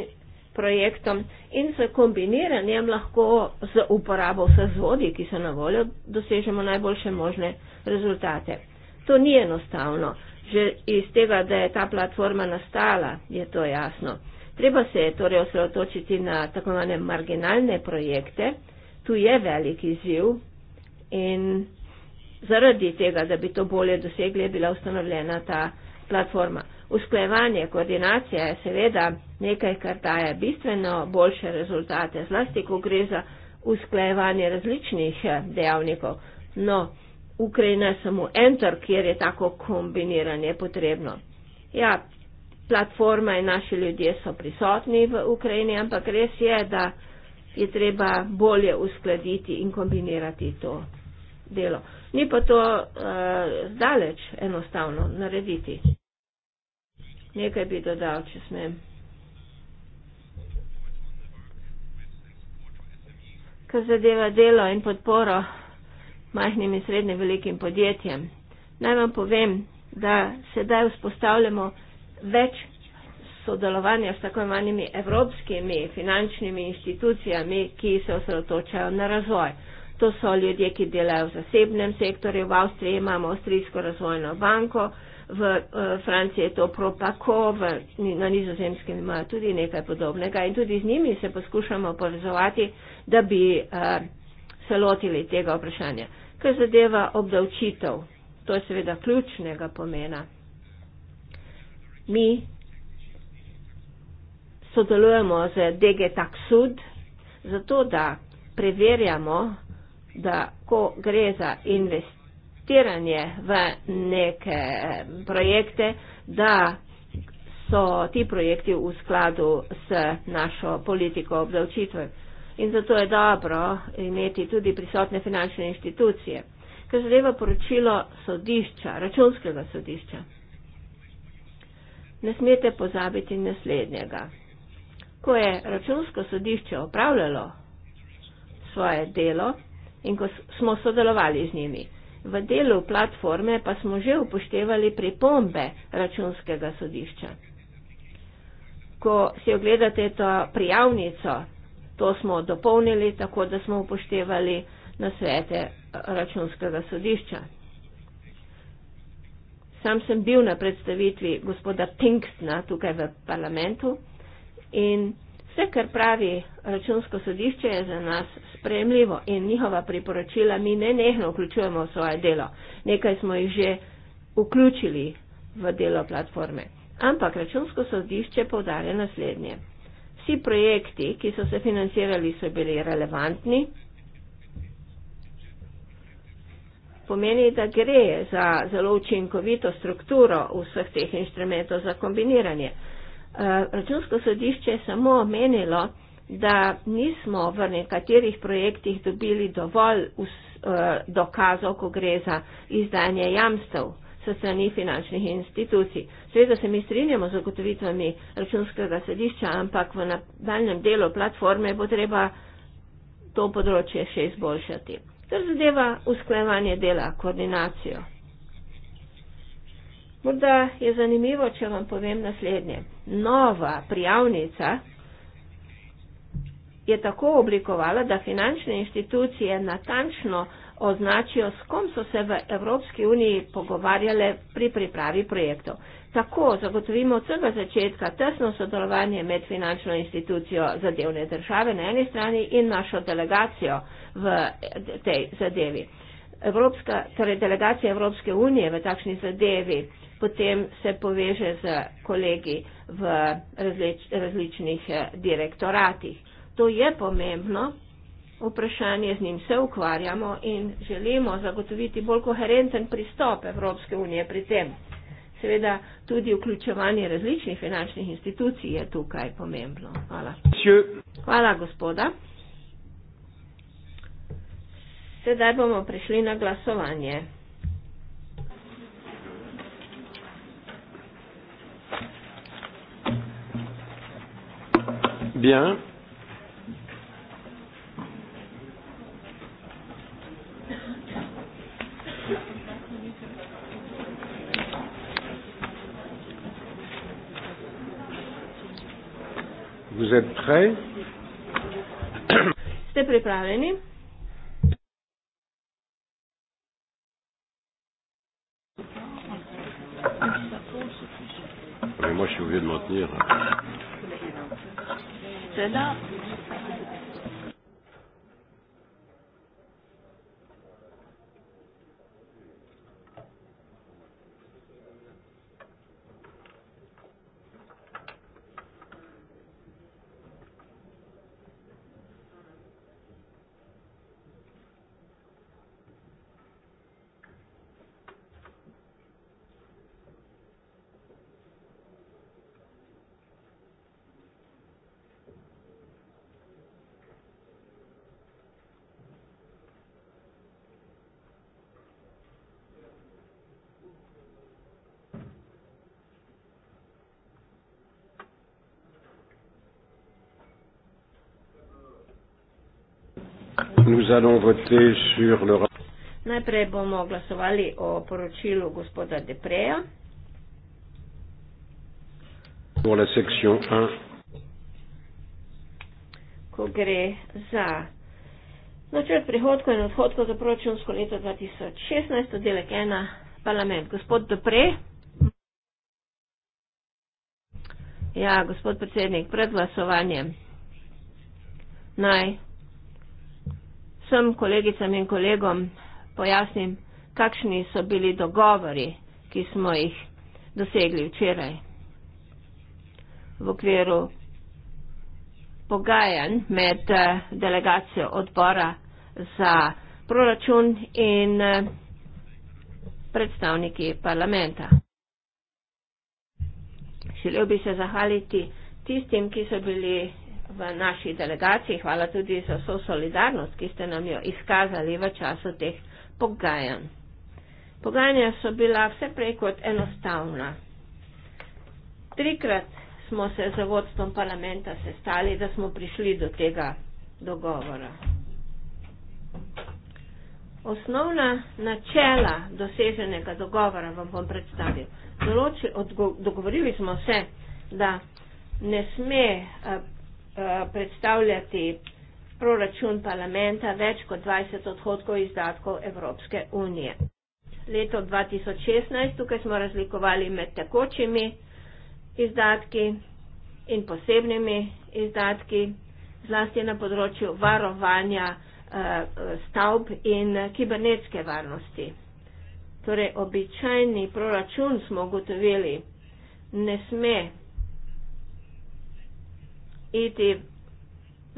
projektom in z kombiniranjem lahko z uporabo vseh zvodij, ki so na voljo, dosežemo najboljše možne rezultate. To ni enostavno. Že iz tega, da je ta platforma nastala, je to jasno. Treba se je torej osredotočiti na tako imenovane marginalne projekte, uh, tu je velik izziv in zaradi tega, da bi to bolje dosegli, je bila ustanovljena ta platforma. Usklajevanje, koordinacija je seveda nekaj, kar daje bistveno boljše rezultate, zlasti ko gre za usklajevanje različnih eh, dejavnikov. No, Ukrajina je samo enter, kjer je tako kombiniranje potrebno. Ja, platforma in naši ljudje so prisotni v Ukrajini, ampak res je, da je treba bolje uskladiti in kombinirati to delo. Ni pa to uh, daleč enostavno narediti. Nekaj bi dodal, če smem. Kar zadeva delo in podporo majhnim in srednjim velikim podjetjem. Naj vam povem, da sedaj vzpostavljamo več sodelovanja s tako imenimi evropskimi finančnimi institucijami, ki se osredotočajo na razvoj. To so ljudje, ki delajo v zasebnem sektorju, v Avstriji imamo Avstrijsko razvojno banko, v uh, Franciji je to Propako, v, na nizozemskem imajo tudi nekaj podobnega in tudi z njimi se poskušamo povezovati, da bi uh, se lotili tega vprašanja. Kar zadeva obdavčitev, to je seveda ključnega pomena. Mi sodelujemo z DG Taksud, zato da preverjamo, da ko gre za investiranje v neke eh, projekte, da so ti projekti v skladu s našo politiko obdavčitve. In zato je dobro imeti tudi prisotne finančne inštitucije. Kar zadeva poročilo sodišča, računskega sodišča, ne smete pozabiti naslednjega ko je računsko sodišče opravljalo svoje delo in ko smo sodelovali z njimi. V delu platforme pa smo že upoštevali pripombe računskega sodišča. Ko si ogledate to prijavnico, to smo dopolnili tako, da smo upoštevali na svete eh, računskega sodišča. Sam sem bil na predstavitvi gospoda Tinkstna tukaj v parlamentu. In vse, kar pravi eh, računsko sodišče, je za nas spremljivo in njihova priporočila mi ne nehno vključujemo v svoje delo. Nekaj smo jih že vključili v delo platforme. Ampak računsko sodišče povdarja naslednje. Vsi projekti, ki so se financirali, so bili relevantni. Pomeni, da gre za zelo učinkovito strukturo vseh teh inštrumentov za kombiniranje. Eh, računsko sodišče je samo omenilo, da nismo v nekaterih projektih dobili dovolj eh, dokazov, ko gre za izdanje jamstev so strani finančnih institucij. Seveda se mi strinjamo z ugotovitvami računskega sodišča, ampak v daljem delu platforme bo treba to področje še izboljšati. Ker zadeva usklajevanje dela, koordinacijo. Morda je zanimivo, če vam povem naslednje. Nova prijavnica je tako oblikovala, da finančne institucije natančno označijo, s kom so se v Evropski uniji pogovarjale pri pripravi projektov. Tako zagotovimo od vsega začetka tesno sodelovanje med finančno institucijo zadevne države na eni strani in našo delegacijo v tej zadevi. Evropska, torej delegacija Evropske unije v takšni zadevi potem se poveže z kolegi v različ, različnih eh, direktoratih. To je pomembno vprašanje, z njim se ukvarjamo in želimo zagotoviti bolj koherenten pristop Evropske unije pri tem. Seveda tudi vključevanje različnih finančnih institucij je tukaj pomembno. Hvala. Hvala, gospoda. Sedaj bomo prišli na glasovanje. Bien. Vous êtes prêts Ste pripravljeni? Mais moi je suis obligé de m'en tenir stand up. allons voter sur le Najprej bomo glasovali o poročilu gospoda Depreja. Pour la section 1. Ko gre za načrt prihodkov in odhodkov za proračunsko leto 2016, oddelek 1, parlament. Gospod Depre. Ja, gospod predsednik, pred glasovanjem. Naj vsem kolegicam in kolegom pojasnim, kakšni so bili dogovori, ki smo jih dosegli včeraj v okviru pogajanj med eh, delegacijo odbora za proračun in eh, predstavniki parlamenta. Želel bi se zahvaliti tistim, ki so bili v naši delegaciji, hvala tudi za vso solidarnost, ki ste nam jo izkazali v času teh pogajanj. Pogajanja so bila vse prej kot enostavna. Trikrat smo se z vodstvom parlamenta sestali, da smo prišli do tega dogovora. Osnovna načela doseženega dogovora vam bom predstavil. Določi, odgo, dogovorili smo se, da ne sme eh, Eh, predstavljati proračun parlamenta več kot 20 odhodkov izdatkov Evropske unije. Leto 2016 tukaj smo razlikovali med tekočimi izdatki in posebnimi izdatki, zlasti na področju varovanja eh, stavb in kibernetske varnosti. Torej, običajni proračun smo ugotovili, ne sme iti e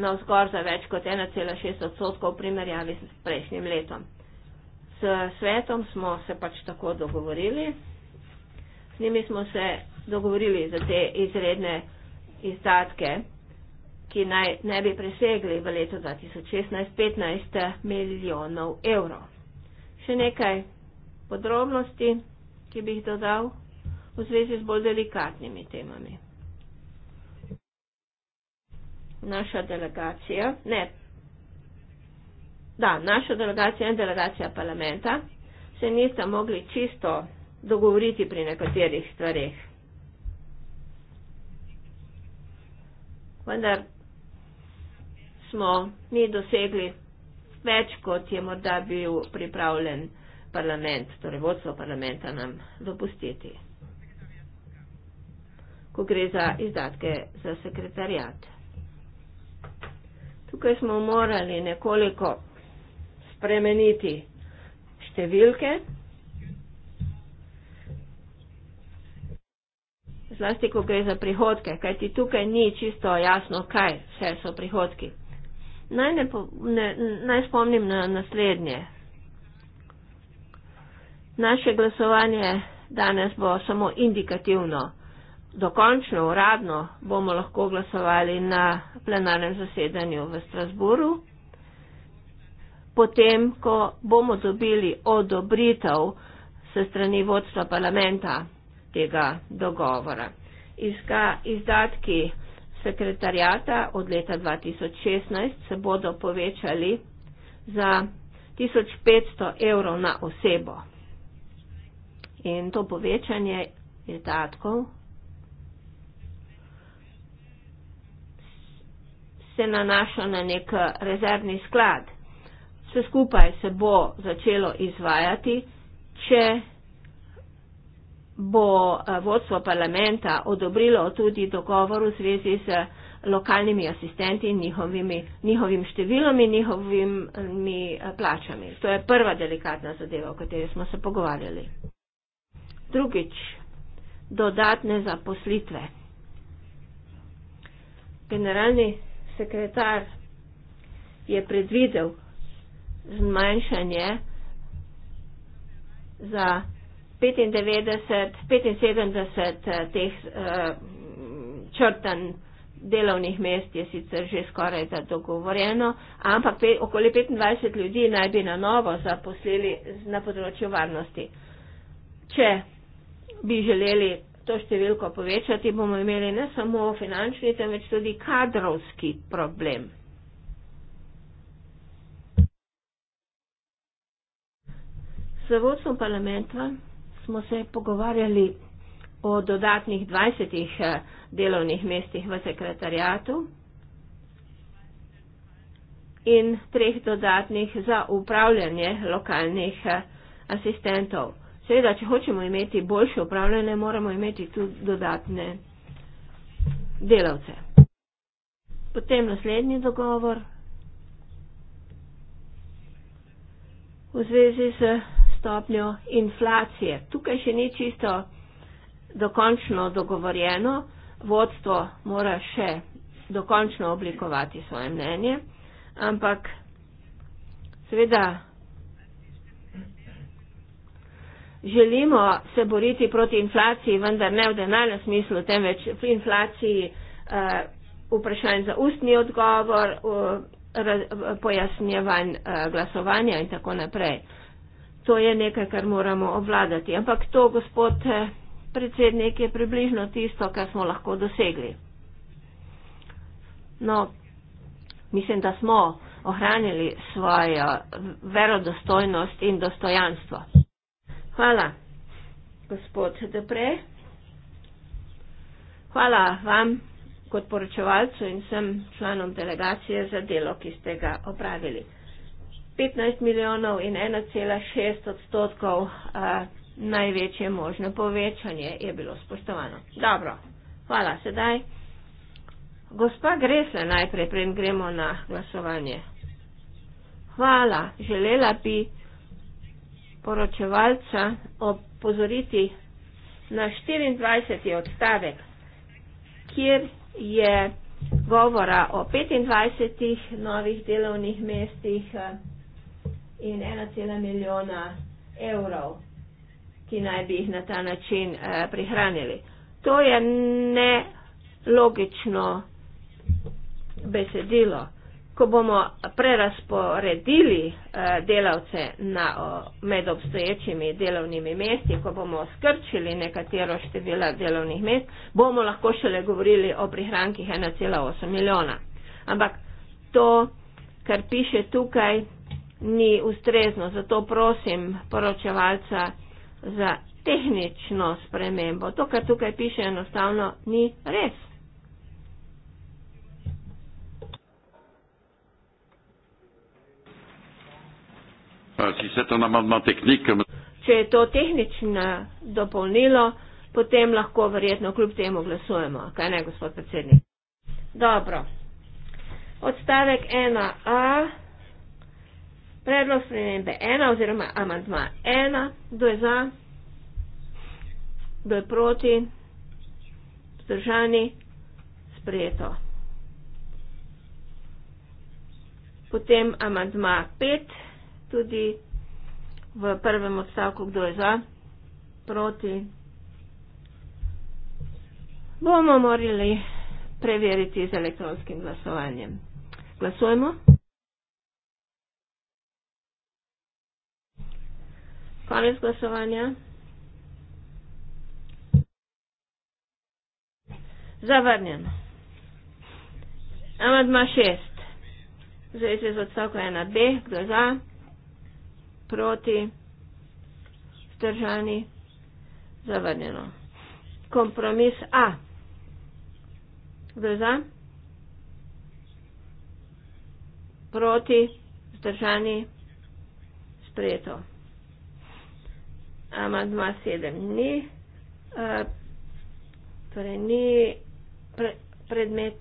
navzgor no, za več kot 1,6 odstotkov v primerjavi s prejšnjim letom. S svetom smo se pač tako dogovorili. S njimi smo se dogovorili za te izredne izdatke, ki naj ne bi presegli v letu 2016-15 milijonov evrov. Še nekaj podrobnosti, ki bi jih dodal v zvezi z bolj delikatnimi temami naša delegacija, ne, da, naša delegacija in delegacija parlamenta se nista mogli čisto dogovoriti pri nekaterih stvarih. Vendar smo mi dosegli več, kot je morda bil pripravljen parlament, torej vodstvo parlamenta nam dopustiti, ko gre za izdatke za sekretarijat. Tukaj smo morali nekoliko spremeniti številke. Zlasti, ko gre za prihodke, kaj ti tukaj ni čisto jasno, kaj vse so prihodki. Naj, ne, ne, naj spomnim na naslednje. Naše glasovanje danes bo samo indikativno dokončno, uradno bomo lahko glasovali na plenarnem zasedanju v Strasburu. Potem, ko bomo dobili odobritev se strani vodstva parlamenta tega dogovora. Izga izdatki sekretarjata od leta 2016 se bodo povečali za 1500 evrov na osebo. In to povečanje izdatkov se nanaša na nek eh, rezervni sklad. Vse skupaj se bo začelo izvajati, če bo eh, vodstvo parlamenta odobrilo tudi dogovor v zvezi z eh, lokalnimi asistenti in njihovim številom in njihovimi plačami. To je prva delikatna zadeva, o kateri smo se pogovarjali. Drugič, dodatne zaposlitve. Generalni sekretar je predvidel zmanjšanje za 95, 75 eh, teh uh, eh, črtan delovnih mest je sicer že skoraj da dogovorjeno, ampak pe, okoli 25 ljudi naj bi na novo zaposlili na področju varnosti. Če bi želeli to številko povečati, bomo imeli ne samo finančni, temveč tudi kadrovski problem. Z vodstvom parlamenta smo se pogovarjali o dodatnih 20 eh, delovnih mestih v sekretarijatu in treh dodatnih za upravljanje lokalnih eh, asistentov. Seveda, če hočemo imeti boljše upravljanje, moramo imeti tudi dodatne delavce. Potem naslednji dogovor v zvezi s stopnjo inflacije. Tukaj še ni čisto dokončno dogovorjeno, vodstvo mora še dokončno oblikovati svoje mnenje, ampak seveda želimo se boriti proti inflaciji, vendar ne v denarnem smislu, temveč v inflaciji uh, vprašanj za ustni odgovor, uh, raz, pojasnjevanj uh, glasovanja in tako naprej. To je nekaj, kar moramo obvladati. Ampak to, gospod eh, predsednik, je približno tisto, kar smo lahko dosegli. No, mislim, da smo ohranili svojo verodostojnost in dostojanstvo. Hvala, gospod Depre. Hvala vam kot poročevalcu in vsem članom delegacije za delo, ki ste ga opravili. 15 milijonov in 1,6 odstotkov največje možno povečanje je bilo spoštovano. Dobro, hvala sedaj. Gospa Gresle najprej, preden gremo na glasovanje. Hvala, želela bi poročevalca opozoriti na 24. odstavek, kjer je govora o 25 novih delovnih mestih eh, in 1,1 milijona evrov, ki naj bi jih na ta način eh, prihranili. To je nelogično besedilo ko bomo prerasporedili eh, delavce na, med obstoječimi delovnimi mesti, ko bomo skrčili nekatero števila delovnih mest, bomo lahko šele govorili o prihrankih 1,8 milijona. Ampak to, kar piše tukaj, ni ustrezno. Zato prosim poročevalca za tehnično spremembo. To, kar tukaj piše, enostavno ni res. Če je to tehnično dopolnilo, potem lahko verjetno kljub temu glasujemo. Kaj ne, gospod predsednik? Dobro. Odstavek 1a. Predlog spremembe 1 oziroma amantma 1. Kdo je za? Kdo je proti? Zdržani? Sprejeto. Potem amantma 5 tudi v prvem odstavku, kdo je za, proti. Bomo morali preveriti z elektronskim glasovanjem. Glasujemo. Konec glasovanja. Zavrnjen. Amadma 6. Zdaj se z odstavkom 1b, kdo je za? proti, vzdržani, zavrnjeno. Kompromis A. Vreza. Proti, vzdržani, sprejeto. Amadma 7 ni, uh, torej ni pre predmet,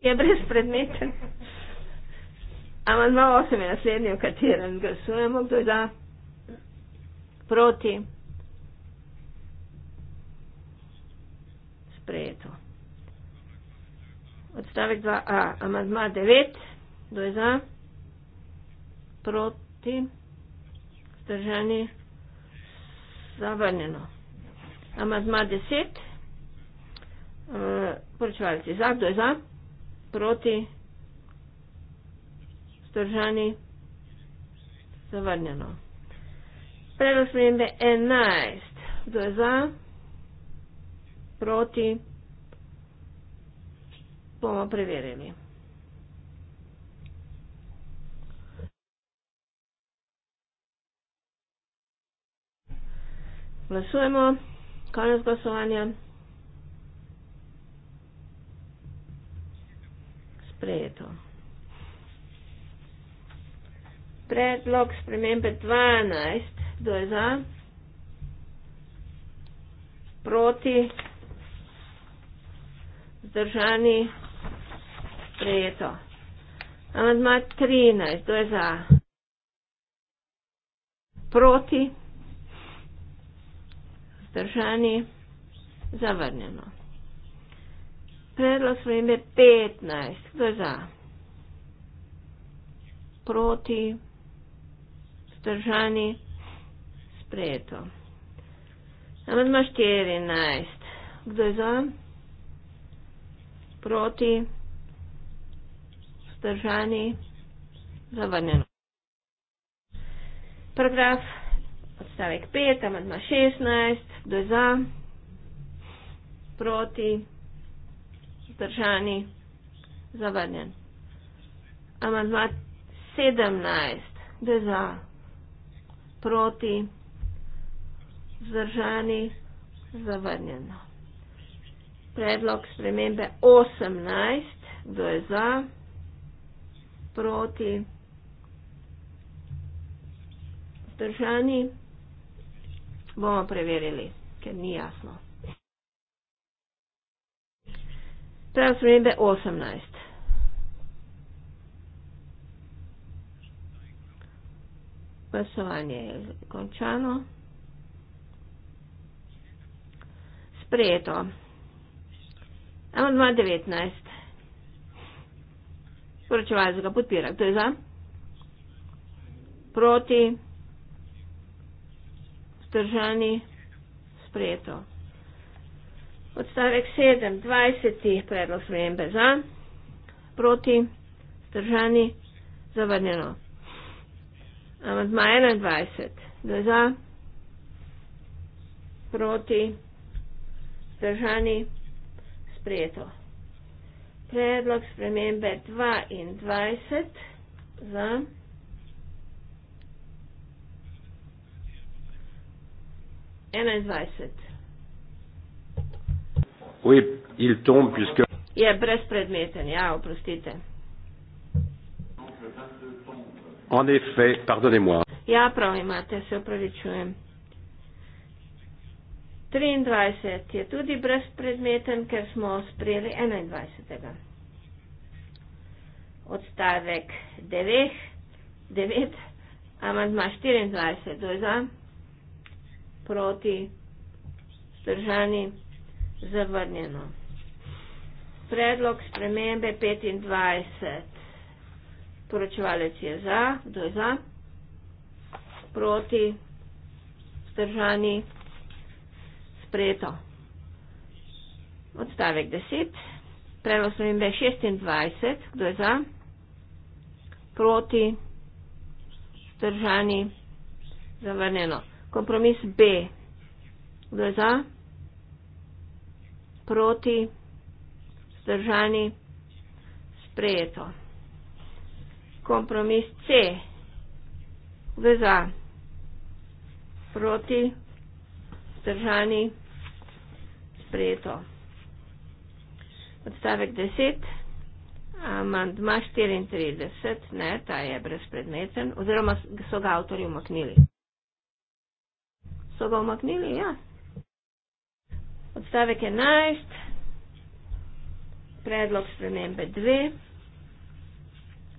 je brez predmeta. Amandma 8 je naslednji, v katerem glasujemo, kdo je za, proti, sprejeto. Odstavek 2a, amandma 9, kdo je za, proti, zdržani, zavrnjeno. Amandma 10, uh, eh, poročevalci za, kdo je za, proti, zdržani vzdržani, zavrnjeno. Predlog spremembe 11. Kdo je za? Proti? Bomo preverili. Glasujemo. Konec glasovanja. Sprejeto predlog spremembe 12, kdo je za, proti, zdržani, sprejeto. Amandma 13, kdo je za, proti, zdržani, zavrnjeno. Predlog spremembe 15, kdo je za, proti, zdržani, sprejeto vzdržani, sprejeto. Amandma 14. Kdo je za? Proti? Vzdržani? Zavrnjeno. Paragraf, odstavek 5, amandma 16. Kdo je za? Proti? Vzdržani? Zavrnjen. Amandma 17. Kdo je za? proti, zdržani, zavrnjeno. Predlog spremembe 18, kdo je za, proti, zdržani, bomo preverili, ker ni jasno. Predlog spremembe 18. Glasovanje je končano. Sprejeto. Amandma 19. Poročevalce ga podpira. Kdo je za? Proti. Vzdržani. Sprejeto. Odstavek 7. 20. Predlog spremembe za. Proti. Vzdržani. Zavrnjeno. Amadma 21. Za proti držani sprejeto. Predlog spremembe 22 za Je brezpredmeten, ja, oprostite. En effet, pardonnez-moi. Ja, prav imate, se opravičujem. 23 je tudi brezpredmeten, ker smo sprejeli 21. Odstavek 9, 9, amantma 24, kdo je za, proti, stržani, zavrnjeno. Predlog spremembe 25 poročevalec je za, kdo je za, proti, vzdržani, sprejeto. Odstavek 10, predlog spremembe 26, kdo je za, proti, vzdržani, zavrnjeno. Kompromis B, kdo je za, proti, vzdržani, sprejeto kompromis C, vza, proti, vzdržani, sprejeto. Odstavek 10, amandma 34, ne, ta je brezpredmeten, oziroma so ga avtori umaknili. So ga umaknili, ja. Odstavek 11, predlog spremembe 2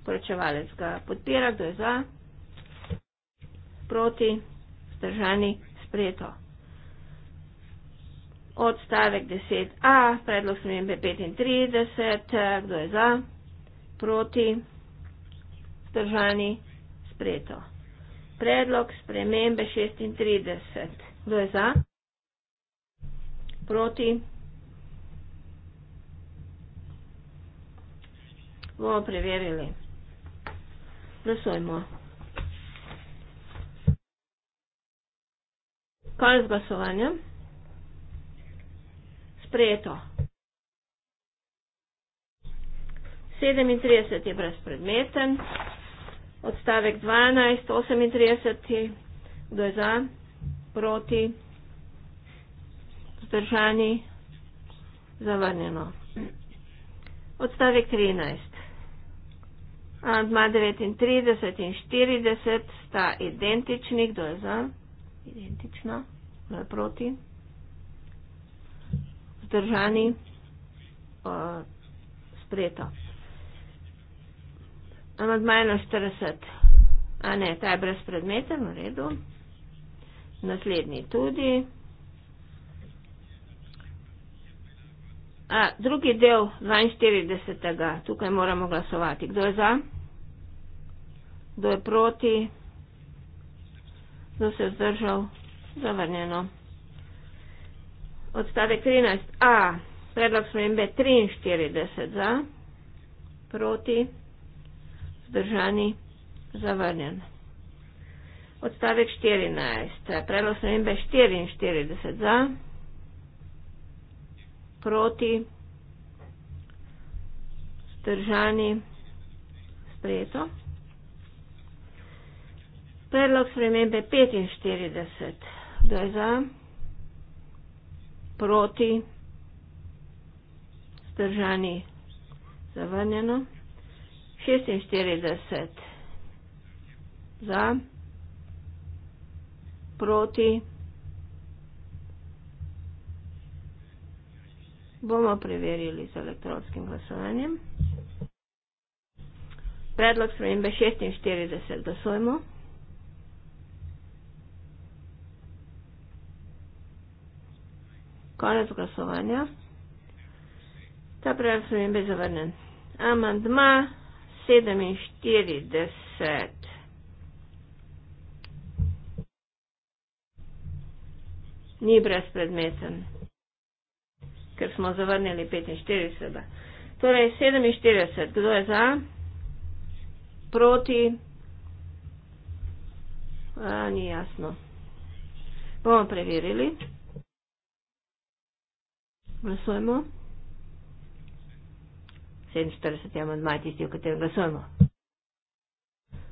poročevalec ga podpira, kdo je za, proti, vzdržani, sprejeto. Odstavek 10a, predlog smembe 35, kdo je za, proti, vzdržani, sprejeto. Predlog spremembe 36. Kdo je za? Proti? Bomo preverili. Glasujmo. Konec glasovanja. Sprejeto. 37 je brezpredmeten. Odstavek 12, 38. Kdo je za? Proti? Zdržani? Zavrnjeno. Odstavek 13. Amandma 39 in 40 sta identični, kdo je za? Identično, kdo je proti? Zdržani, uh, sprejeto. Amandma 41, a ne, ta je brezpredmeten, v redu. Naslednji tudi. A, drugi del 42. Tukaj moramo glasovati. Kdo je za? Kdo je proti? Kdo se je vzdržal? Zavrnjeno. Odstavek 13a. Predlog spremembe 43 za. Proti. Vzdržani. Zavrnjen. Odstavek 14. Predlog spremembe 44 za. Proti. Vzdržani. Sprejeto. Predlog spremembe 45. Kdo je za? Proti? Zdržani? Zavrnjeno? 46. Za? Proti? Bomo preverili z elektronskim glasovanjem. Predlog spremembe 46. Glasujemo. Konec glasovanja. Ta predlog sem jim bil zavrnen. Amandma 47. Ni brezpredmeten, ker smo zavrnili 45. Torej 47, kdo je za, proti, A, ni jasno. Bomo preverili. Glasujemo. 47. amandmaj, tisti, o katerem glasujemo.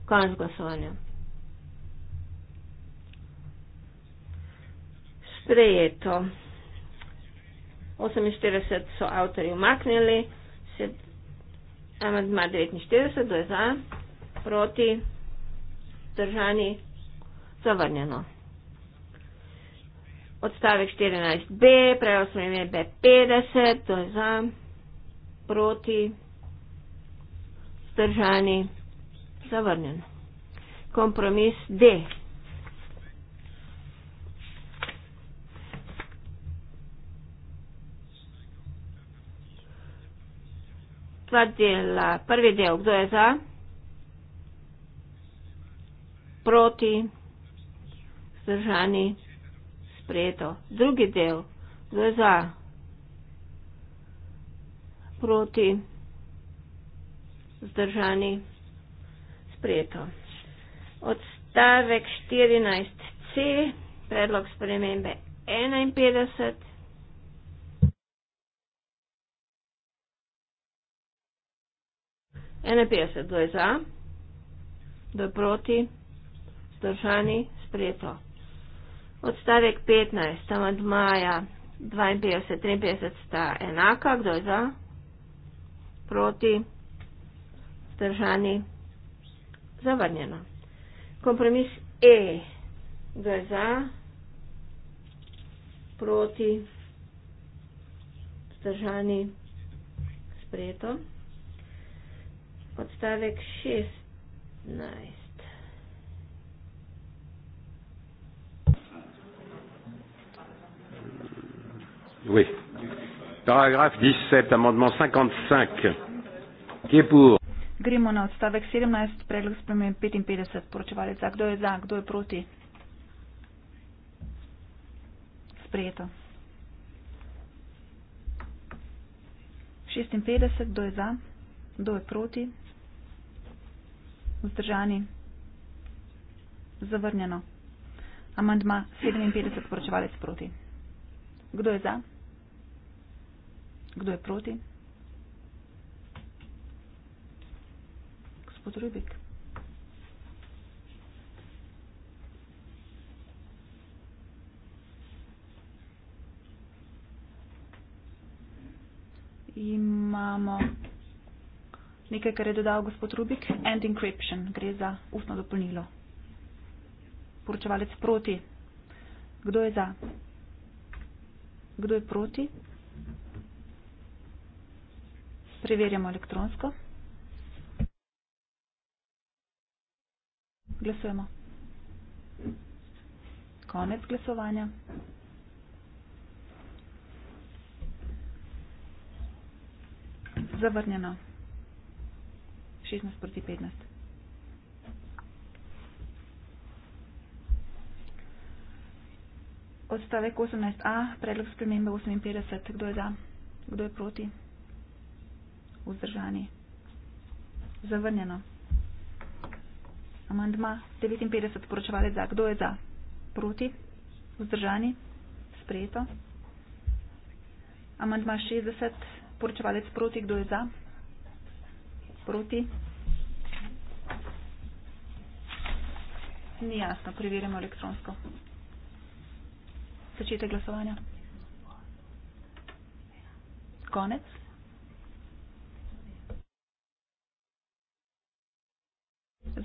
Konec glasovanja. Sprejeto. 48 so avtori umaknili, amandma 49, kdo je za, proti, držani, zavrnjeno odstavek 14b, pravijo spremembe 50, to je za, proti, zdržani, zavrnjen. Kompromis D. Dva dela, prvi del, kdo je za, proti, zdržani, zavrnjen sprejeto. Drugi del, kdo je za, proti, zdržani, sprejeto. Odstavek 14c, predlog spremembe 51. NPS, kdo je za, kdo je proti, zdržani, sprejeto. Odstavek 15, amandmaja 52, 53 sta enaka. Kdo je za? Proti? Zdržani? Zavrnjeno. Kompromis E. Kdo je za? Proti? Zdržani? Sprejeto. Odstavek 16. Oui. Paragraphe 17, amendement 55. Qui est pour Gremo na odstavek 17, predlog spremem 55, poročevalec za, kdo je za, kdo je proti. Sprejeto. 56, kdo je za, kdo je proti. Vzdržani. Zavrnjeno. Amandma 57, poročevalec proti. Kdo je za? Kdo je proti? Gospod Rubik. Imamo nekaj, kar je dodal gospod Rubik, and encryption, gre za ustno dopolnilo. Poročevalec proti. Kdo je za? Kdo je proti? Preverjamo elektronsko. Glasujemo. Konec glasovanja. Zavrnjeno. 16 proti 15. odstavek 18a, predlog spremembe 58. Kdo je za? Kdo je proti? Vzdržani. Zavrnjeno. Amandma 59, poročevali za. Kdo je za? Proti? Vzdržani. Sprejeto. Amandma 60, poročevalec proti, kdo je za? Proti. Ni jasno, preverjamo elektronsko začetek glasovanja. Konec.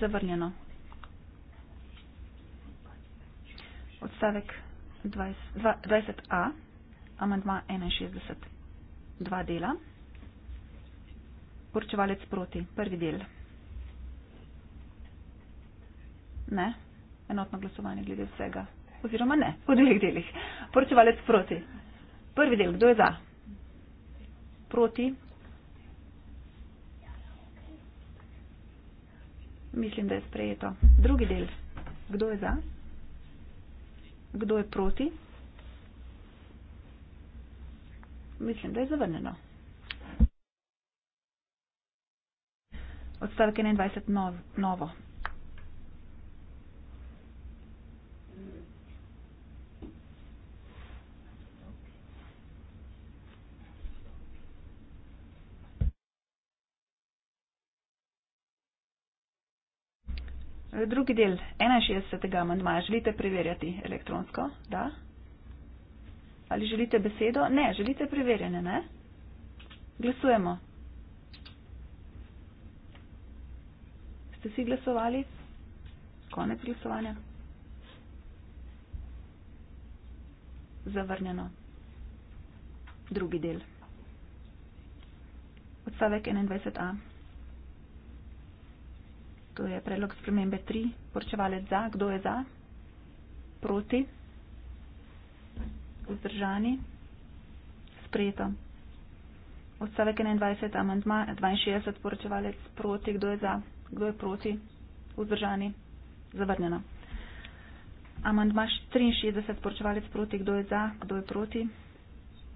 Zavrnjeno. Odstavek 20, 20a, amantma 61. Dva dela. Poročevalec proti. Prvi del. Ne. Enotno glasovanje glede vsega oziroma ne, v dveh delih. Poročevalec proti. Prvi del, kdo je za? Proti. Mislim, da je sprejeto. Drugi del, kdo je za? Kdo je proti? Mislim, da je zavrnjeno. Odstavek 21 nov, novo. Drugi del 61. amandmaja. Želite preverjati elektronsko? Da. Ali želite besedo? Ne, želite preverjene, ne? Glasujemo. Ste si glasovali? Konec glasovanja. Zavrnjeno. Drugi del. Odstavek 21a. To je predlog spremembe 3. Poročevalec za, kdo je za, proti, vzdržani, sprejeto. Odstavek 21, amantma 62, poročevalec proti, kdo je za, kdo je proti, vzdržani, zavrnjeno. Amantma 63, poročevalec proti, kdo je za, kdo je proti,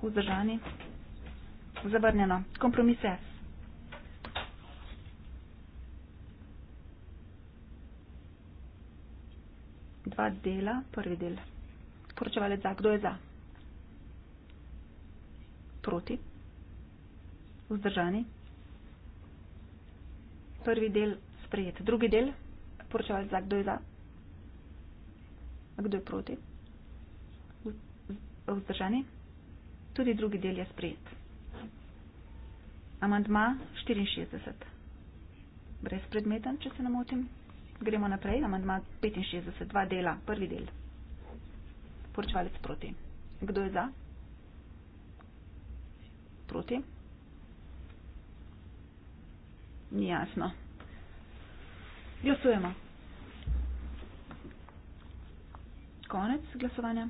vzdržani, zavrnjeno. Kompromis S. dva dela, prvi del. Poročevalec za, kdo je za? Proti? Vzdržani? Prvi del sprejet. Drugi del, poročevalec za, kdo je za? A kdo je proti? Vzdržani? Tudi drugi del je sprejet. Amandma 64. Brez predmeta, če se namotim. Gremo naprej, amandma 65, dva dela, prvi del. Poročevalec proti. Kdo je za? Proti. Ni jasno. Glasujemo. Konec glasovanja.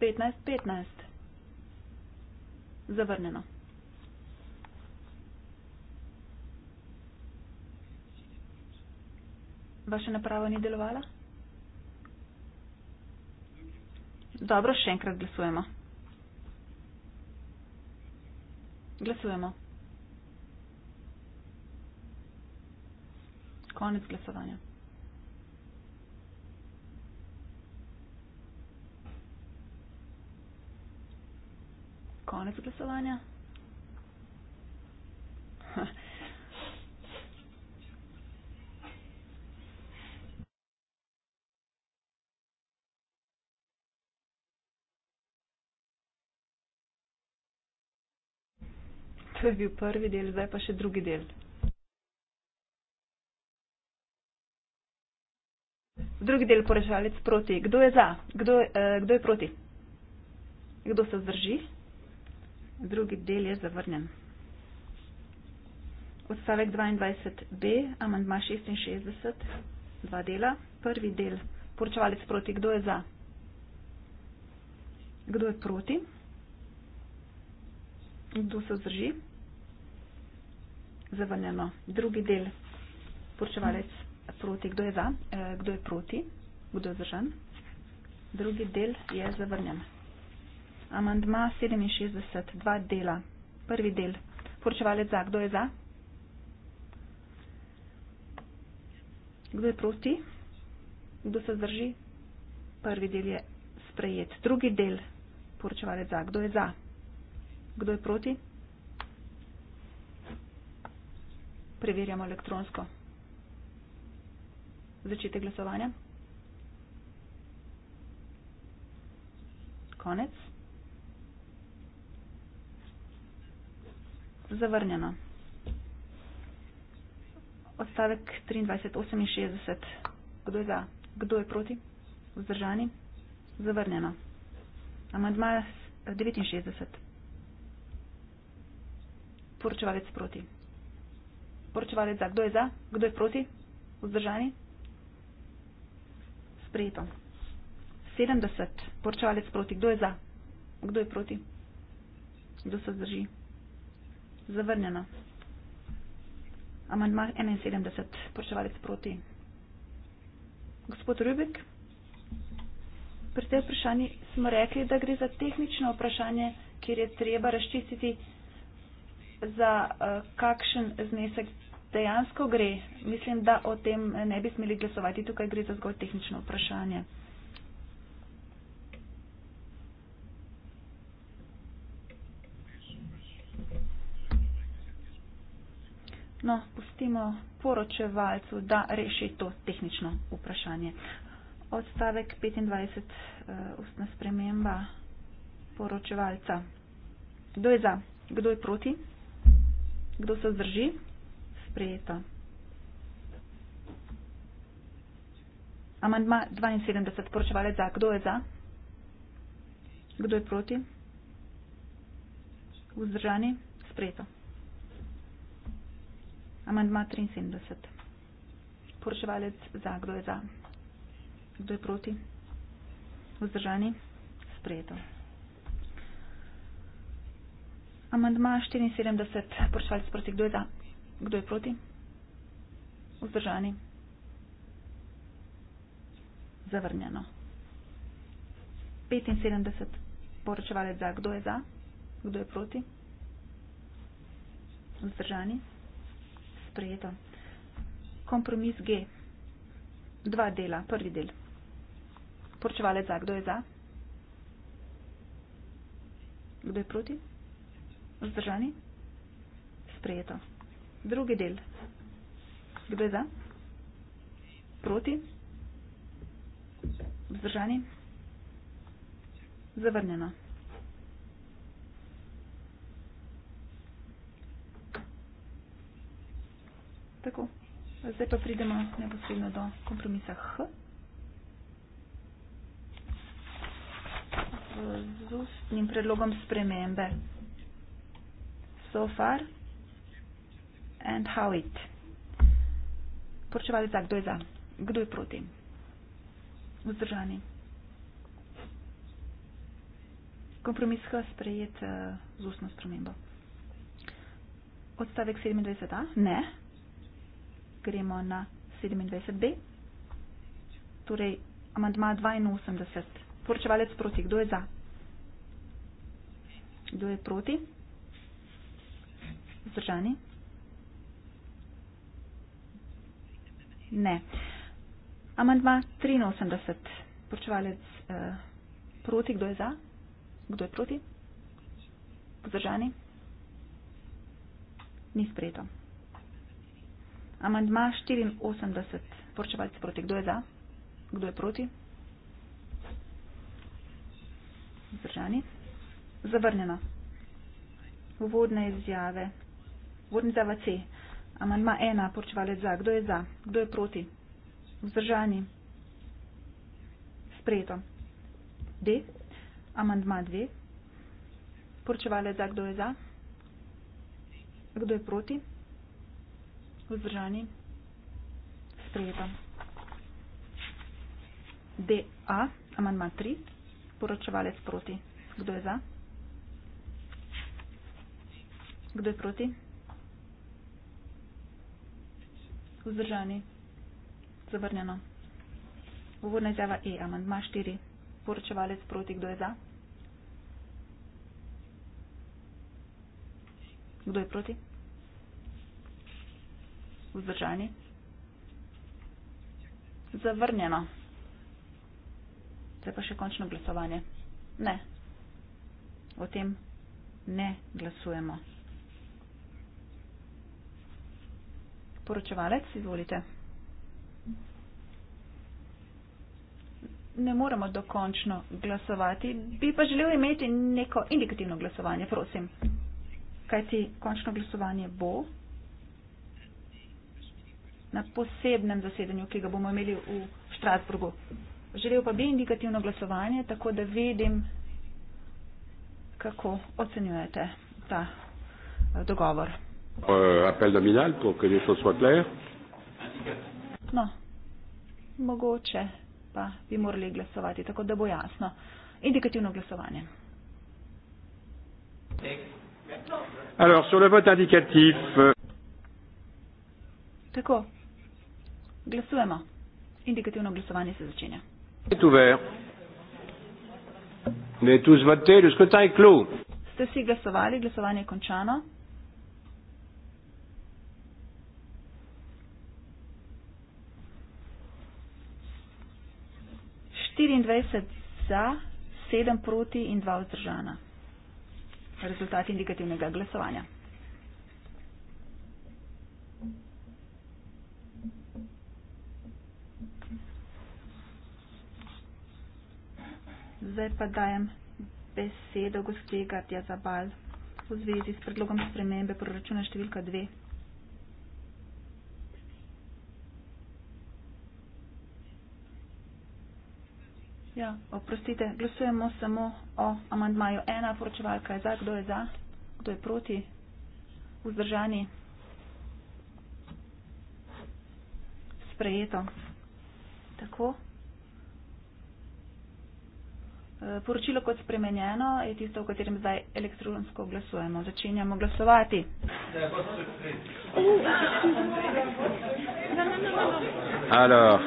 Petnajst, petnajst. Zavrnjeno. vaša naprava ni delovala? Dobro, še enkrat glasujemo. Glasujemo. Konec glasovanja. Konec glasovanja. To je bil prvi del, zdaj pa še drugi del. Drugi del porežalec proti. Kdo je za? Kdo, eh, kdo je proti? Kdo se zdrži? Drugi del je zavrnjen. Odstavek 22b, amandma 66, dva dela. Prvi del, poročevalec proti, kdo je za? Kdo je proti? Kdo se vzdrži? zavrnjeno. Drugi del, poročevalec proti, kdo je za, eh, kdo je proti, kdo je zdržan. Drugi del je zavrnjen. Amandma 67, dva dela. Prvi del, poročevalec za, kdo je za, kdo je proti, kdo se zdrži. Prvi del je sprejet. Drugi del, poročevalec za, kdo je za, kdo je proti. preverjamo elektronsko. Začetek glasovanja. Konec. Zavrnjeno. Odstavek 23.68. Kdo je za? Kdo je proti? Vzdržani? Zavrnjeno. Amandma 69. Poročevalec proti poročevalec za, kdo je za, kdo je proti, vzdržani. Sprejeto. 70, poročevalec proti, kdo je za, kdo je proti, kdo se zdrži. Zavrnjeno. Amandma 71, poročevalec proti. Gospod Rubik, pri tej vprašanji smo rekli, da gre za tehnično vprašanje, kjer je treba razčistiti, za uh, kakšen znesek dejansko gre, mislim, da o tem ne bi smeli glasovati. Tukaj gre za zgolj tehnično vprašanje. No, pustimo poročevalcu, da reši to tehnično vprašanje. Odstavek 25, uh, eh, ustna sprememba poročevalca. Kdo je za? Kdo je proti? Kdo se zdrži? sprejeta. Amandma 72, poročevalec za. Kdo je za? Kdo je proti? Vzdržani? Sprejeto. Amandma 73, poročevalec za. Kdo je za? Kdo je proti? Vzdržani? Sprejeto. Amandma 74, poročevalec proti. Kdo je za? Kdo je proti? Vzdržani. Zavrnjeno. 75 poročevalec za, kdo je za, kdo je proti. Vzdržani. Sprejeto. Kompromis G. Dva dela. Prvi del. Poročevalec za, kdo je za. Kdo je proti? Vzdržani. Sprejeto. Drugi del. Kdo je za? Proti? Vzdržani? Zavrnjeno. Tako. Zdaj pa pridemo neposredno do kompromisa H. Z ustnim predlogom spremembe. So far and how it. Poročevalec za, kdo je za, kdo je proti. Vzdržani. Kompromis H sprejet uh, z ustno spremembo. Odstavek 27a, ne. Gremo na 27b. Torej, amandma 82. Poročevalec proti, kdo je za? Kdo je proti? Vzdržani. Ne. Amandma 83. Počevalec eh, proti, kdo je za? Kdo je proti? Pozdržani? Ni sprejeto. Amandma 84. Počevalec proti, kdo je za? Kdo je proti? Pozdržani? Zavrnjeno. Vodne izjave. Vodne izjave C. Amandma ena, poročevalec za. Kdo je za? Kdo je proti? Vzdržani? Sprejeto. D. Amandma dve. Poročevalec za. Kdo je za? Kdo je proti? Vzdržani? Sprejeto. D. A. Amandma tri. Poročevalec proti. Kdo je za? Kdo je proti? vzdržani. Zavrnjeno. Uvodna izjava E, amandma 4. Poročevalec proti, kdo je za? Kdo je proti? Vzdržani. Zavrnjeno. Zdaj pa še končno glasovanje. Ne. O tem ne glasujemo. poročevalec, izvolite. Ne moremo dokončno glasovati, bi pa želel imeti neko indikativno glasovanje, prosim. Kaj ti končno glasovanje bo? Na posebnem zasedanju, ki ga bomo imeli v Štrasburgu. Želel pa bi indikativno glasovanje, tako da vidim, kako ocenjujete ta eh, dogovor. Euh, appel nominal pour que les choses soient claires. No, mogoče pa bi morali glasovati, tako da bo jasno. Indikativno glasovanje. Alors, sur le vote indicatif. Euh, tako, glasujemo. Indikativno glasovanje se začenja. Est ouvert. Vous avez tous voté, le scrutin est clos. Ste si glasovali, glasovanje je končano. 24 za, 7 proti in 2 vzdržana. Rezultat indikativnega glasovanja. Zdaj pa dajem besedo gospega Tjazabal v zvezi s predlogom spremembe proračuna številka 2. Ja, oprostite, glasujemo samo o amandmaju. Ena poročevalka je za, kdo je za, kdo je proti, vzdržani. Sprejeto. Tako. E, poročilo kot spremenjeno je tisto, v katerem zdaj elektronsko glasujemo. Začenjamo glasovati. Alors,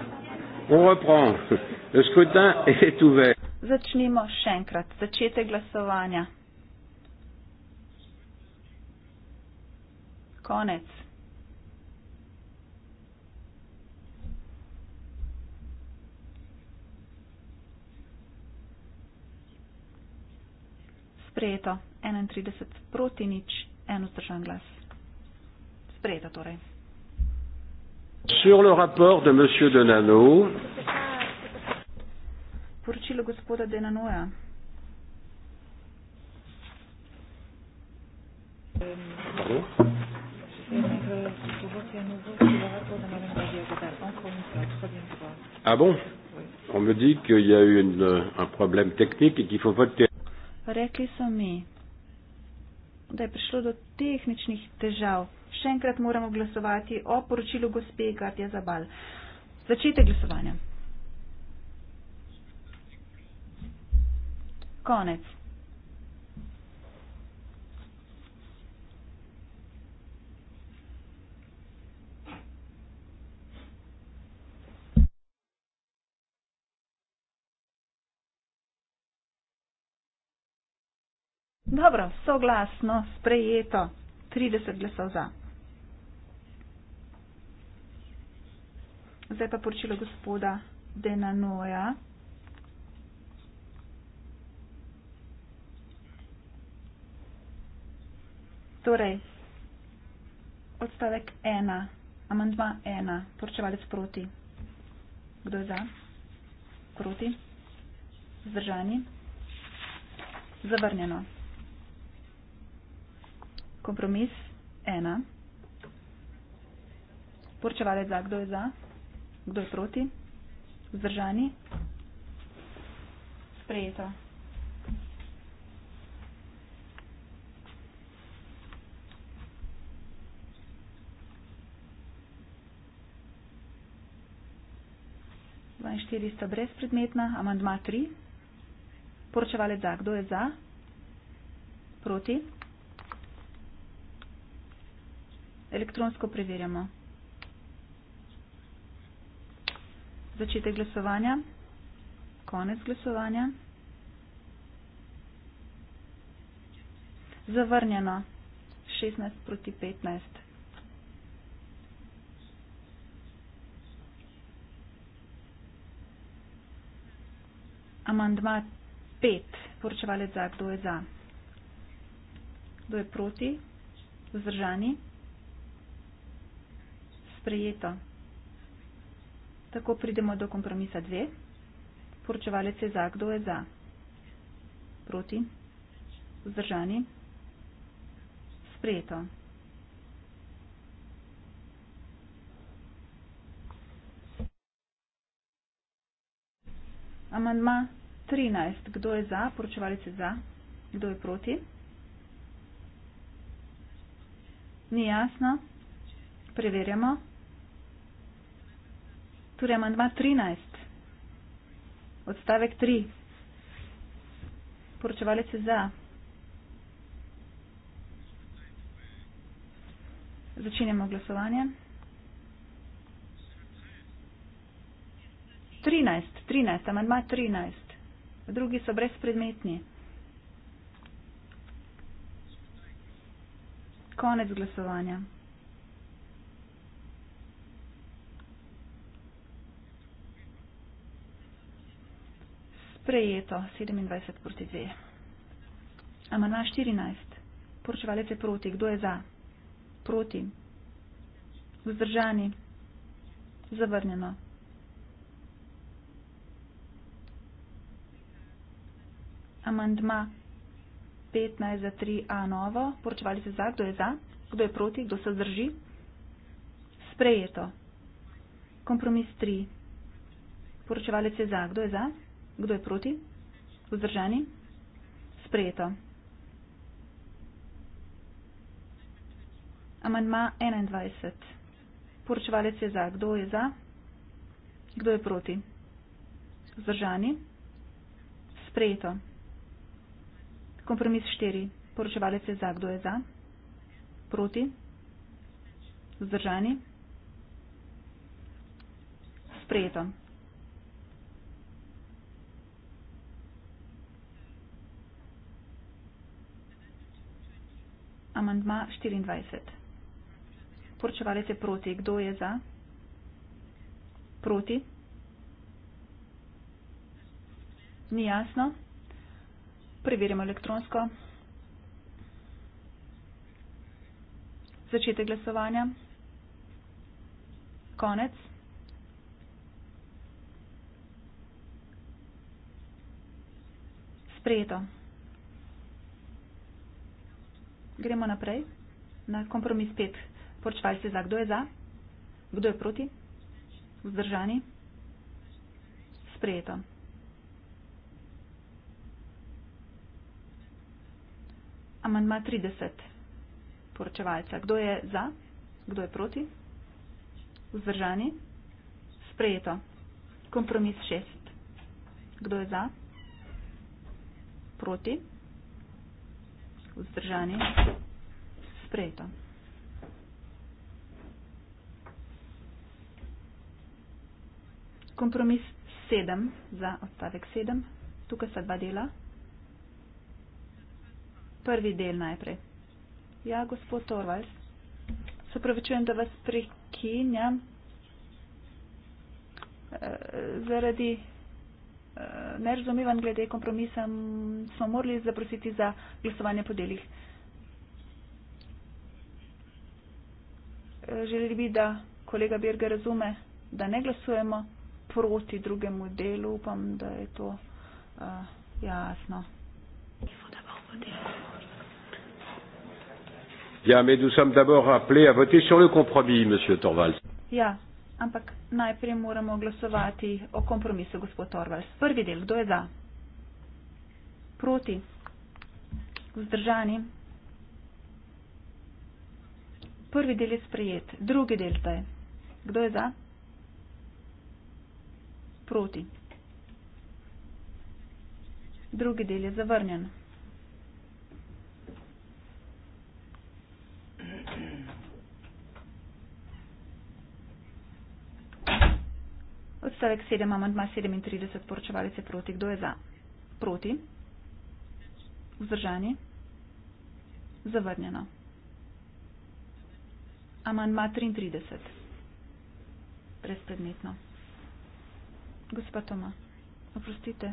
on reprend. Le scrutin est ouvert. Začnimo še enkrat, začete glasovanja. Konec. Sprejeto, 31 proti nič, en vzdržan glas. Sprejeto torej. Sur le rapport de monsieur Denano poročilo gospoda Denanoja. Ah bon? On me dit qu'il y a eu une, un problème technique et qu'il faut voter. Mi, da je prišlo do tehničnih težav. Še enkrat moramo glasovati o poročilu gospe Gardia Zabal. Začite glasovanje. konec. Dobro, soglasno, sprejeto, 30 glasov za. Zdaj pa poročilo gospoda Denanoja. Torej, odstavek ena, amantma ena, poročevalec proti. Kdo je za? Proti. Zdržani. Zavrnjeno. Kompromis ena. Poročevalec za, kdo je za? Kdo je proti? Zdržani. Sprejeto. in 4 sta brezpredmetna. Amandma 3. Poročevalec za. Kdo je za? Proti. Elektronsko preverjamo. Začetek glasovanja. Konec glasovanja. Zavrnjeno. 16 proti 15. amandma 5, poročevalec za, kdo je za. Kdo je proti? Zdržani? Sprejeto. Tako pridemo do kompromisa 2. Poročevalec je za, kdo je za. Proti? Zdržani? Sprejeto. Amandma 13. Kdo je za? Poročevalec je za. Kdo je proti? Ni jasno. Preverjamo. Torej, amandma 13. Odstavek 3. Poročevalec je za. Začenjamo glasovanje. 13, 13, amandma 13 drugi so brezpredmetni. Konec glasovanja. Sprejeto 27 proti 2. Amana 14. Poročevalec je proti. Kdo je za? Proti. Vzdržani. Zavrnjeno. amandma 15 za 3a novo, poročevali se za, kdo je za, kdo je proti, kdo se zdrži. Sprejeto. Kompromis 3. Poročevalec je za, kdo je za, kdo je proti, vzdržani. Sprejeto. Amandma 21. Poročevalec je za, kdo je za, kdo je proti, vzdržani. Sprejeto. Kompromis 4. Poročevalec je za, kdo je za, proti, vzdržani, sprejeto. Amandma 24. Poročevalec je proti, kdo je za, proti, ni jasno. Preverimo elektronsko. Začetek glasovanja. Konec. Sprejeto. Gremo naprej na kompromis 5. Porčval se za, kdo je za, kdo je proti, vzdržani. Sprejeto. Amandma 30. Poročevalca. Kdo je za? Kdo je proti? Vzdržani? Sprejeto. Kompromis 6. Kdo je za? Proti? Vzdržani? Sprejeto. Kompromis 7 za odstavek 7. Tukaj sta dva dela prvi del najprej. Ja, gospod Torvalds, se pravičujem, da vas prekinjam e, zaradi e, eh, nerazumevan glede kompromisa, smo morali zaprositi za glasovanje po delih. Eh, želeli bi, da kolega Birge razume, da ne glasujemo proti drugemu delu, upam, da je to uh, jasno. Ja, mais nous sommes d'abord appelés à voter sur le compromis, Monsieur Torvalds. Ja, ampak najprej moramo glasovati o kompromisu, gospod Torvalds. Prvi del, kdo je za? Proti? Vzdržani? Prvi del je sprejet, drugi del pa je. Kdo je za? Proti? Drugi del je zavrnjen. odstavek 7, amandma 37, poročevalec je proti. Kdo je za? Proti. Vzdržani. Zavrnjeno. Amandma 33. Brezpredmetno. Gospa Toma, oprostite.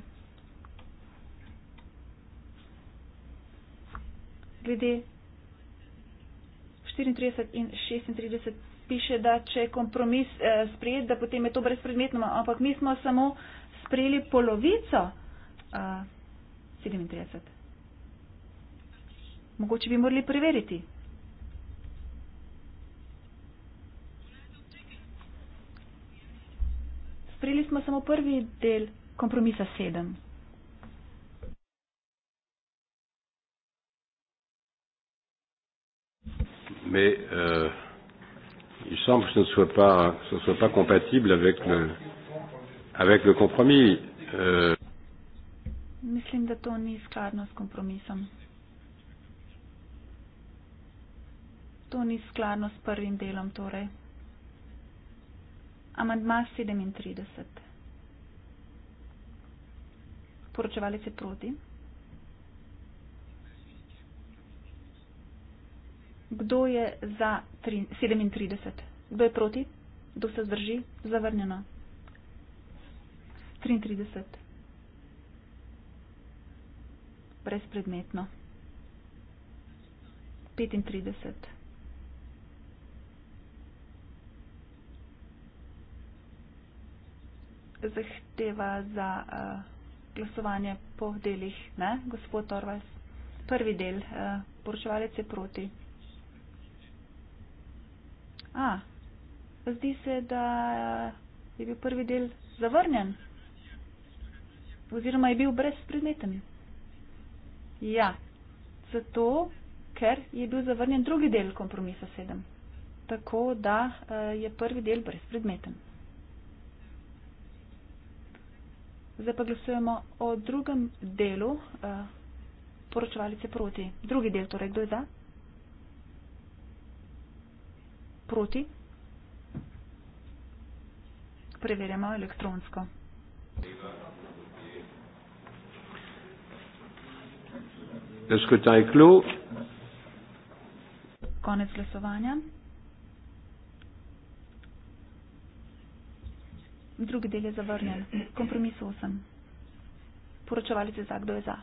Glede 34 in 36 piše, da če je kompromis eh, sprejet, da potem je to brezpredmetno, ampak mi smo samo sprejeli polovico eh, 37. Mogoče bi morali preveriti. Sprejeli smo samo prvi del kompromisa 7. May, uh il semble que ce ne soit pas, ce ne soit pas compatible avec le, avec le compromis. Euh, Mislim, da to ni skladno s kompromisom. To ni skladno s prvim delom, torej. Amandma 37. Poročevalec je proti. Kdo je za 37? Kdo je proti? Kdo se zdrži? Zavrnjeno. 33. Brezpredmetno. 35. Zahteva za uh, glasovanje po delih, ne, gospod Torvajs. Prvi del, uh, poročevalec je proti. A, pa zdi se, da je bil prvi del zavrnjen. Oziroma je bil brez predmeten. Ja, zato, ker je bil zavrnjen drugi del kompromisa sedem. Tako da e, je prvi del brez predmeten. Zdaj pa glasujemo o drugem delu e, poročevalice proti. Drugi del, torej kdo je za? proti. Preverjamo elektronsko. Konec glasovanja. Drugi del je zavrnjen. Kompromis 8. Poročevalice za, kdo je za.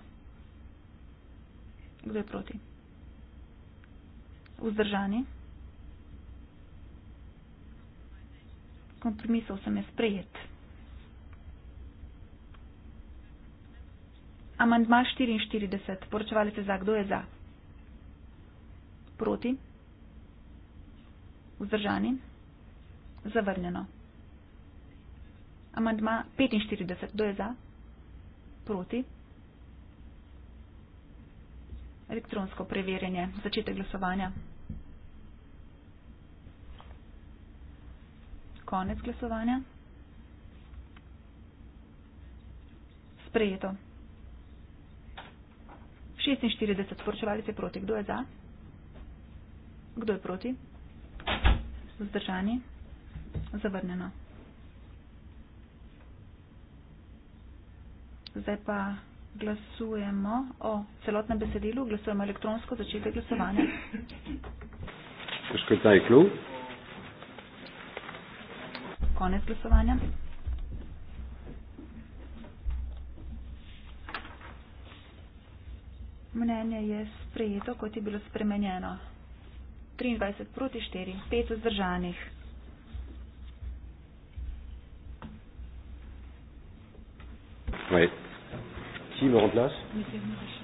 Kdo je proti? Vzdržani. kompromisov sem jaz sprejet. Amandma 44, poročevali se za, kdo je za? Proti? Vzdržani? Zavrnjeno. Amandma 45, kdo je za? Proti? Elektronsko preverjanje, začetek glasovanja. konec glasovanja. Sprejeto. 46 sporočevalice proti. Kdo je za? Kdo je proti? Zdržani? Zavrnjeno. Zdaj pa glasujemo o celotnem besedilu, glasujemo elektronsko, začete glasovanje. Škrtaj klub. Konec glasovanja. Mnenje je sprejeto, kot je bilo spremenjeno. 23 proti 4, 5 vzdržanih. Qui me remplace Monsieur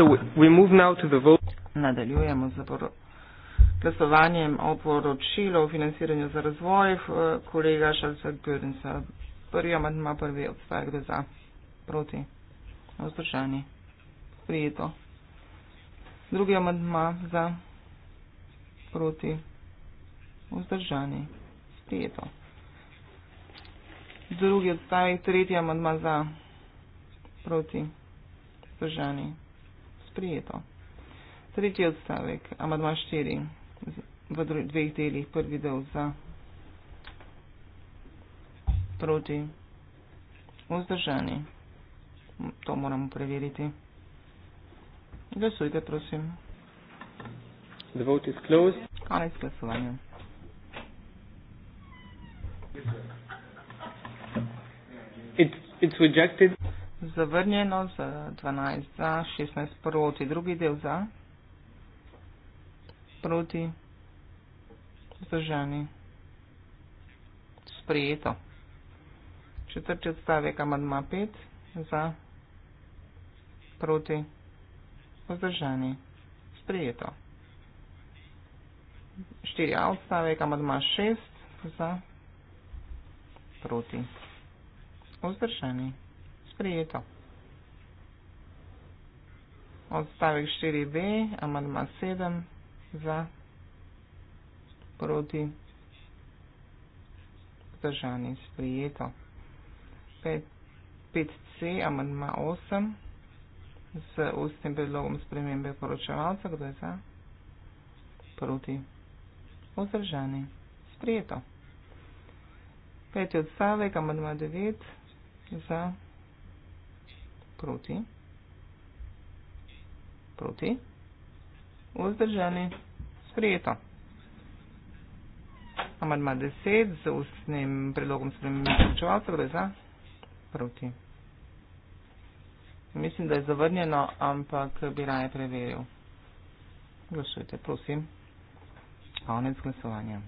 So we move now to the vote. Nadaljujemo z glasovanjem o poročilu o financiranju za razvoj. Kolega Šalcek Gürdensa, prvi amandma, prvi odstavek gre za proti. Vzdržani. Prijeto. Drugi amandma za proti. Vzdržani. Prijeto. Drugi odstavek, tretji amandma za proti. Vzdržani sprejeto. Tretji odstavek, amadma 4 v dveh delih, prvi del za proti vzdržani. To moramo preveriti. Glasujte, prosim. The vote is closed. Konec glasovanja. It's, it's rejected zavrnjeno za 12, za 16 proti, drugi del za, proti, zdržani, sprijeto. Četrči odstavek, amadma 5, za, proti, zdržani, sprijeto. Štiri A odstavek, amadma 6, za, proti, zdržani, sprijeto sprejeto. Odstavek 4b, amandma 7 za proti zdržanje sprejeto. 5c, amandma 8 z ustnim predlogom spremembe poročevalca, kdo je za proti vzdržanje sprejeto. Peti odstavek, amandma 9 za proti proti, proti, vzdržani, sprijeto. Amarma 10 z ustnim predlogom spremenim izključevalcev, da je za, proti. Mislim, da je zavrnjeno, ampak bi raje preveril. Glašujte, prosim. Konec glasovanja.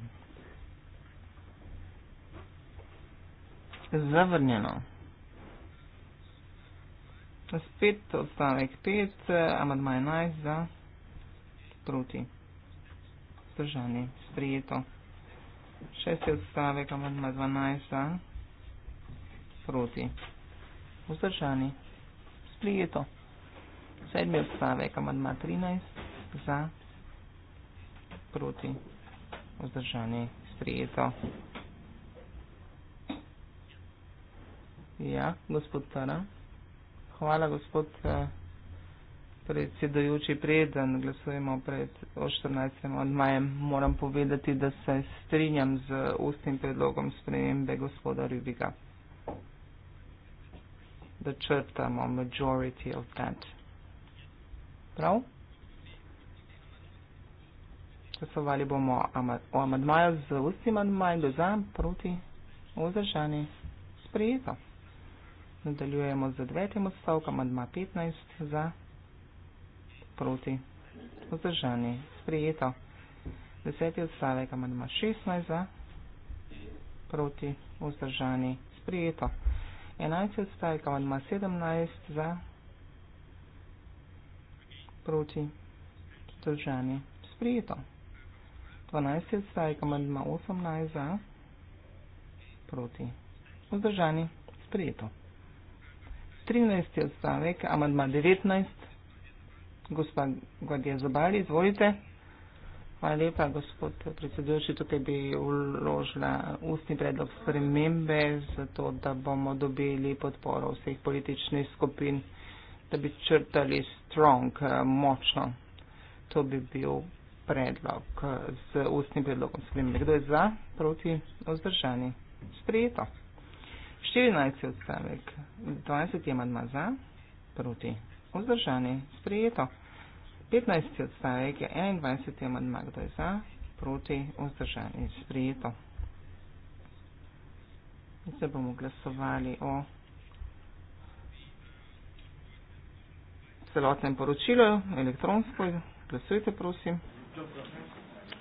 Zavrnjeno. Spet odstavek 5, amadma 11 za proti zdržanje, sprijeto. Šesti odstavek, amadma 12 za proti vzdržani, sprijeto. Sedmi odstavek, amadma 13 za proti vzdržani, sprijeto. Ja, gospod Tara hvala, gospod uh, predsedujoči. Preden glasujemo pred 14. odmajem, moram povedati, da se strinjam z ustnim predlogom spremembe gospoda Rubiga. Da črtamo majority of that. Prav? Glasovali bomo o amadmaju z ustnim amadmajem, do zam, proti, o zdržani. Sprejeto. Nadaljujemo z devetim odstavkom, amadma 15 za, proti, vzdržani, sprijeto. Deseti odstavek, amadma 16 za, proti, vzdržani, sprijeto. Enajsti odstavek, amadma 17 za, proti, vzdržani, sprijeto. Dvanajsti odstavek, amadma 18 za, proti, vzdržani, sprijeto. 13. odstavek, amadma 19. Gospa Gordija Zobali, izvolite. Hvala lepa, gospod predsedujoči. Tukaj bi uložila ustni predlog spremembe, zato da bomo dobili podporo vseh političnih skupin, da bi črtali strong, močno. To bi bil predlog z ustnim predlogom spremembe. Kdo je za, proti, vzdržani? Sprejeto. 14. odstavek, 20. amadma za, proti, vzdržani, sprejeto. 15. odstavek je 21. amadma, kdo je za, proti, vzdržani, sprejeto. Zdaj bomo glasovali o celotnem poročilu, elektronsko. Glasujte, prosim.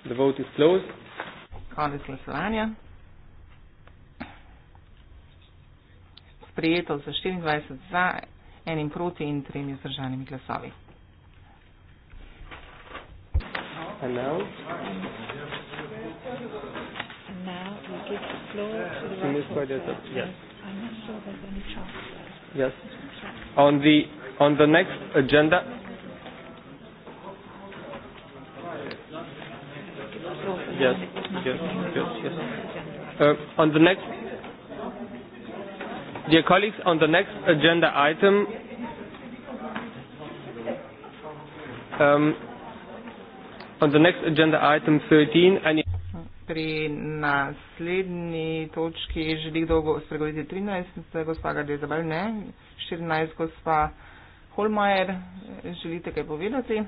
The vote is closed. Konec glasovanja. sprejeto za 24 za, enim proti in tremi zdržanimi glasovi. Yes. No on the on the next agenda. Yes. Yes. No yes. yes. No uh, on the next. Dear colleagues, on the next agenda item, um, on the next agenda item 13, Pri naslednji točki želi kdo spregovoriti 13, gospa Gardezabal, ne, 14, gospa Holmajer, želite kaj povedati?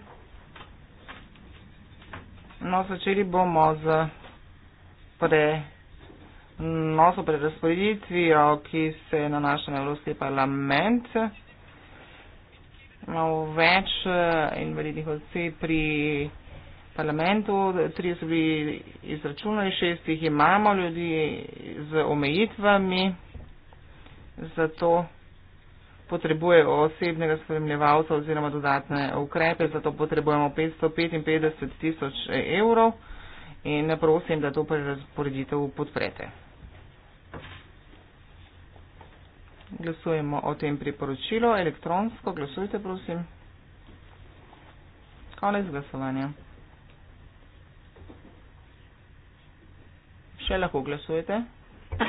No, začeli bomo z pre nos o prerasporeditvi, ki se nanaša na Evropski parlament. Imamo več eh, invalidnih oseb pri parlamentu, tri so bili izračunali, šest jih imamo, ljudi z omejitvami, zato potrebujejo osebnega spremljevalca oziroma dodatne ukrepe, zato potrebujemo 555 tisoč evrov in prosim, da to prerasporeditev podprete. Glasujemo o tem priporočilu. Elektronsko glasujte, prosim. Konec glasovanja. Še lahko glasujete. Uh, okay,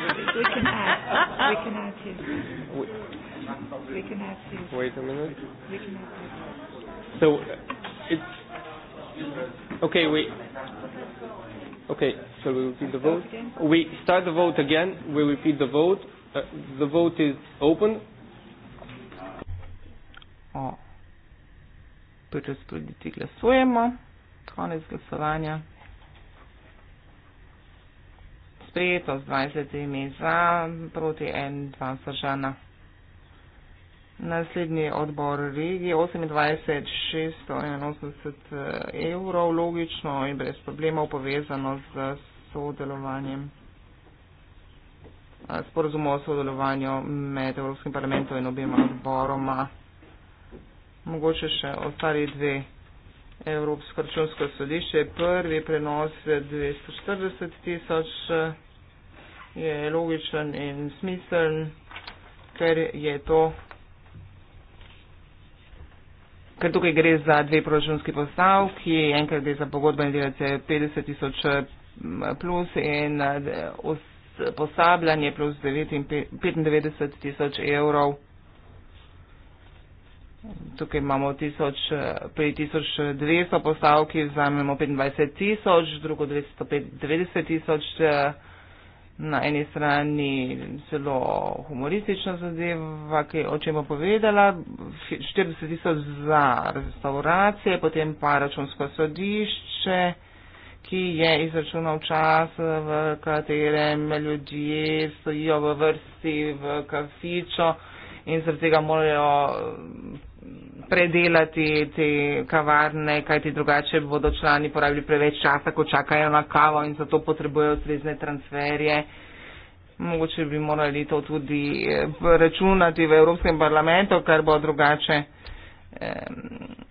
shall we repeat the vote? We start the vote again. We repeat the vote. Uh, the vote is open. O, počas torej tudi ti glasujemo. Konec glasovanja. Sprejeto z 20 imi za, proti 1, 2 sržana. Naslednji odbor regije 28, 681 eh, evrov, logično in brez problemov povezano z sodelovanjem. Eh, sporozumu o sodelovanju med Evropskim parlamentom in objema odboroma. Mogoče še ostali dve. Evropsko računsko sodišče je prvi prenos 240 tisoč, eh, je logičen in smiseln, ker je to, ker tukaj gre za dve proračunski postavki, enkrat gre za pogodbene delce 50 tisoč eh, plus in 80 posabljanje plus 95 tisoč evrov. Tukaj imamo tisoč, pri 1200 postavki vzamemo 25 tisoč, drugo 290 tisoč. Na eni strani zelo humoristična zadeva, ki je o čem povedala, 40 tisoč za restauracije, potem pa računsko sodišče, ki je izračunal čas, v katerem ljudje stojijo v vrsti v kafičo in zaradi tega morajo mm, predelati te kavarne, kajti drugače bodo člani porabili preveč časa, ko čakajo na kavo in zato potrebujejo ustrezne transferje. Mogoče bi morali to tudi eh, računati v Evropskem parlamentu, kar bo drugače. Eh,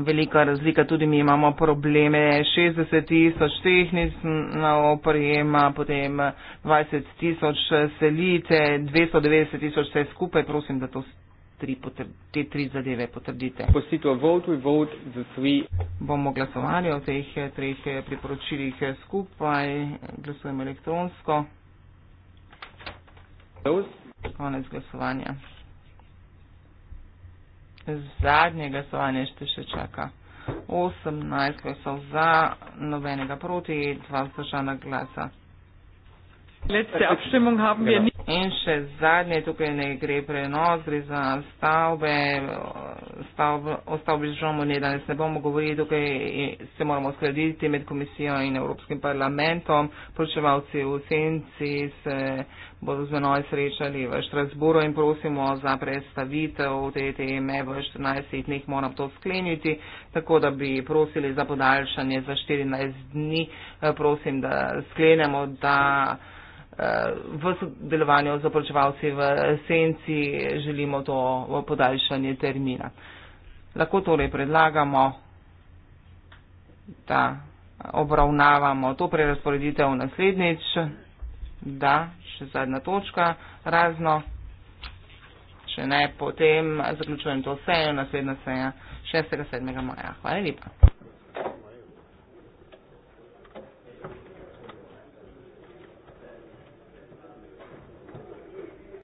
velika razlika, tudi mi imamo probleme. 60 tisoč tehnična oprema, potem 20 tisoč selite, 290 tisoč vse skupaj, prosim, da to tri te tri zadeve potrdite. Bomo glasovali o teh treh priporočilih skupaj, glasujemo elektronsko. Konec glasovanja zadnje glasovanje ste še čaka. 18 glasov za, nobenega proti, 2 vzdržana glasa. Letzte abstimung haben wir nicht. In še zadnje, tukaj ne gre prenos, gre za stavbe, stavbe o stavbi žromo ne danes ne bomo govorili, tukaj se moramo skladiti med komisijo in Evropskim parlamentom. Pročevalci v Senci se bodo z menoj srečali v Štrasburu in prosimo za predstavitev te teme v 14 dneh, moram to skleniti, tako da bi prosili za podaljšanje za 14 dni, prosim, da sklenemo, da. Eh, v delovanju z oproževalci v senci želimo to podaljšanje termina. Lahko torej predlagamo, da obravnavamo to prerasporeditev naslednjič, da še zadnja točka razno, če ne, potem zaključujem to sejo, naslednja seja 6. 7. maja. Hvala lepa.